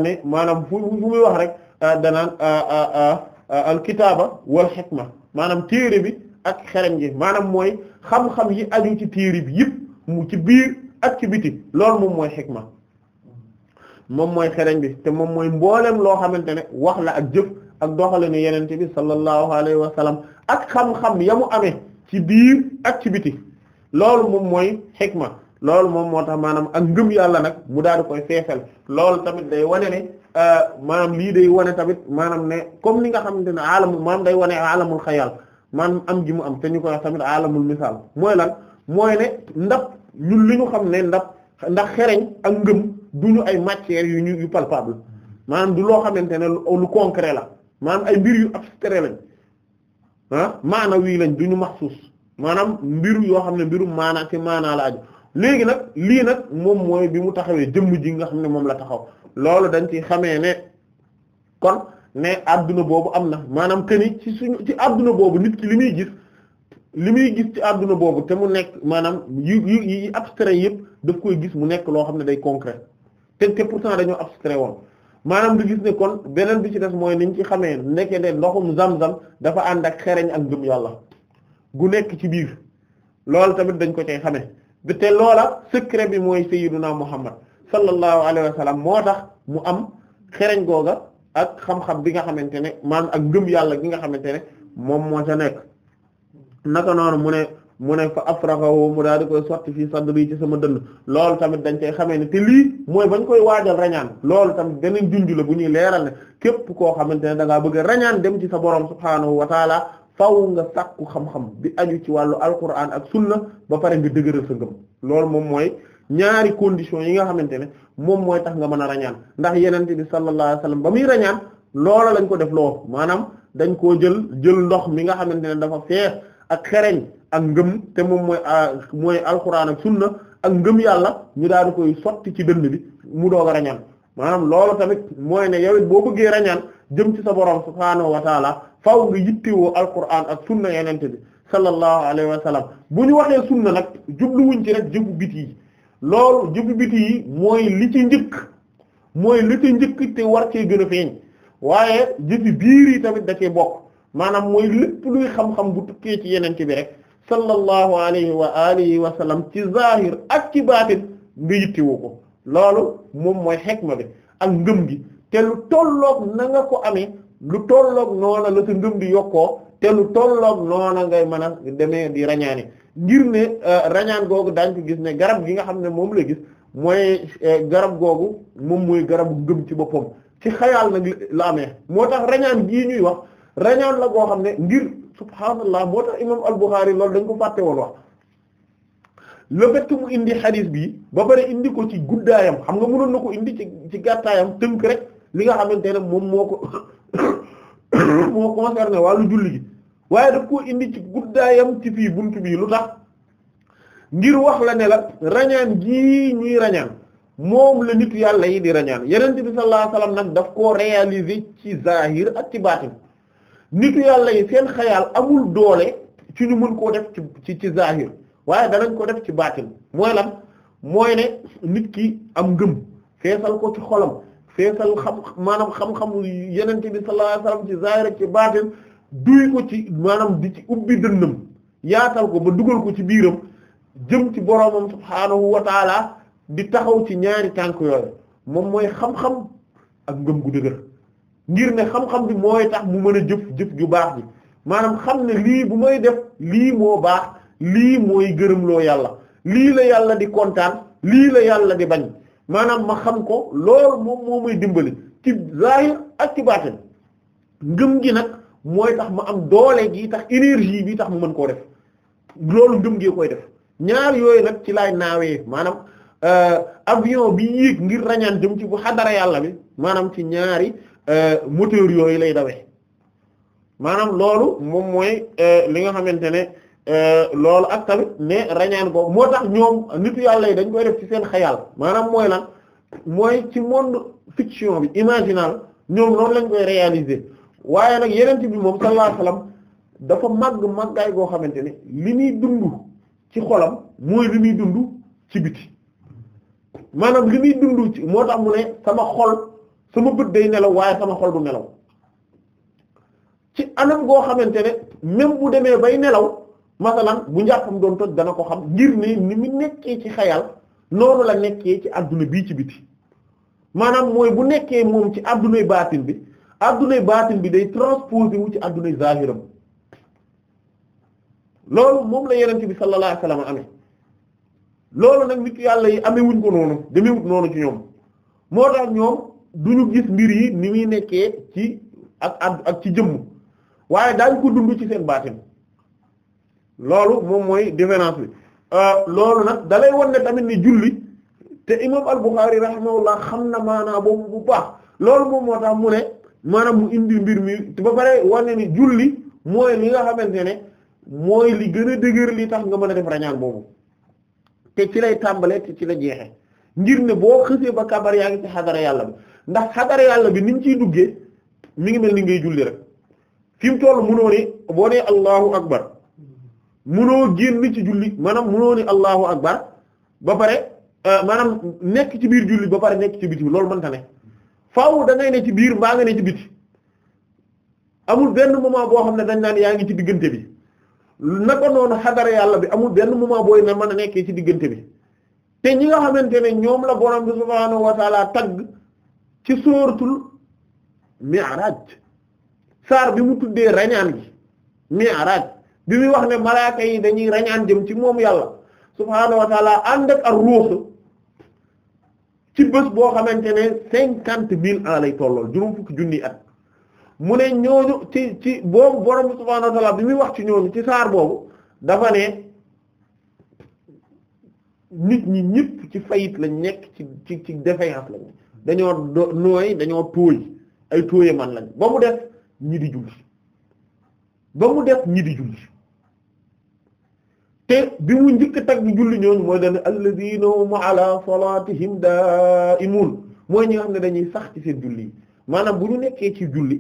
daan maanaam fu fu muy wax rek ah, danaan ah, ah, alkitaaba wal xikma maanaam téere bi ak xereñ gi maanaam mooy xam-xam yi aju ci téere bi yëpp mu ci biir ak ci biti loolu moom mooy xikma moom mooy xereñ bi te moom mooy mboolem loo xamante ne wax la ak jëf ak doxalinu yeneen bi sallallahu alayhi wa sallam ak xam-xam ya mu amee ci biir ak ci biti loolu moom mooy xikma loolu moom moo tax maanaam ak ngëm yàlla nag mu daal di koy feesal loolu tamit day wane ne euh, maanaam lii day wane tamit maanaam ne comme li nga xamante ne alamul maam day wane alamul xayal maanaam am gi mu am te ñu koy wax tamit alamul misaal mooy lan mooy ne ndab ñun li ñu xam ne ndab ndax xereñ ak ngëm duñu ay matières yu ñu yu palpable maanaam du loo xamante ne lu concret la maanaam ay mbir yu abstrait lañ ah maana wii lañ ñu maxsuus maanaam mbir yoo xam ne mbirum maana ci maanaa léegi nag lii nag moom mooy bi mu taxawee jëmm ji nga xam ne moom la taxaw loolu dañ ci xamee ne kon ne adduna boobu am na maanaam que ci suñu ci adduna boobu nit ki li muy gis li muy gis ci adduna boobu te mu nekk maanaam yu yu yi abstrait yëpp daf koy gis mu nekk loo xam ne day concret te te pourtant dañoo abstrait woon maanaam du gis kon beneen bi ci des mooy niñ ci xamee nekkee ne ndoxum zam-zam dafa ànd ak xereñ ak gëm yàlla gu nekk ci biir loolu tamit dañ ko cay xamee te loola secret bi mooy sayyiduna muhammad sallallahu alayhi wa sallam moo tax mu am xereñ googa ak xam-xam bi nga xamante ne maanaam ak gëm yàlla gi nga xamante ne moom moo ca nekk naka noonu mu ne mu ne fa afraghahu mu daal di koy sotti fii sadri ci sama dënn loolu tamit dañ cey xamee ne te lii mooy bañ koy waajal rañaan loolu tamit beneen junj la bu ñuy leeral ne képp koo xamante ne da ngaa bëgg rañaan dem ci sa borom subhaanahu wa taala faw nga sàkku xam bi aju ci wàllu alquran ak sunna ba pare nga dëgëral sa loolu moom mooy ñaari condition yi nga xamante ne moom mooy tax nga mën a rañaan ndax yeneen bi sallallahu alayhi wasallam ba muy rañaan loola lañ ko def loo maanaam dañ koo jël jël ndox mi nga xamante ne dafa feex ak xereñ ak ngëm te moom mooy ah, mooy alxuraan ak sunna ak ngëm yàlla ñu daal koy sotti ci dënn bi mu doog a rañaan maanaam loolu tamit mooy ne yow it boo bëggee rañaan jëm ci sa borom subhaanahu wa taala faaw nga yittewoo alxuraan ak sunna yenente bi sallallahu alayhi wa bu ñu waxee sunna nag jubluwuñ ci rek jëbu biti yi loolu jëbu biti yi mooy li ci njëkk mooy li ci njëkk te war cee gën a feeñ waaye jëfi biir tamit da cee bokk maanaam mooy lépp luy xam-xam bu tukkee ci yenente bi rek sallallahu alayhi wa alihi wa sallam ci zahir ak ci baatin nga yittiwu ko loolu moom mooy xekma bi ak ngëm gi te lu tolloog na nga ko amee lu tolloog noona la sa ngëm gi yokkoo te lu tolloog noona ngay mën a demee di rañaane ngir ne euh, rañaan googu daañ ko gis ne garab gi nga xam ne moom la gis mooy euh, garab googu moom mooy garabu ngëm ci boppam ci xayaal nag la amee moo tax rañaan gii ñuy wax rañaan la goo xam ne ngir subhaanallah moo tax imam al loolu dañ ko fàtte woon wax le fait que mu indi xadis bi ba pare indi ko ci guddaayam xam nga mënoon na ko indi ci ci gàttaayam tënk rek li nga xamante ne moom moo ko [COUGHS] moo concerné wàllu julli gi waaye daf koo indi ci guddaayam ci fii bunt bii lu tax ngir wax la ne la rañaan gii ñuy rañaan moom la nit yàlla yi di rañaan yeneen bi sallallahu alayhi wasallam nag daf koo réaliser ci zahir ak ci baatin nitu yàlla yi seen xayaal amul doole ci ñu mën koo def ci ci ci zahir waaye danañ ko def ci baatin mooy lan mooy ne nit ki am ngëm feesal ko ci xolam feesal xam maanaam xam-xam yenente bi sallallahu alayhi ci zahir ak ci baatin duy ko ci maanaam di ci ubbi dënnam yaatal ko ba dugal ko ci biiram jëm ci boroomam subhaanahu wa di taxaw ci ñaari tànk yooyu moom mooy xam-xam ak ngëm gu dëgër ngir ne xam-xam bi mooy tax mu mën a jëf jëf ju baax bi maanaam xam ne lii bu may def lii moo baax lii mooy gërëmloo yàlla lii la yàlla di kontaan lii la yàlla di bañ maanaam ma xam ko loolu moom moo may dimbali ci zahir ak ci ngëm gi nag mooy tax ma am doole gi tax énergie bi tax mu mën koo def loolu ngëm gee koy def ñaar yooyu nag ci laay naawee maanaam euh, avion bi yéeg ngir rañaan jëm ci bu xadara yàlla bi maanaam ci ñaari Euh, moteur yooyu lay dawee maanaam loolu moom mooy euh, li nga xamante ne euh, loolu ak tamit ne rañaan ko moo tax ñoom nitu yàlla yi dañ koy def ci seen xayal maanaam mooy lan mooy ci monde fiction bi imaginal ñoom noonu lañ koy réaliser waaye nag yeneen bi moom sallallahu alayhi dafa màgg màggaay goo xamante ne li muy dund ci xolam mooy li muy dundu ci biti maanaam li muy dund ci moo tax mu ne sama xol su ma bët day nelaw waaye sama xol du nelaw ci anam goo xamante ne même bu demee bay nelaw masalan bu njàppam doon toj dana ko xam ngir ne ni mu nekkee ci xayal noonu la nekkee ci àdduna bii ci biti maanaam mooy bu nekkee moom ci addunay baatin bi addunay baatin bi day transposé wu ci addunay zahiram loolu moom la yenente bi sallallahu amee loolu nag nit yàlla yi amee wuñ ko noonu demewut noonu ci ñoom moo tax ñoom du ñu gis mbir yi ni muy nekkee ci ak ak ci jëmm waaye daañu ko dund ci seen baatin loolu moom mooy différence bi euh, loolu nag dalay won ne tamit ni julli te imam al-Bukhari rahimahullah xam na maanaa boobu bu baax loolu moom moo tax mu ne maanaam mu indi mbir mi te ba pare wane ni julli mooy li nga xamante ne mooy li gën a dëgër li tax nga mën a def rañaan boobu te ci lay tàmbalee te ci la jeexe ngir ne boo xësee ba kabar yaa ngi ci xadara yàlla ndax xadar yàlla bi ni ñu ciy duggee mi ngi mel ni ngay julli rek fi mu toll munoo ni boo nee allahu akbar munoo génn ci julli maanaam munoo ni allahu akbar ba pare euh, maanaam nekk ci biir julli ba pare nekk ci biti loolu mënta ne faaw da ne ci biir mbaa nga ne ci biti amul benn moment boo xam ne dañ naan yaa ngi ci diggante bi na naka noonu xadara yàlla bi amul benn moment booy na mën a nekkee ci diggante bi te ñi nga xamante ne ñoom la borom bi subhaanahu wa ta'ala ci sóoratul mi'raj saar bi mu tuddee rañaan gi mi'raj bi muy wax ne malaaka yi dañuy rañaan jëm ci moom yàlla subhaanahu wa taala ànd ak ar-ruux ci bés boo xamante ne cinquante mille ans lay tollool juróom fukki junni at mu ne ñooñu ci boobu borom subhaanahu wa taala bi muy wax ci ñooñu ci saar boobu dafa ne nit ñi ñëpp ci fayit lañ nekk ci ci ci défaillance dañoo nooy dañoo tóoy ay tóoye man lañ ba mu def ñi di julli ba mu def ñi di julli te bi mu njëkk tag bi julli ñooñu mooy dana mooy xam ne dañuy sax ci seen julli yi maanaam bu ñu nekkee ci julli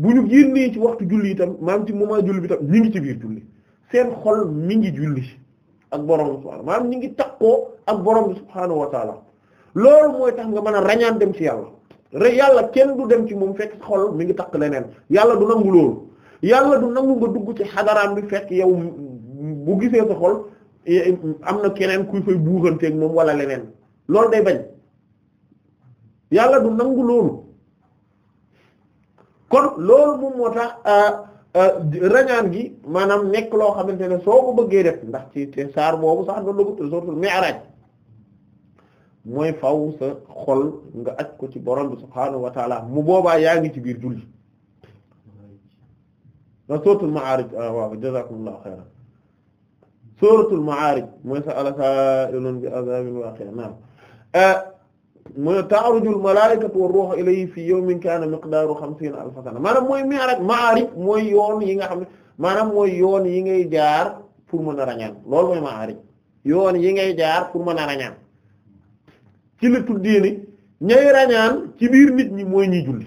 bu ñu génnee ci waxtu julli itam maanaam ci moment julli bi tam ñi ngi ci biir julli seen xol mi ngi julli ak borom bi maanaam ñi ngi takkoo ak borom bi subhaanahu loolu mooy tax nga mën a rañaan dem ci yàlla rek yàlla kenn du dem ci moom fekk xol mi ngi takk leneen yàlla du nangu loolu yàlla du nangu nga dugg ci xadaraam bi fekk yow bu gisee sa xol e-, e-, am na keneen kuy fay buuxanteeg moom wala leneen loolu day bañ yàlla du nangu loolu kon loolu moom moo tax rañaan gi maanaam nekk loo xamante ne soo ko bëggee def ndax ci te saar boobu sax doon la ko sootul mi'raj mooy faw sa xol nga aj ko ci borom bi subhaanahu wa taala mu boobaa yaa ngi ci biir julli nga suratul ma'aarij ah, waaw jazakumullahu xayran suratul ma'aarij mooy sa ala sa'ilun bi azabin waqi' naam eh, mooy ta'rujul malaa'ikatu war ruuhu ilayhi fi yawmin kaana miqdaaru xamsiina alfa sana maanaam mooy mi'raj ma'aarij mooy yoon yi nga xam ne maanaam mooy yoon yi ngay jaar pour mën a rañaan loolu mooy ma'aarij yoon yi ngay jaar pour mën a rañaan ci la tuddee ni ñay rañaan ci biir nit ñi mooy ñuy julli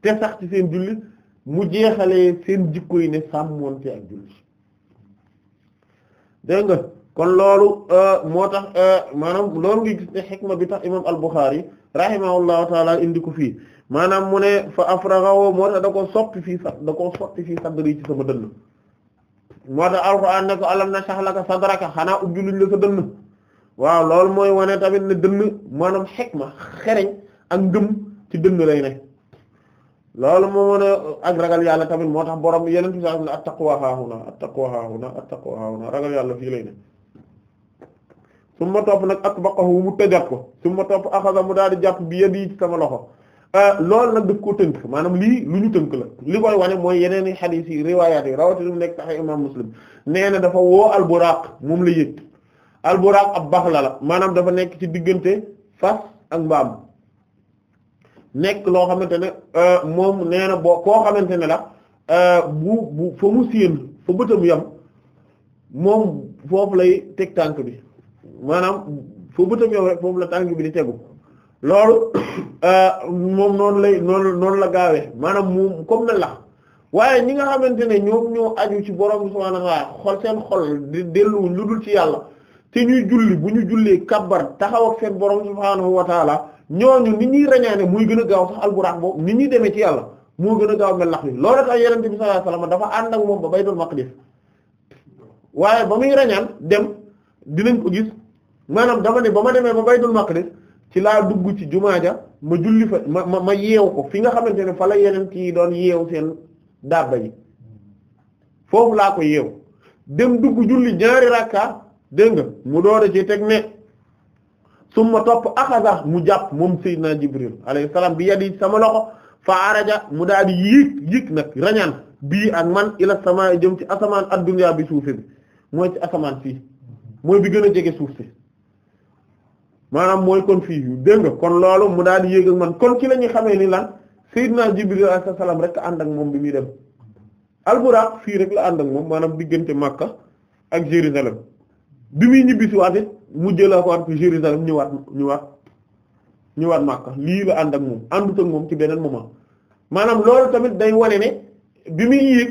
te sax ci seen julli mu jeexale seen jikko yi ne sàmmoonte ak julli dégg nga kon loolu euh, moo tax euh, maanaam loolu ngi gis ne xikma bi tax imam al-Bukhari rahimahullahu taala indi ko fii maanaam mu ne fa afraghahu moo tax da ko sotti fii sax da ko sotti sa sadri ci sama dënn moo tax alxuraan ne ko alam nashrah laka sadraka xanaa ubbi luñ la sa dënn waaw loolu mooy wane tamit ne dënn maanaam ma xereñ ak ngëm ci dënn lay ne loolu moo mën a ak ragal yàlla tamit moo tax borom yeneen bi sa ne at-taqwa haahuna at-taqwa haahuna at-taqwa haahuna yàlla fii lay ne su ma topp nag atbaqahu mu ko su ma topp axasa mu daal di jàpp bi yad yi euh, loolu nag daf koo tënk maanaam lii lu ñu tënk la li koy wane mooy yeneen i xadiis yi riwaayaat yi rawatina mu nekk tax imam muslim nee dafa woo al buraaq moom la yëg alburaaq ab bax la la maanaam dafa nekk ci diggante fas ak mbaam nekk loo xamante ne euh, moom nee na boo koo xamante ne la euh, bu bu fa mu séen fa bëtam yam moom foofu lay teg tànk bi maanaam fa bëtam yam rek foofu la tànk bi di tegu loolu [COUGHS] euh, moom noonu lay noonu noonu la gaawee maanaam moom comme na la waaye ñi nga xamante ne ñoom ñoo aju ci borom bi subhaanahu wa ta'aala xol seen xol delluwuñ lu dul ci yàlla te ñuy julli bu ñu jullee kabbar taxaw ak seen borom subhaanahu wa taala ñooñu nit ñuy rañaane muy gën a gaaw sax alburax boobu nit ñuy demee ci yàlla moo gën a gaaw mel lax bi loolu tax yonent bi sallallahu alayhi wasallam dafa ànd ak moom ba baytul maqdis waaye ba muy rañaan dem dinañ ko gis maanaam dama ne ba ma demee ba baytul maqdis ci laa dugg ci jumaa ja ma julli ma ma ma yeew ko fi nga xamante ne fa la yeneen kii doon yeew seen dabba yi foofu laa ko yeew dem dugg julli ñaari rakka dégg nga mu doora ci teg ne summa topp axasa mu jàpp moom Seydina Jibril alayhi salaam bi yadi sama loxo fa araja mu daal di yéeg yéeg nag rañaan bii ak man ila sama jëm ci asamaan at dunya bi suufe bi mooy ci asamaan fii mooy bi gën a jege suuf si maanaam mooy kon fii dégg nga kon loolu mu daal di yéeg ak man kon ci la xamee ni laa Seydina Jibril alayhi salaam rek ànd ak moom bi muy dem alburaaq fii rek la ànd ak moom maanaam diggante Makka ak Jérusalem bi muy ñibbisiwaat it mu jëla ko waat Jérusalem ñëwaat ñëwaat ñëwaat Makka lii la ànd ak moom àndut ak moom ci beneen moment maanaam loolu tamit day wane ne bi muy yéeg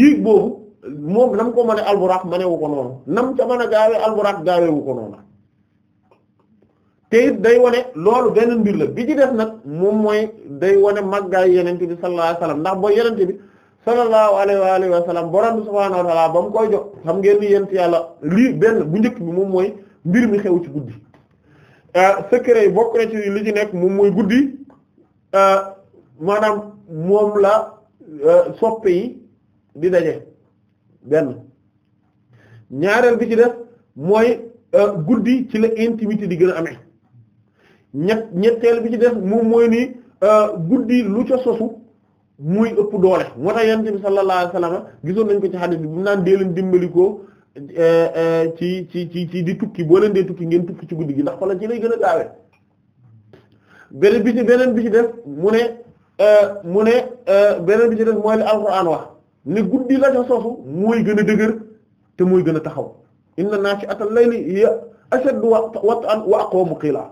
yéeg boobu moom nam ko mën a alburax mënewu ko noonu nam ca mën a gaawee alburax gaaweewu ko noonu te it day wane loolu benn mbir la bi ci def nag moom mooy day wane màggaay yenente bi sallallahu alayhi wasallam ndax boo yenente bi sallallahu alayhi wa alihi wa sallam borom bi ba mu koy jox xam ngeen ni yent yàlla lii benn bu njëkk bi moom mooy mbir mi xew ci guddi euh, secret yi bokk na ci li ci nekk moom mooy guddi euh, maanaam moom la euh, soppe yi di daje benn ñaareel bi ci def mooy guddi ci la intimité di gën a amee bi ci def moom mooy ni guddi lu ca sosu muy ëpp doole moo tax yonent bi sallallahu alayhi wasallam gisoon nañ ko ci xadis bi bu naan dee leen dimbali ko eh, eh, ci ci ci ci di tukki boo leen dee tukki ngeen tukki ci guddi gi ndax xoolal ci lay gën a gaawee beneen bi ci beneen bi ci def mu ne eh, mu ne beneen bi ci def mooy li alxuraan wax ne guddi la ca sosu mooy gën a dëgër te mooy gën a taxaw inna naashi'atal layli hiya ashaddu wat'an wa aqwamu qiila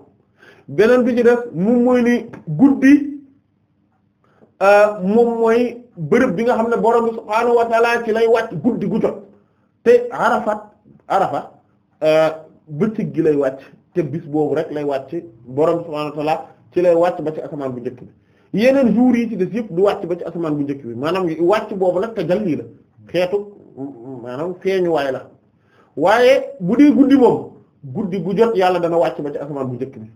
beneen bi ci def moom mooy ni guddi. Euh, moom mooy bërëb bi nga xam ne borom bi subhaanahu wa taala ci lay wàcc guddi gu jot te arafat arafa euh, bëccëg gi lay wàcc te bis boobu rek lay wàcc borom bi subhaanahu wa taala ci lay wàcc ba ci asamaan bu njëkk bi yeneen jours yi ci des yëpp du wàcc ba ci asamaan bu njëkk bi maanaam wàcc boobu nag te jal lii xeetu maanaam feeñu waay la waaye bu guddi moom guddi gu jot yàlla dana wàcc ba ci asamaan bu njëkk bi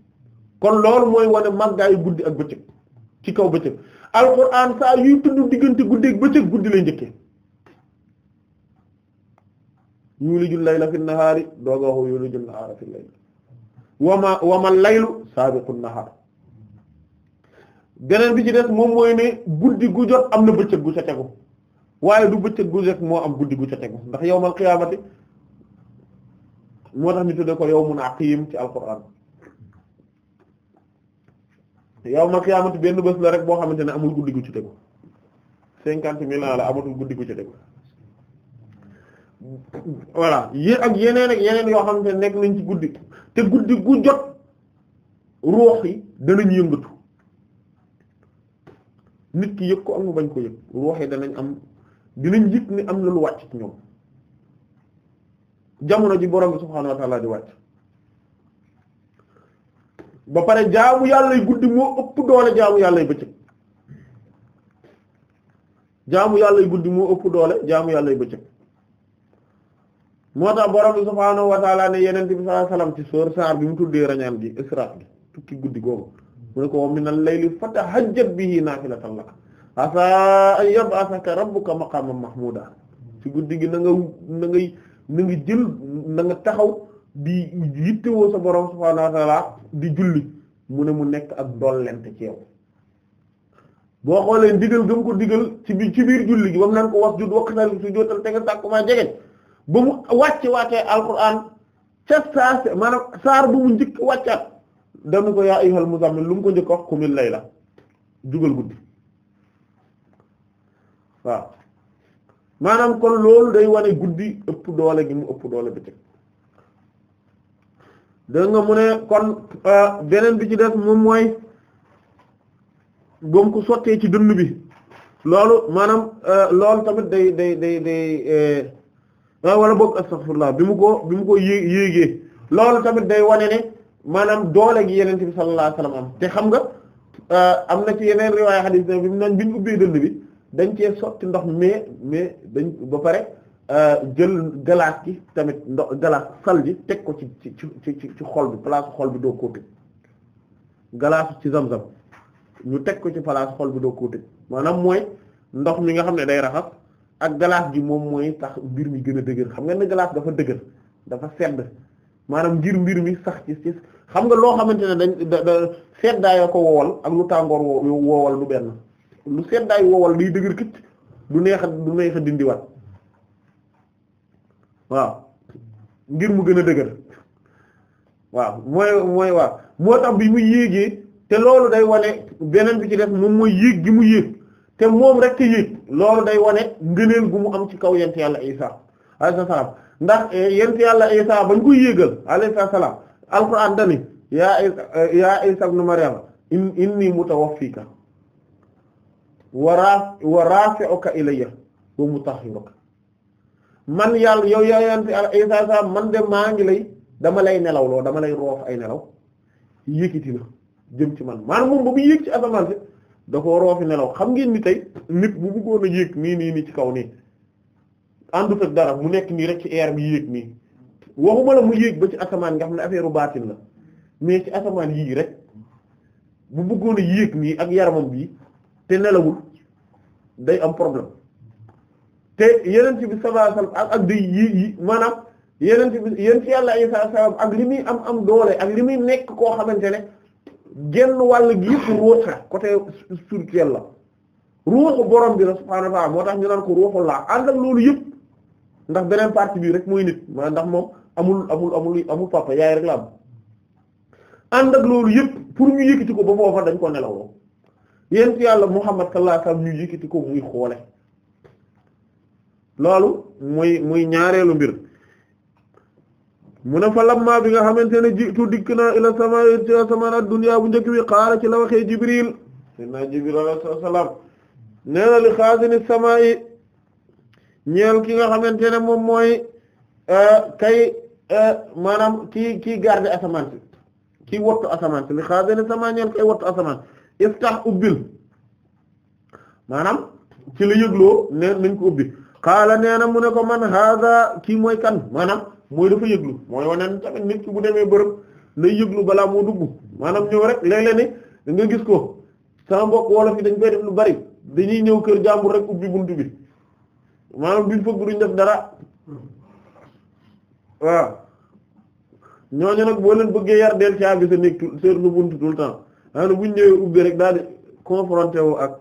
kon loolu mooy wane màggaayu guddi ak bëccëg ci kaw bëccëg alquran saa yuy tudd diggante guddeeg bëccëg guddi lay njëkke yuulijul layla fi nahaari dooga waxu yuulijul nahaara fi layla wama wama laylu saabiqun nahaar beneen bi ci def moom mooy ne guddi gu am na bëccëg gu ca tegu waaye du bëccëg gu jot moo am guddi gu ca tegu ndax yawmal qiyaamati moo tax ñu tudde ko yawmun aqiim ci alquran yaw ma xiyaamati benn bés la rek boo xamante ne amul guddi gu ci tegu cinquante mille ans la amatul guddi gu ci tegu voilà yi ak yeneen ak yeneen yoo xam ne nekk nañ ci guddi te guddi gu jot ruux yi danañ yëngatu nit ki yëg ko am mu bañ ko yëg ruux yi danañ am dinañ yëg ni am na lu wàcc ci ñoom jamono ji borom bi subhaanahu di wàcc ba pare jaamu yàlla yu guddi moo ëpp doole jaamu yàlla yu bëccëg jaamu yàlla yu guddi moo ëpp doole jaamu yàlla yu bëccëg moo tax borom bi subhaanahu ne yeneen bi sallallahu alayhi ci sóor saar bi mu tuddee rañaan gi israaf gi tukki guddi googu mu ne ko wa min al-layli fatahajjat bihi naafilatan laka asaa an yab'athaka rabbuka maqaaman mahmuuda ci guddi gi na nga na ngay na nga jël na taxaw di yittewoo sa borom subhaanahu wa di julli mu ne mu nekk ak dollent ci yow boo xoolee digal gëm ko digal ci biir ci biir julli gi ba mu naan ko wax jud waqtal su jootal te nga tàkkumaa jegeñ ba mu wàcce wàccee alquran ca saa maanaam saar bu mu njëkk wàccaat danu ko yaa ayyuhal muzammil lu mu ko njëkk wax lay la jugal guddi waaw maanaam kon loolu day wane guddi ëpp doole mu ëpp doole bëccëg dégg nga mu ne kon euh, beneen bi ci des moom mooy boom ko sottee ci dënn bi loolu maanaam euh, loolu tamit day day day day euh, ah, wala boog astaghfirullah bi mu ko bi mu ko yé yéegee loolu tamit day wane ne maanaam doole gi yenente bi sallallahu alayhi wasallam am te xam nga am na ci yeneen riwaaya hadith bi mu naan bi ñu ubbee dënn bi dañ cee sotti ndox mais mais dañ ba pare Euh, jël galaas gi tamit ndox galaas sal ji teg ko ci ci ci ci xol bi place xol bi doo koo tëj galaas ci zam-zam ñu teg ko ci place xol bi doo koo tëj maanaam mooy ndox mi nga xam ne day raxas ak galaas gi moom mooy tax mbir mi gën a dëgër xam nga ne galaas dafa dëgër dafa sedd maanaam ngir mbir mi sax ci ci xam nga loo xamante ne dañ da da seddaayoo ko wowal ak lu tàngoor wowal lu benn lu seddaay wowal liy dëgër këcc du neex a du neex a dindiwaat. waaw ngir mu gën a dëgër waaw mooy mooy waaw moo tax bi mu yéegee te loolu day wane beneen bi ci def moom mooy yéeg gi mu yéeg te moom rek te yéeg loolu day wane ngëneel gu mu am ci kaw yent yàlla Isa alayhi salaam ndax eh, yent yàlla Isa bañ koy yéegal alayhi salaam alxuraan dani yaa yaa Isa eh, ibn Maryam inni mutawaffika wa rafi'uka ilayya wa mutahhiruka man yàlla yow yaa yant Isa sa man de maa ngi lay dama lay nelaw loo dama lay roof ay nelaw yëkkati na jëm ci man maanaam moom ba mu yéeg ci asamaan si da koo roofi nelaw xam ngeen ni tey nit bu bëggoon a yéeg nii nii nii ci kaw nii àndut ak mu nekk nii rek ci air bi yéeg nii waxuma la mu yéeg ba ci asamaan nga xam ne affaire u baatin la mais ci asamaan rek bu bëggoon yéeg nii ak yaramam bii te nelawul day am problème te yeneen ci bi sallallahu ak ak di yi yi maanaam yeneen ci bi yéen ci yàlla yi ak li muy am am doole ak li muy nekk koo xamante ne genn wàll gi yëpp ruux la côté spirituel la ruuxu borom bi la subhaanahu wa moo tax ñu naan ko ruuxul loolu yëpp ndax beneen partie bi rek mooy nit ma ndax moom amul amul amul amul papa yaay rek la am ànd ak loolu yëpp pour ñu yëkkati ko ba foofa dañ ko nelawoo yéen ci yàlla Muhammad sallallahu alayhi wasallam ñu yëkkati ko muy xoole loolu muy muy ñaareelu mbir mu ne fa lamma bi nga xamante ne jiitu dikk naa ila sama ci asamaan bu njëkk bi xaala ci la waxee Jibril sayyidina Jibril alayhi salaam nee li xaasini sama ñeel ki nga xamante ne moom mooy e, kay e, maanaam kii kii garde asamaan ki kii wattu asamaan si li xaasini sama ñeel kay wattu asamaan iftax ubbil maanaam ci la yëgloo ne nañ ko ubbi kaala nee na mu ne ko man hada kii mooy kan maanaam mooy dafa yëglu mooy waneen tamit nit ki bu demee bërëb lay yëglu balaa moo dugg maanaam ñëw rek léeg-léeg nga gis ko sama mbokk wolof yi dañ koy def lu bari dañuy ñëw kër jàmbur rek ubbi buntu bi maanaam duñ fëgg duñ def dara waaw ñooñu nag boo bëggee yar del ci bi sa néeg seer nu buntu tout le temps ñëwee ubbi rek daal di confronté wu ak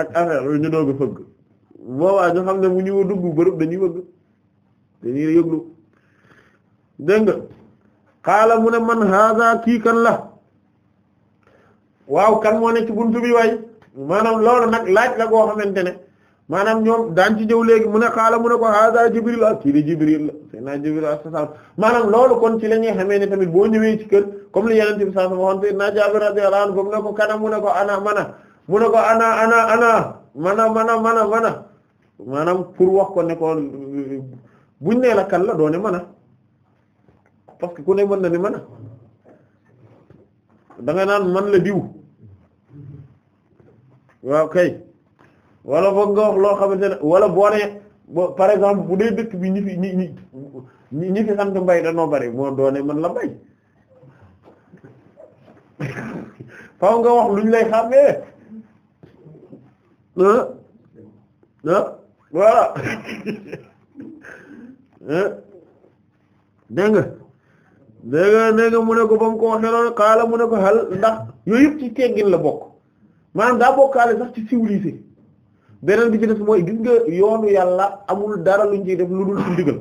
ak affaire ñu doog a fëgg boobaa ñu xam ne mu ñu dugg bërëb dañuy wëgg dañuy yëglu dégg nga xaala mu ne man haza kii kan la waaw kan moo ne ci buntu bi waay maanaam loolu nag laaj la goo xamante ne maanaam ñoom daan ci jëw léegi mu ne xaala mu ne ko haza jibril ah kii di jibril la sëy naa jibril assalam maanaam loolu kon ci la ñuy xamee ne tamit boo ñëwee ci kër comme li yenente bi sallallahu alayhi mu ko kana mu ne ko ana mana mu ne mana mana mana mana maanaam pour wax ko ne ko buñ nee la kan la doone mën a parce que ku ne mën na ni mën a da nga naan man la diw waaw kay wala boog nga wax loo xamante ne wala boo nee par exemple bu dee dëkk bi ñi fi ñi ñi ñi fi sant mbay bari moo doone man la mbay faaw nga wax luñ lay xàmmee ah ah voilà [LAUGHS] eh? dégg nga dégg nga mu ne ko ba mu ko waxee noonu mu ne ko xal ndax yooyu yëpp ci teggin la bokk maanaam daa bokkaale sax ci civilisé beneen bi ci def mooy gis nga yoonu yàlla amul dara luñ ciy def lu dul ci ndigal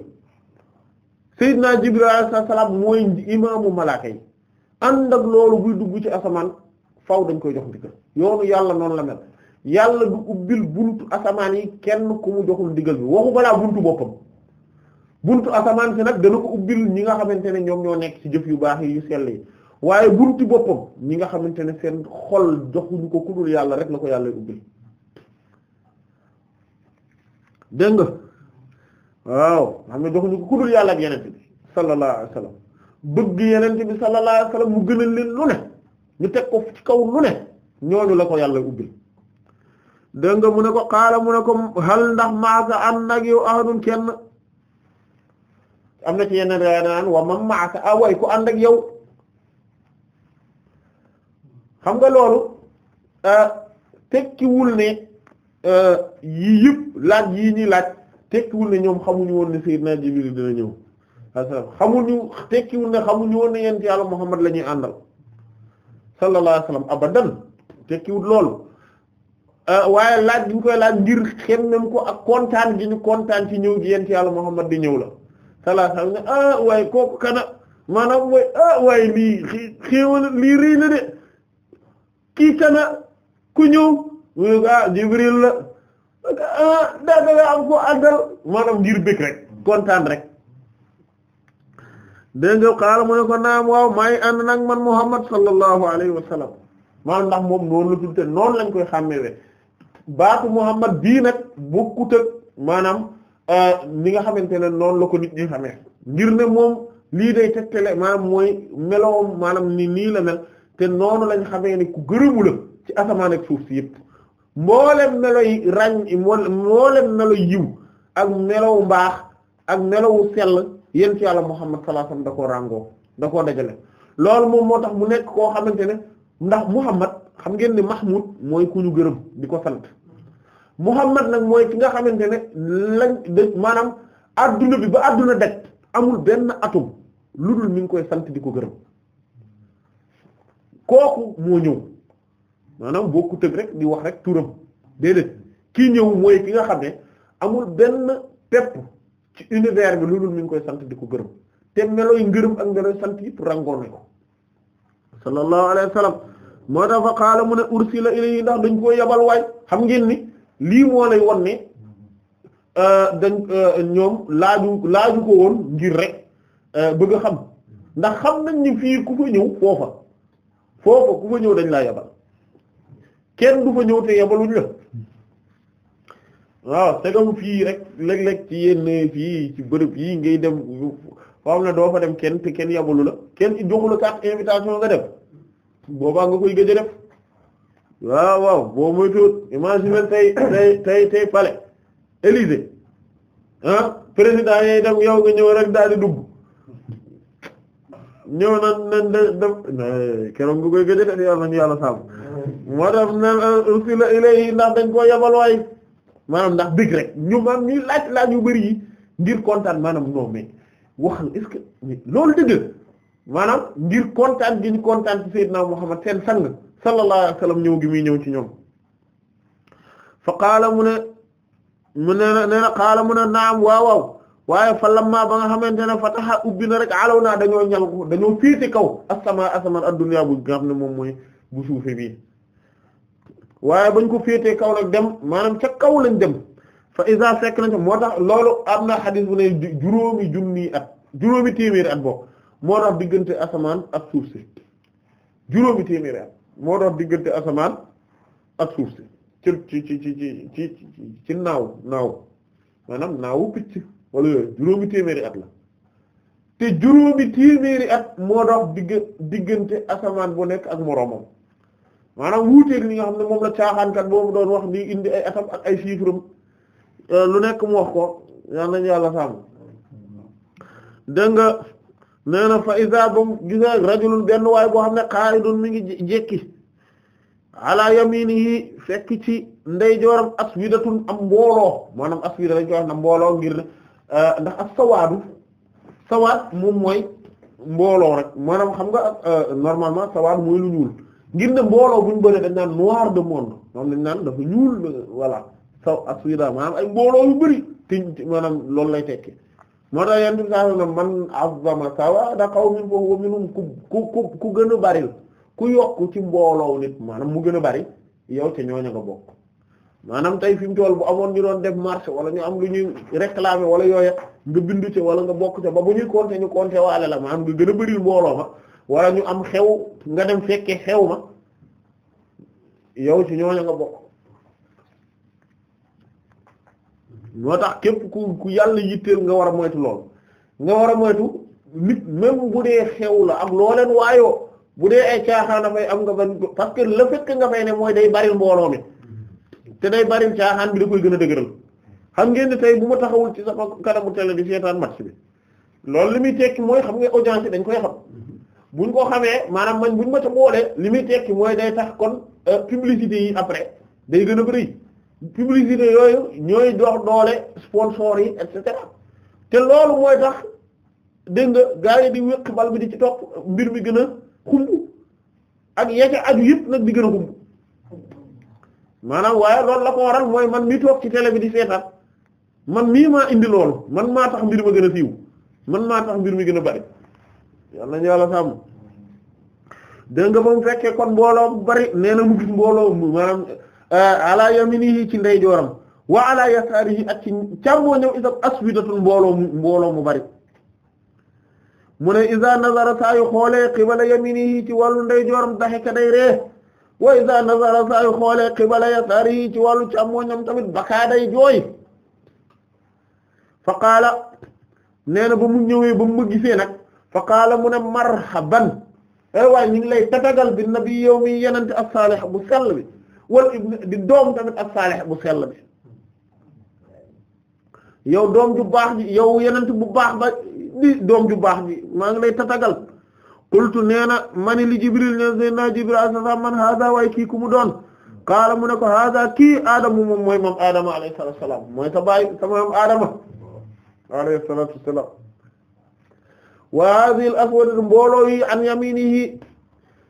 Seydina Jibril alayhi salaam mooy imaamu malaaka yi ànd ak loolu buy dugg ci asamaan faw dañ koy jox ndigal yoonu yàlla noonu la mel. yàlla du ubbil buntu asamaan yi kenn ku mu joxul diggal bi waxu balaa buntu boppam bunt asamaan si nag dana ko ubbil ñi nga xamante ne ñoom ñoo nekk ci jëf yu baax yi yu sell waaye buntu boppam ñi nga xamante ne seen xol joxuñu ko ku dul yàlla rek la ko yàlla ubbil dégg nga waaw xam ne joxuñu ko ku dul yàlla ak yeneen bi sallallahu alayhi bëgg yeneen bi sallallahu alayhi mu gënal leen lu ne ñu teg ko ci kaw lu ne ñooñu la ko yàlla ubbil dégg nga mu ne ko xaala mu ne ko hal ndax maaka am nag yow ahadun kenn am na ci yeneen raa naan wa mam maaka a ah ku ànd ak yow xam nga loolu ah, tekkiwul ne ah, yii yëpp laaj yii ñuy laaj tekkiwul ne ñoom xamuñu woon ne Seydina Jibril dina ñëw asalaam xamuñu tekkiwul ne xamuñu woon ne yent yàlla Muhammad la ñuy àndal sallallahu alayhi wasallam abadan tekkiwul loolu Euh, waaye laaj bi ñu koy laaj ngir xem nañ ko ak kontaan gi kontaan ci ñëw gi yent yàlla Muhammad di ñëw la sallallahu ah, waaye kooku kana maanaam mooy ah waaye lii xéewal lii kii kana ku ñëw ah, Jibril la ah daa am ko àndal maanaam ngir bëgg rek kontaan rek dégg nga mu ne ko naam waaw maay ànd nag man Muhammad sallallahu alayhi wasallam maanaam ndax moom noonu la tudd te noonu lañ koy xàmmee baatu Muhammad bii nag bokkut ak maanaam li euh, nga xamante ne noonu la ko nit ñi xamee ngir ne moom lii day tegtale maanaam mooy meloom maanaam ni nii la mel te noonu lañ xamee ne ku gërëmu ci asamaan ak suuf si yëpp mboolem melo yi ràññ mboolem melo yiw ak melow mbaax ak melowu sell yéen ci yàlla Muhammad sallallahu alayhi wasallam da koo ràngoo da koo dajale loolu moom moo tax mu nekk koo xamante ne ndax Muhammad xam ngeen ni Mahmoud mooy ku ñu gërëm di ko sant Muhammad nag mooy ki nga xamante ne lañ de maanaam adduna bi ba adduna deg amul benn atum lu dul mi ngi koy sant di ko gërëm kooku moo ñëw maanaam boo ko rek di wax rek turam déedéet kii ñëw mooy ki nga xam ne amul benn pepp ci univers bi lu dul mi ngi koy sant di ko gërëm te melooy ngërëm ak melooy sant yëpp rangoon ko sallallahu alayhi wa sallam moo tax fa qaala mu ne ursila ilayhi ndax dañ ko yabal waay xam ngeen ni lii moo lay won ne euh, dañ euh, ñoom laaju laaju ko woon ngir rek euh, bëgg a xam ndax xam nañ ni fii ku fa ñëw foofa foofa ku fa ñëw dañ laa yabal kenn du fa ñëw te yabaluñ la waaw segam fii rek léeg-léeg ci yenn fii ci bërëb yi ngay dem foo am ne doo fa dem kenn te kenn yabalu la kenn joxu la carte invitation nga def boobaa nga koy gëj a def waaw waaw boo moytuwul imagine tey tey tey tey palais Élysée ah, président yooyu dem yow nga ñëw rek daal di dugg ñëw nan nan da def keroog koy gëj a def yàlla nañu yàlla sàmm moo tax nan ursila euh, ndax dañ koo yabal waay maanaam ndax bëgg rek ñu maam ñuy laaj laaj yu bari yi ngir kontaan maanaam non mais waxal que loolu dëgg maanaam ngir kontaan gi ñu kontaan ci Seydina Muhammad seen sang. sallallahu alayhi wa sallam ñëw gi muy ñëw ci ñoom fa qaala mu ne mu ne mu ne naam waaw waaw waaye fa lamma ba nga xamante ne fataha ubbi na rek alaw naa dañoo ñal ko dañoo fiiti kaw asama asaman ad-dunya bu nga ne moom mooy bu suufe bii waaye bañ ko féetee kaw nag dem maanaam ca kaw lañ dem fa isa fekk nañ moo tax loolu am na xadis bu ne juróomi junni at juróomi téeméeri at bokk moo tax diggante asamaan ak suuf si juróomi téeméeri at moo dox diggante asamaan ak suuf si ci ci ci ci ci ci naaw naaw maanam naawu picc wala yooyu juróomi téeméeri at la te juróomi téeméeri at moo dox diggante asamaan boo nekk ak moroom maanaam wuuteeg li nga xam ne moom la caaxaankat boobu doon wax di indi ay atam ak ay chiffres euh, lu nekk mu wax ko yal nañu yàlla sàmm dégg nee na boom isa ba mu gisee rajulun benn waay boo xam ne qa'idun mi ngi jekki ala yaminihi fekk ci ndeyjooram aswidatun am mbooloo maanaam aswida dañ koy wax na mbooloo ngir eh, ndax as sawaadu sawaat moom mooy mbooloo rek maanaam xam nga eh, normalement sawaat mooy lu ñuul ngir ne mbooloo buñ bëree dañ naan noir de moon moom dañ naan dafa ñuul voilà saw aswida maanaam ay mbooloo yu bëri te maanaam loolu lay tekki moo tax yenn saa na man azzama sawaada qawmin fa huwa minhum ku ku ku gën a bari ku yokk ci mbooloow nit maanaam mu gën a bari yow ci ñooña nga bokk maanaam tey fi mu toll bu amoon ñu doon def wala ñu am lu ñuy réclamer wala yooya nga bindu ci wala nga bokk ca ba bu ñuy compter ñu compter waale la maanaam nga gën a bari mbooloo ma wala ñu am xew nga dem fekkee xew ma yow ci ñooña nga bokk. moo tax képp ku ku yàlla yitteel nga war a moytu lool nga war a moytu nit même bu dee xew la ak loo leen waayoo bu dee ay caaxaan dafay am nga ban parce que le fait nga fay ne mooy day baril mbooloo mi te day baril caaxaan bi da koy gën a dëgëral xam ngeen ne tey bu ma taxawul ci sama kanamu télé di seetaan match bi loolu li muy tekki mooy xam nga audience dañ koy xam buñ ko xamee maanaam man buñ ma ca boole li muy tekki mooy day tax kon euh, publicité yi après day gën a bëri. publicité yooyu ñooy dox doole sponsor yi et cetera te loolu mooy tax dégg nga gaa yi di wéq bal bi di ci topp mbir mi gën a xumb ak yecce aju yëpp nag di gën a xumb maanaam waaye loolu la ko waral mooy man mi toog ci télé bi di seetaan man mii maa indi loolu man maa tax mbir ma gën a siiw man maa tax mbir mi gën a bari yàlla na yàlla sàmm dégg nga ba mu fekkee kon mbooloo bu bari nee na mu gis mbooloo maanaam Eh, ala yaminihi ci ndeyjooram wa ala yasaarihi ak ci càmmooñam itam aswidatun mbooloo mu mbooloo mu bari mu ne iza nazara saa yu xoolee qibala yaminihi ci wàllu ndeyjooram daxeka day ree wa iza nazara saa yu xoolee qibala yasaarihi ci wàllu càmmooñam tamit bakaa day jooy fa qaala nee na ba mu ñëwee ba mu gisee nag fa qaala mu ne marhaban ay eh, waay ñu ngi lay tatagal bi nabi yow mi yenante as-salih bu sell bi wal ibn di doom tamit ak saalih bu sell bi yow doom ju baax ji yow yenent bu baax ba di doom ju baax ji maa ngi lay tatagal qultu nee na mani li jibril ne ne naa jibril asasaa man haada waaye kii ku mu doon qaala mu ne ko haada kii aadamu moom mooy moom aadama alayhi salaatu wassalaam mooy sa baay sa moom aadama alayhi salaatu wassalaam wa haadhihi al aswad mbooloo yi an yaminihi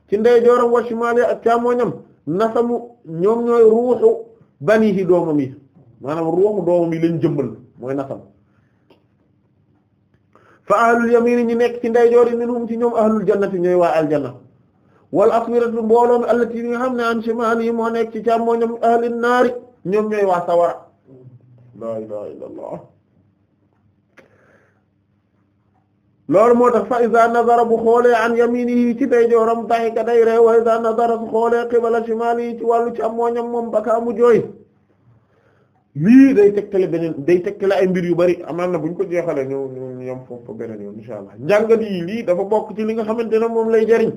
ci ndeyjooram wa shimaalihi ak càmmoñam nasamu ñoom ñooy ruuxu banihi doomam yi maanaam ruuxu doomam lañ jëmbal mooy nasam fa ahlul yamini ñi nekk ci ndeyjoor yi minhum ci ñoom ahlul jannati ñoy waa aljanna wal aswiratu mbooloo mi allati nga xam ne an shimal yi moo nekk ci càmmooñam ahlin naari ñoom ñoy waa sawara la ilaha illallah loolu moo tax fa iza nazara bu xoolee an yaminihi ci day jooram dahika day ree wa iza nazara su xoolee qibala shimalihi ci wàllu ci am mooñam moom bakaa mu jooy lii day tegtale beneen day tegtale ay mbir yu bari amaan na bu ñu ko jeexalee ñu ñu ñoom foofu beneen yoon insha allah njàngat yi lii dafa bokk ci li nga xamante ne moom lay jariñ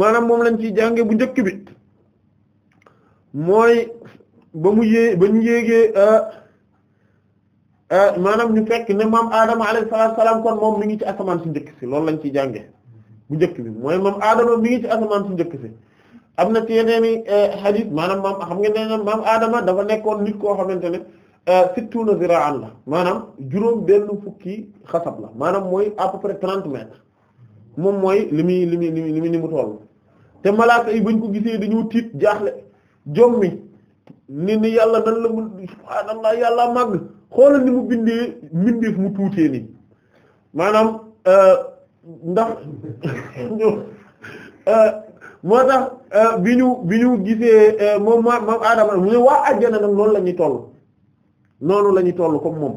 maanaam moom lañ ciy jànge bu njëkk bi mooy ba mu yée ba ñu ah, Euh, maanaam ñu fekk ne maam Adama alayhi salaam kon moom mi ngi ci asamaan si njëkk si loolu lañ ciy jànge bu njëkk bi mooy maam Adama mi ngi ci asamaan si njëkk si am na ci yeneen i xadis euh, maanaam maam xam ngeen ne maam Adama dafa nekkoon nit koo xamante ne euh, sittuna ziraan la maanaam juróom benn fukki xasab la maanaam mooy à peu moom mooy li muy li muy li muy mu toll te malaaka yi buñ ko gisee dañu tiit jaaxle jommi ni mi yàlla nan la mun subhaanallah yàlla màgg. xoolal ni mu bindee mbindeef mu tuutee nii maanaam euh, ndax [LAUGHS] euh, moo tax euh, bi ñu bi ñu gisee moom maam maam Adama mu ne waa àjjana nag noonu la ñuy toll noonu lañuy ñuy toll moom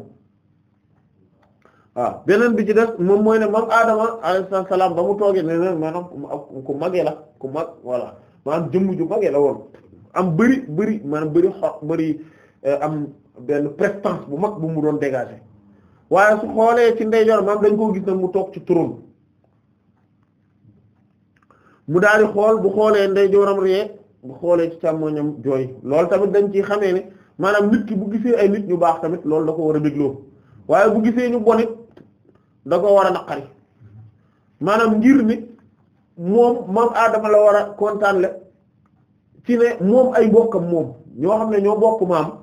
waaw beneen bi ci des moom mooy ne maam Adama alayhi salaam ba mu toogee ne ne maanaam ku magee la ku mag walla maanaam jëmm ju magee la woon am bëri bëri maanaam bëri xo bëri am. benn prestance bu mag bu mu doon dégager waaye su xoolee ci ndeyjoor maam dañ koo gis nag mu toog ci trône mu daa di xool bu xoolee ndeyjooram ree bu xoolee ci càmmoñam jooy loolu tamit dañ ci xamee ne maanaam nit ki bu gisee ay nit ñu baax tamit loolu da ko war a bégloo waaye bu gisee ñu bonit da ko war a naqari maanaam ngir nit moom maam aadama la war a kontaanle le ci ne moom ay bokkam moom ñoo xam ne ñoo bokk maam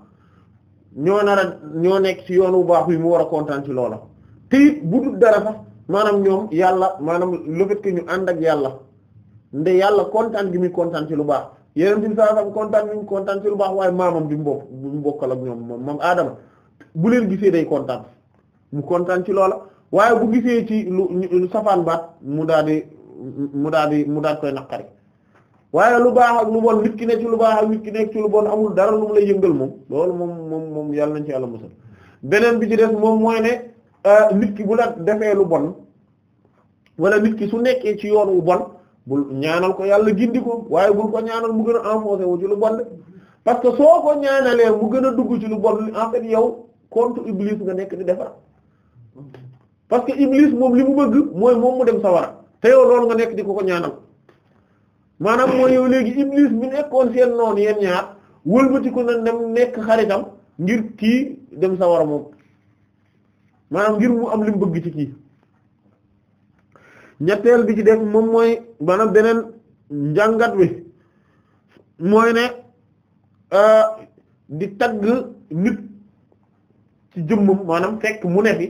ñoo nar a ñoo nekk ci yoon wu baax wi mu war a kontaan ci loola te bu dul dara sax maanaam ñoom yàlla maanaam le fait que ñu ànd ak yàlla nde yàlla kontaan gi muy kontaan ci lu baax yeneen ci saa sax kontaan gi kontaan ci lu baax waaye maamam bi mu bokk bi mu ak ñoom moom moom Adama bu leen gisee day kontaan mu kontaan ci loola waaye bu gisee ci lu safaan baat mu daal di mu daal di mu daal koy naqari. waaye lu baax ak lu bon nit ki ne ci lu baax ak ki nekk lu bon amul dara lu mu lay yëngal moom loolu moom moom moom yàlla nañ ci beneen bi ci des moom mooy ne euh, nit bu la defee lu bon wala nit ki su nekkee ci yoon wu bon bul ñaanal ko yàlla gindi ko waaye bul ñaanal mu gën a enfoncé wu ci lu bon parce que soo ko ñaanalee mu gën a dugg ci lu bon en fait yow contre iblis nga nekk di defar parce que iblis moom li mu bëgg mooy moom mu dem sawara te yow loolu nga nekk di ko ko ñaanal. maanaam mooy yow léegi iblis bi nekkoon seen noonu yeen ñaar wëlbatiku na nekk xaritam ngir kii dem sawara war a moom maanaam ngir mu am li mu bëgg ci kii ñetteel bi ci def moom mooy maanaam beneen njàngat wi mooy ne euh, di tagg nit ci jëmmam maanaam fekk mu ne fi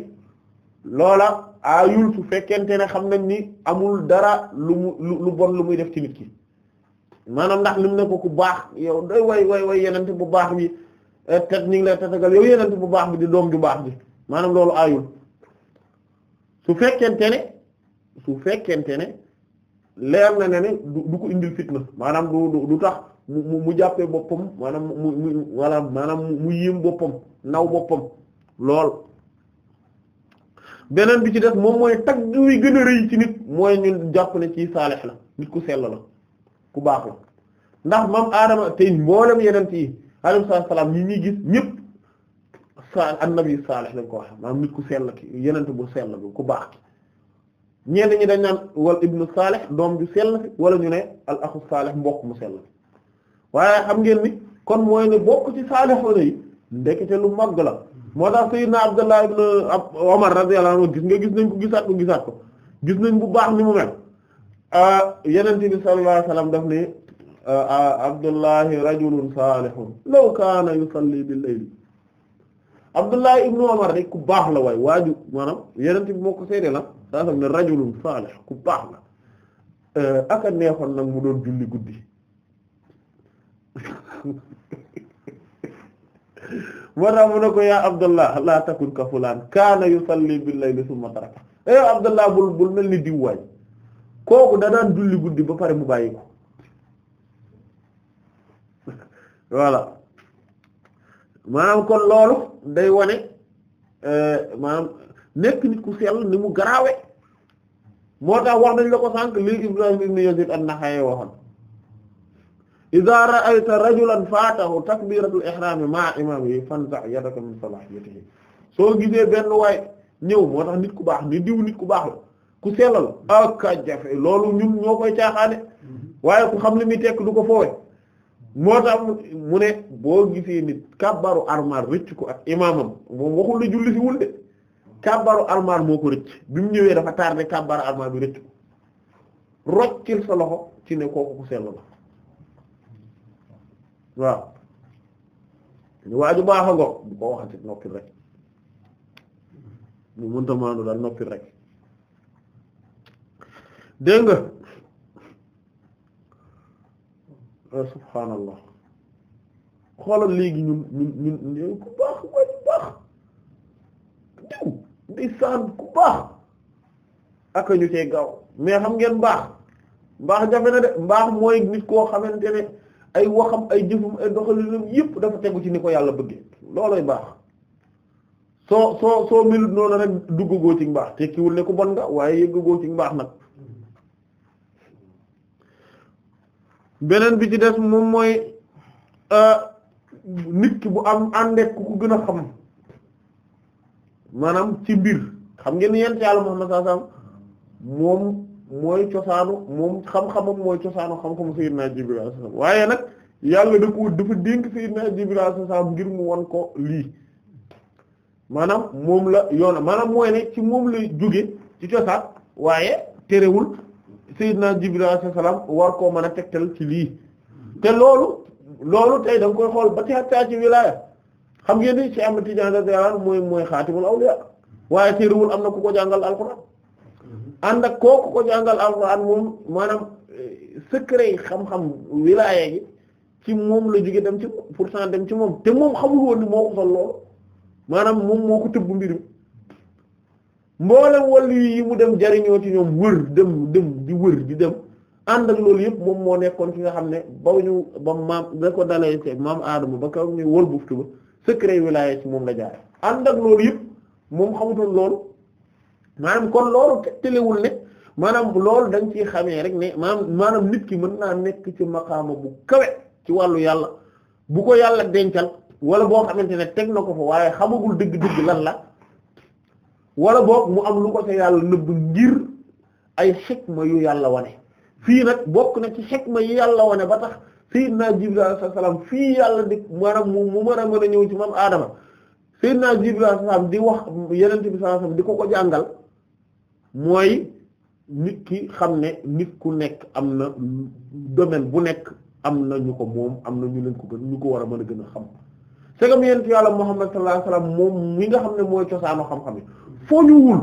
loola aayul su fekkente ne xam nañ ni amul dara lu mu lu bon lu muy def ci nit ki maanaam ndax lim ne ko bu baax yow day way way way yenente bu baax bi eh, tet ñu ngi lay tatagal yow yenente bu baax bi di doom ju baax bi maanaam loolu aayul su fekkente ne su fekkente ne leer na ne ne du ko indil fitna maanaam du du tax mu jàppee boppam maanaam mu mu walla maanaam mu yéem boppam naw boppam lool beneen bi ci def moom mooy tagg wi gën a rëy ci nit mooy ñun jàpp ne ci saalix la nit ku sell la ku baax la ndax maam aadama te mboolem yenent yi alayhi salaam ñi ñuy gis ñëpp sa annabi saalih lañ ko wax maanaam nit ku sell ki yenent bu sell bi ku baax ñenn ñi dañ naan wal ibnu saalih doom ju sell fi wala ñu ne al axu saalih mbokk mu sell fi waaye xam ngeen ni kon mooy ne bokk ci saalihoona yi ndekete lu màgg la moo tax sayyidna Abdullah ibn Umar radiyallahu anhu gis nga gis nañ ko gisaat ko gisaat ko gis nañ bu baax ni mu mel yenente bi sallallahu alayhi wasallam daf ne abdullahi rajulun salihun law kaana yusalli bil layl abdullahi ibnu umar rek ku baax la waay waaju maanaam yenente bi moo ko seede la saa sam ne rajulun baax la e, aka neexoon nag mu doon julli guddi [LAUGHS] moo tax mu ne ko abdullah la takun ka fulaan kaana yusalli bil layli summa taraka eh abdullah bul ni diw waay kooku da daan julli guddi ba pare mu bàyyi ko [LAUGHS] voilà kon loolu day wane euh, maanaam nekk nit ku sell ni mu garaawe moo tax wax nañ la ko sànq li Ibrahim ibn Yazid an-Nakha'i waxoon idha ra'ayta rajulan faatahu takbiratul ihram ma'a imamihi fanza' yadaka min salahiyatihi soo gisee benn waay ñëw moo tax nit ku baax ni diw nit ku baax ku sellal ak ah, jafe loolu ñun ñoo koy caaxaane mm-hmm. waaye ku xam li mi tek du ko foowe moo tax mu ne boo gisee nit kàbbaru armaar rëcc ko ak imaamam moom waxul la julli si wul de kàbbaru armaar moo ko rëcc bi mu ñëwee dafa tardé kàbbaru armaar bi rëcc ko roccil sa loxo ci ne kooku ku sellu la waaw waaju baax bu ko waxati mu mënta maandu daal noppil rek dégg nga ah, subhaanallah xoolal léegi ñun ñun ñun ku baax mooy baax diw di saan ku baax aka ñu see gaaw mais xam ngeen mbaax mbaax jafe na de mbaax mooy nit koo xamante ne ay waxam ay jëfum ay doxalinam yëpp dafa tegu ci ni ko yàlla bëgge looloy baax soo soo soo melut noonu rek duggagoo ci mbaax tekkiwul ne ku bon nga waaye yëggagoo ci mbaax nag beneen bi ci des moom mooy euh, nit ki bu am àndek ku ko gën a xam maanaam ci mbir xam ngeen yent yàlla Muhammad sallallahu alayhi wasallam moom mooy cosaanu moom xam moom mooy cosaanu xam-xamu Sayyidina Jibril alayhi salaam waaye nag yàlla da ko dafa dénk Sayyidina Jibril alayhi ngir mu won ko lii maanaam moom la yoona maanaam mooy ne ci moom la jóge ci cosaan waaye terewul na Jibril alayhi salaam war koo mën a tegtal ci lii te loolu loolu tey da nga koy xool ba tey ci wilaaya xam ngeen ni ci Ahmad Tidiane radiyallahu anhu mooy mooy xaatimul awliya waaye teewul am na ku ko jàngal alxuraan ànd ak kooku ko jàngal alxuraan moom maanaam eh, secret yi xam-xam wilaaya yi ci moom la jóge dem ci pour pourtant dem ci moom te moom xamul woon moo ko sol loolu maanaam moom moo ko tëbb mbir mi mboolem wàllu yi mu dem jariñoo ci ñoom wër dem dem di wër di dem ànd ak loolu yëpp moom moo nekkoon ki nga xam ne ba ñu ba maam da ko dalee ci maam Adama ba kaw ñu wol buftu ba secret wilaya moom la jaare ànd ak loolu yëpp moom xamutoon loolu maanaam kon loolu telewul ne maanaam lool dañ ciy xamee rek ne maanaam maanaam nit ki mën naa nekk ci maqaama bu kawe ci wàllu yàlla bu ko yàlla dencal wala boo xamante ne teg na ko fa waaye xamagul dëgg-dëgg lan la wala boo mu am lu ko ca yàlla nëbb ngir ay xikma yu yàlla wane fii nag bokk na ci xikma yu yàlla wane ba tax sayyidina Jibril alayhi salaam fii yàlla di maanaam mu mu mën a mën a ci maam Adama sayyidina Jibril alayhi salaam di wax yeneen bi sallallahu di ko ko jàngal mooy nit ki xam ne nit ku nekk am na domaine bu nekk am na ñu ko moom am na ñu leen ko gën ñu ko war a mën a gën a xam segam yent yàlla Muhammad sallallahu alayhi wasallam moom mi nga xam ne mooy cosaanu xam-xam yi foo foñuwul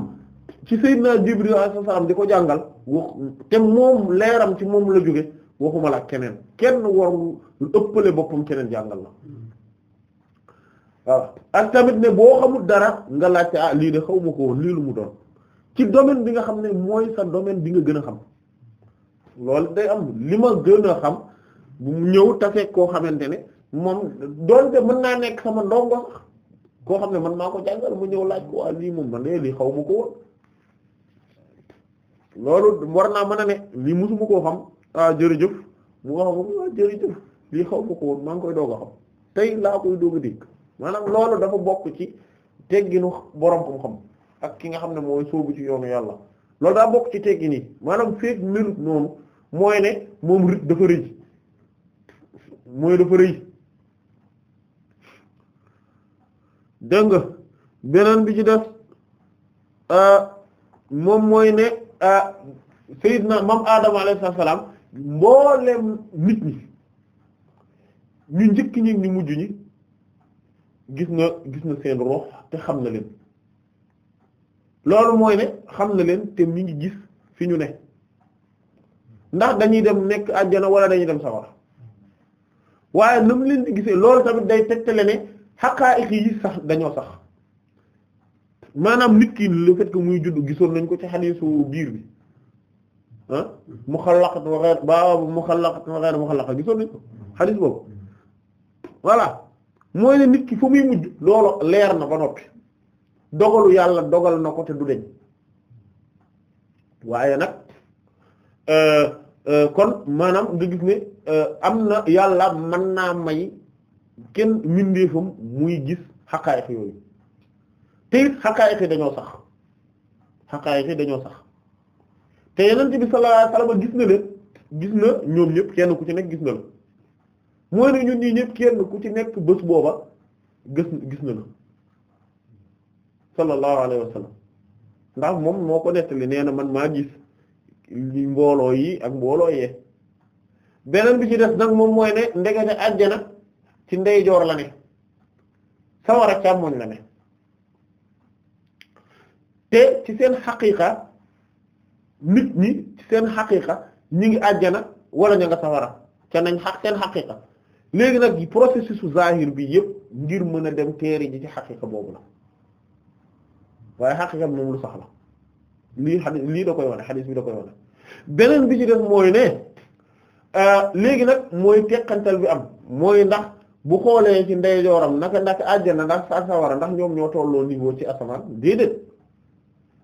ci Seydina Jibril alayhi salaam di ko jàngal wax te moom leeram ci moom la jóge waxuma la keneen kenn warul ëppale boppam keneen jàngal la ak tamit ne boo xamul dara nga laajte ah lii de xaw ma ko woon lii lu mu doon ci domaine bi nga xam ne mooy sa domaine bi nga gën a xam loolu day am li ma gën a xam bu ñëw tafeeg koo xamante ne moom doonte mën naa nekk sama ndongo sax koo xam ne man maa ko jàngal mu ñëw laaj ko waa lii moom man de lii xaw ma ko woon loolu war naa mën a ne lii musuma koo xam ah jërëjëf mu wax ma ah jërëjëf lii xaw ma ko woon maa ngi koy doog a xam tey laa koy doog a dégg maanaam loolu dafa bokk ci tegginu borom xam ak ki nga xam ne mooy sóobu ci yoonu yàlla loolu daa bokk ci teggin yi maanaam féeg mbir noonu mooy ne moom dafa rëy mooy dafa rëy. dégg nga beneen bi ci def moom mooy ne Seydina mam Adama alayhi salaam mboolem nit ñi ñu njëkk ñi ñu mujj ñi gis na gis na seen rox te xam na leen loolu mooy ne xam na leen te mi ngi gis fi ñu ne ndax dañuy dem nekk àjjana wala dañuy dem sawar waaye nu leen di gisee loolu tamit day tegtale ne. xaqaa'iq yi dañoo sax maanaam nit ki le fait que nañ ko ci xadiisu biir bi ah muxallaqatun wa ghayr baabu muxallaqatun wa boobu voilà mooy ne nit ki muy mujj loolu leer na ba noppi dogalu yàlla dogal na ko te du deñ waaye nag euh, euh, kon maanaam nga gis ne euh, am na yàlla mën naa may kenn mindeefam muy gis xaqaayiq yooyu te it yi dañoo sax xaqaayiq yi dañoo sax te yenent bi sallallahu alayhi wasallam gis na leen gis na ñoom ñëpp kenn ku ci nekk gis na la mooy ne ñun ñii ñëpp kenn ku ci nekk bés booba gis gis na la sallallahu alayhi wasallam ndax moom moo ko nettali nee na man maa gis mbooloo yi ak mbooloo yee beneen bi ci des nag moom mooy ne ndegete àjjana ci ndeyjoor la ne sawara càmmoñ la ne te ci seen xaqiiqa nit ñi ci seen xaqiiqa ñi ngi àjjana wala ña nga sawara ca nañ xaq seen xaqiiqa léegi nag processus su zahir bi yëpp ngir mën a dem teeri ji ci xaqiiqa boobu la waaye xaqiiqa bi moom lu la lii xadis lii da koy wane xadis bi da koy wane beneen bi ci def mooy ne euh, léegi nag mooy teqantal bi am mooy ndax bu xoolee ci ndeyjooram naka ndax àjjana ndax sa sawara ndax ñoom ñoo tolloo niveau ci asamaan déedéet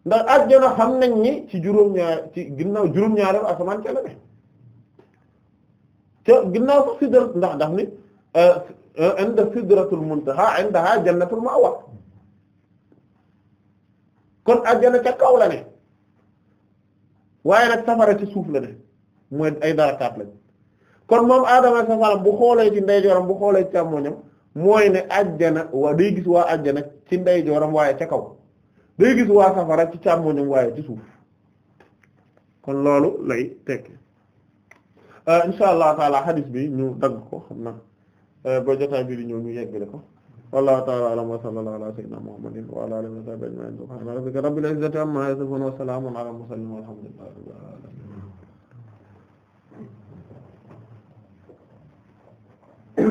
ndax àjjana xam nañ ni ci juróom-ñaar ci ginnaaw juróom-ñaareelu asamaan ca la ne ca ginnaaw sax sidra ndax daf ni euh, euh, inda sidratul muntaha indaha jannatul ma'wa kon àjjana ca kaw la ne waaye nag safara ci suuf la ne mooy ay darakaat lañ kon moom aadama sa bu xoolee ci ndeyjooram bu xoolee ci mooy ne ajjana waa day gis waa ajjana ci ndeyjooram waaye ca kaw day gis waa safara ci càmmoñam waaye ci suuf kon loolu lay tekki euh, insha allah taala hadith bi ñu dagg ko xam na euh, ba jotaay bi di ñëw ñu yeggale ko wallahu ta'ala a'lam wa sallallahu ala sayyidina muhammadin wa ala alihi wa sahbihi ajma'in subhana rabbika rabbil izzati amma yasifun wa salamun ala mursalin walhamdulillahi Fatha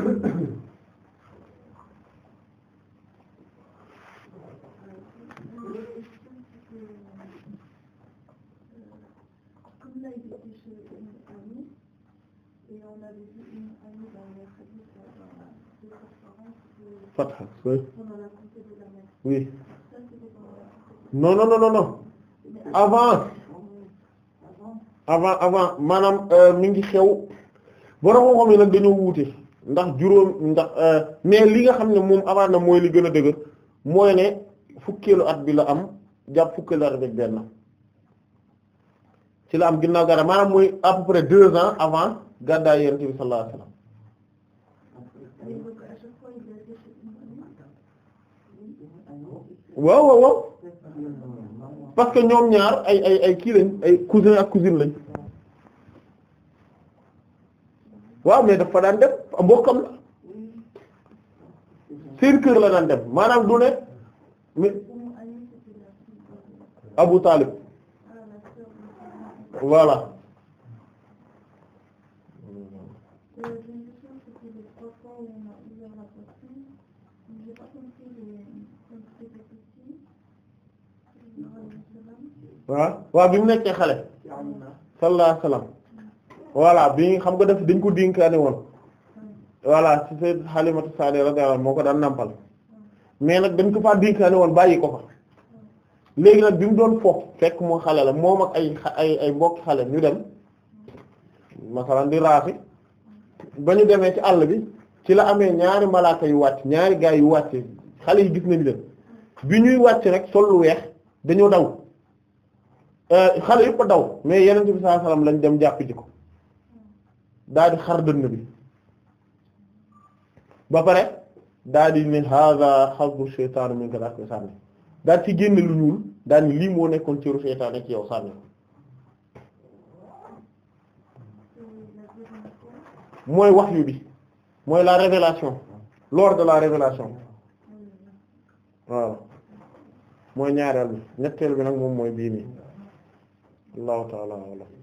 oui. oui non non non non avant avant avant maanaam euh, mi xew borom xam-xam yi nag dañoo ndax juróom ndax euh, li nga xam ne moom amaat na mooy li gën a dëgër mooy ne fukkeelu at bi la am jàpp fukkeelu at bi benn ci la am ginnaaw gàddaay maanaam mooy à peu deux ans avant gàddaay Yonent bi sallallahu alayhi waaw waaw waaw parce que ñoom ñaar ay ay ay kii ay cousin ak cousine lañ waaw mais dafa daan def mbokkam la kër la daan dem maanaam du ne mi Abu Talib voilà waaw bi mu nekkee xale sallallahu alayhi wasallam bi xam nga def dañ ko dénkaane woon voilà ci sayyid Halimatu Saadi radiyallahu anha moo ko daan nampal mais nag dañ ko faa dénkaane woon bàyyi ko fa léegi nag bi mu doon foofu fekk moo moom ay ay ay mbokki xale ñu dem masalan di raafi ba ñu demee ci àll bi ci la amee ñaari malaaka yu wàcc ñaari gaay yu wàcc xale yi gis nañ leen bi ñuy wàcc rek sol lu weex dañoo daw euh, xale yëpp ko daw mais yeneen bi sallallahu lañ dem jàpp ji ko daal di xar dënn bi ba pare daal di ne hada hazbu shaytaan mi nga daal koy sànni daal ci génne lu ñuul daal ni lii moo nekkoon cëru shaytaan ak yow sànni mooy wax yu bi mooy la révélation lors de la révélation waaw mooy ñaareel bi ñetteel bi nag moom mooy biir nii allahu taala alam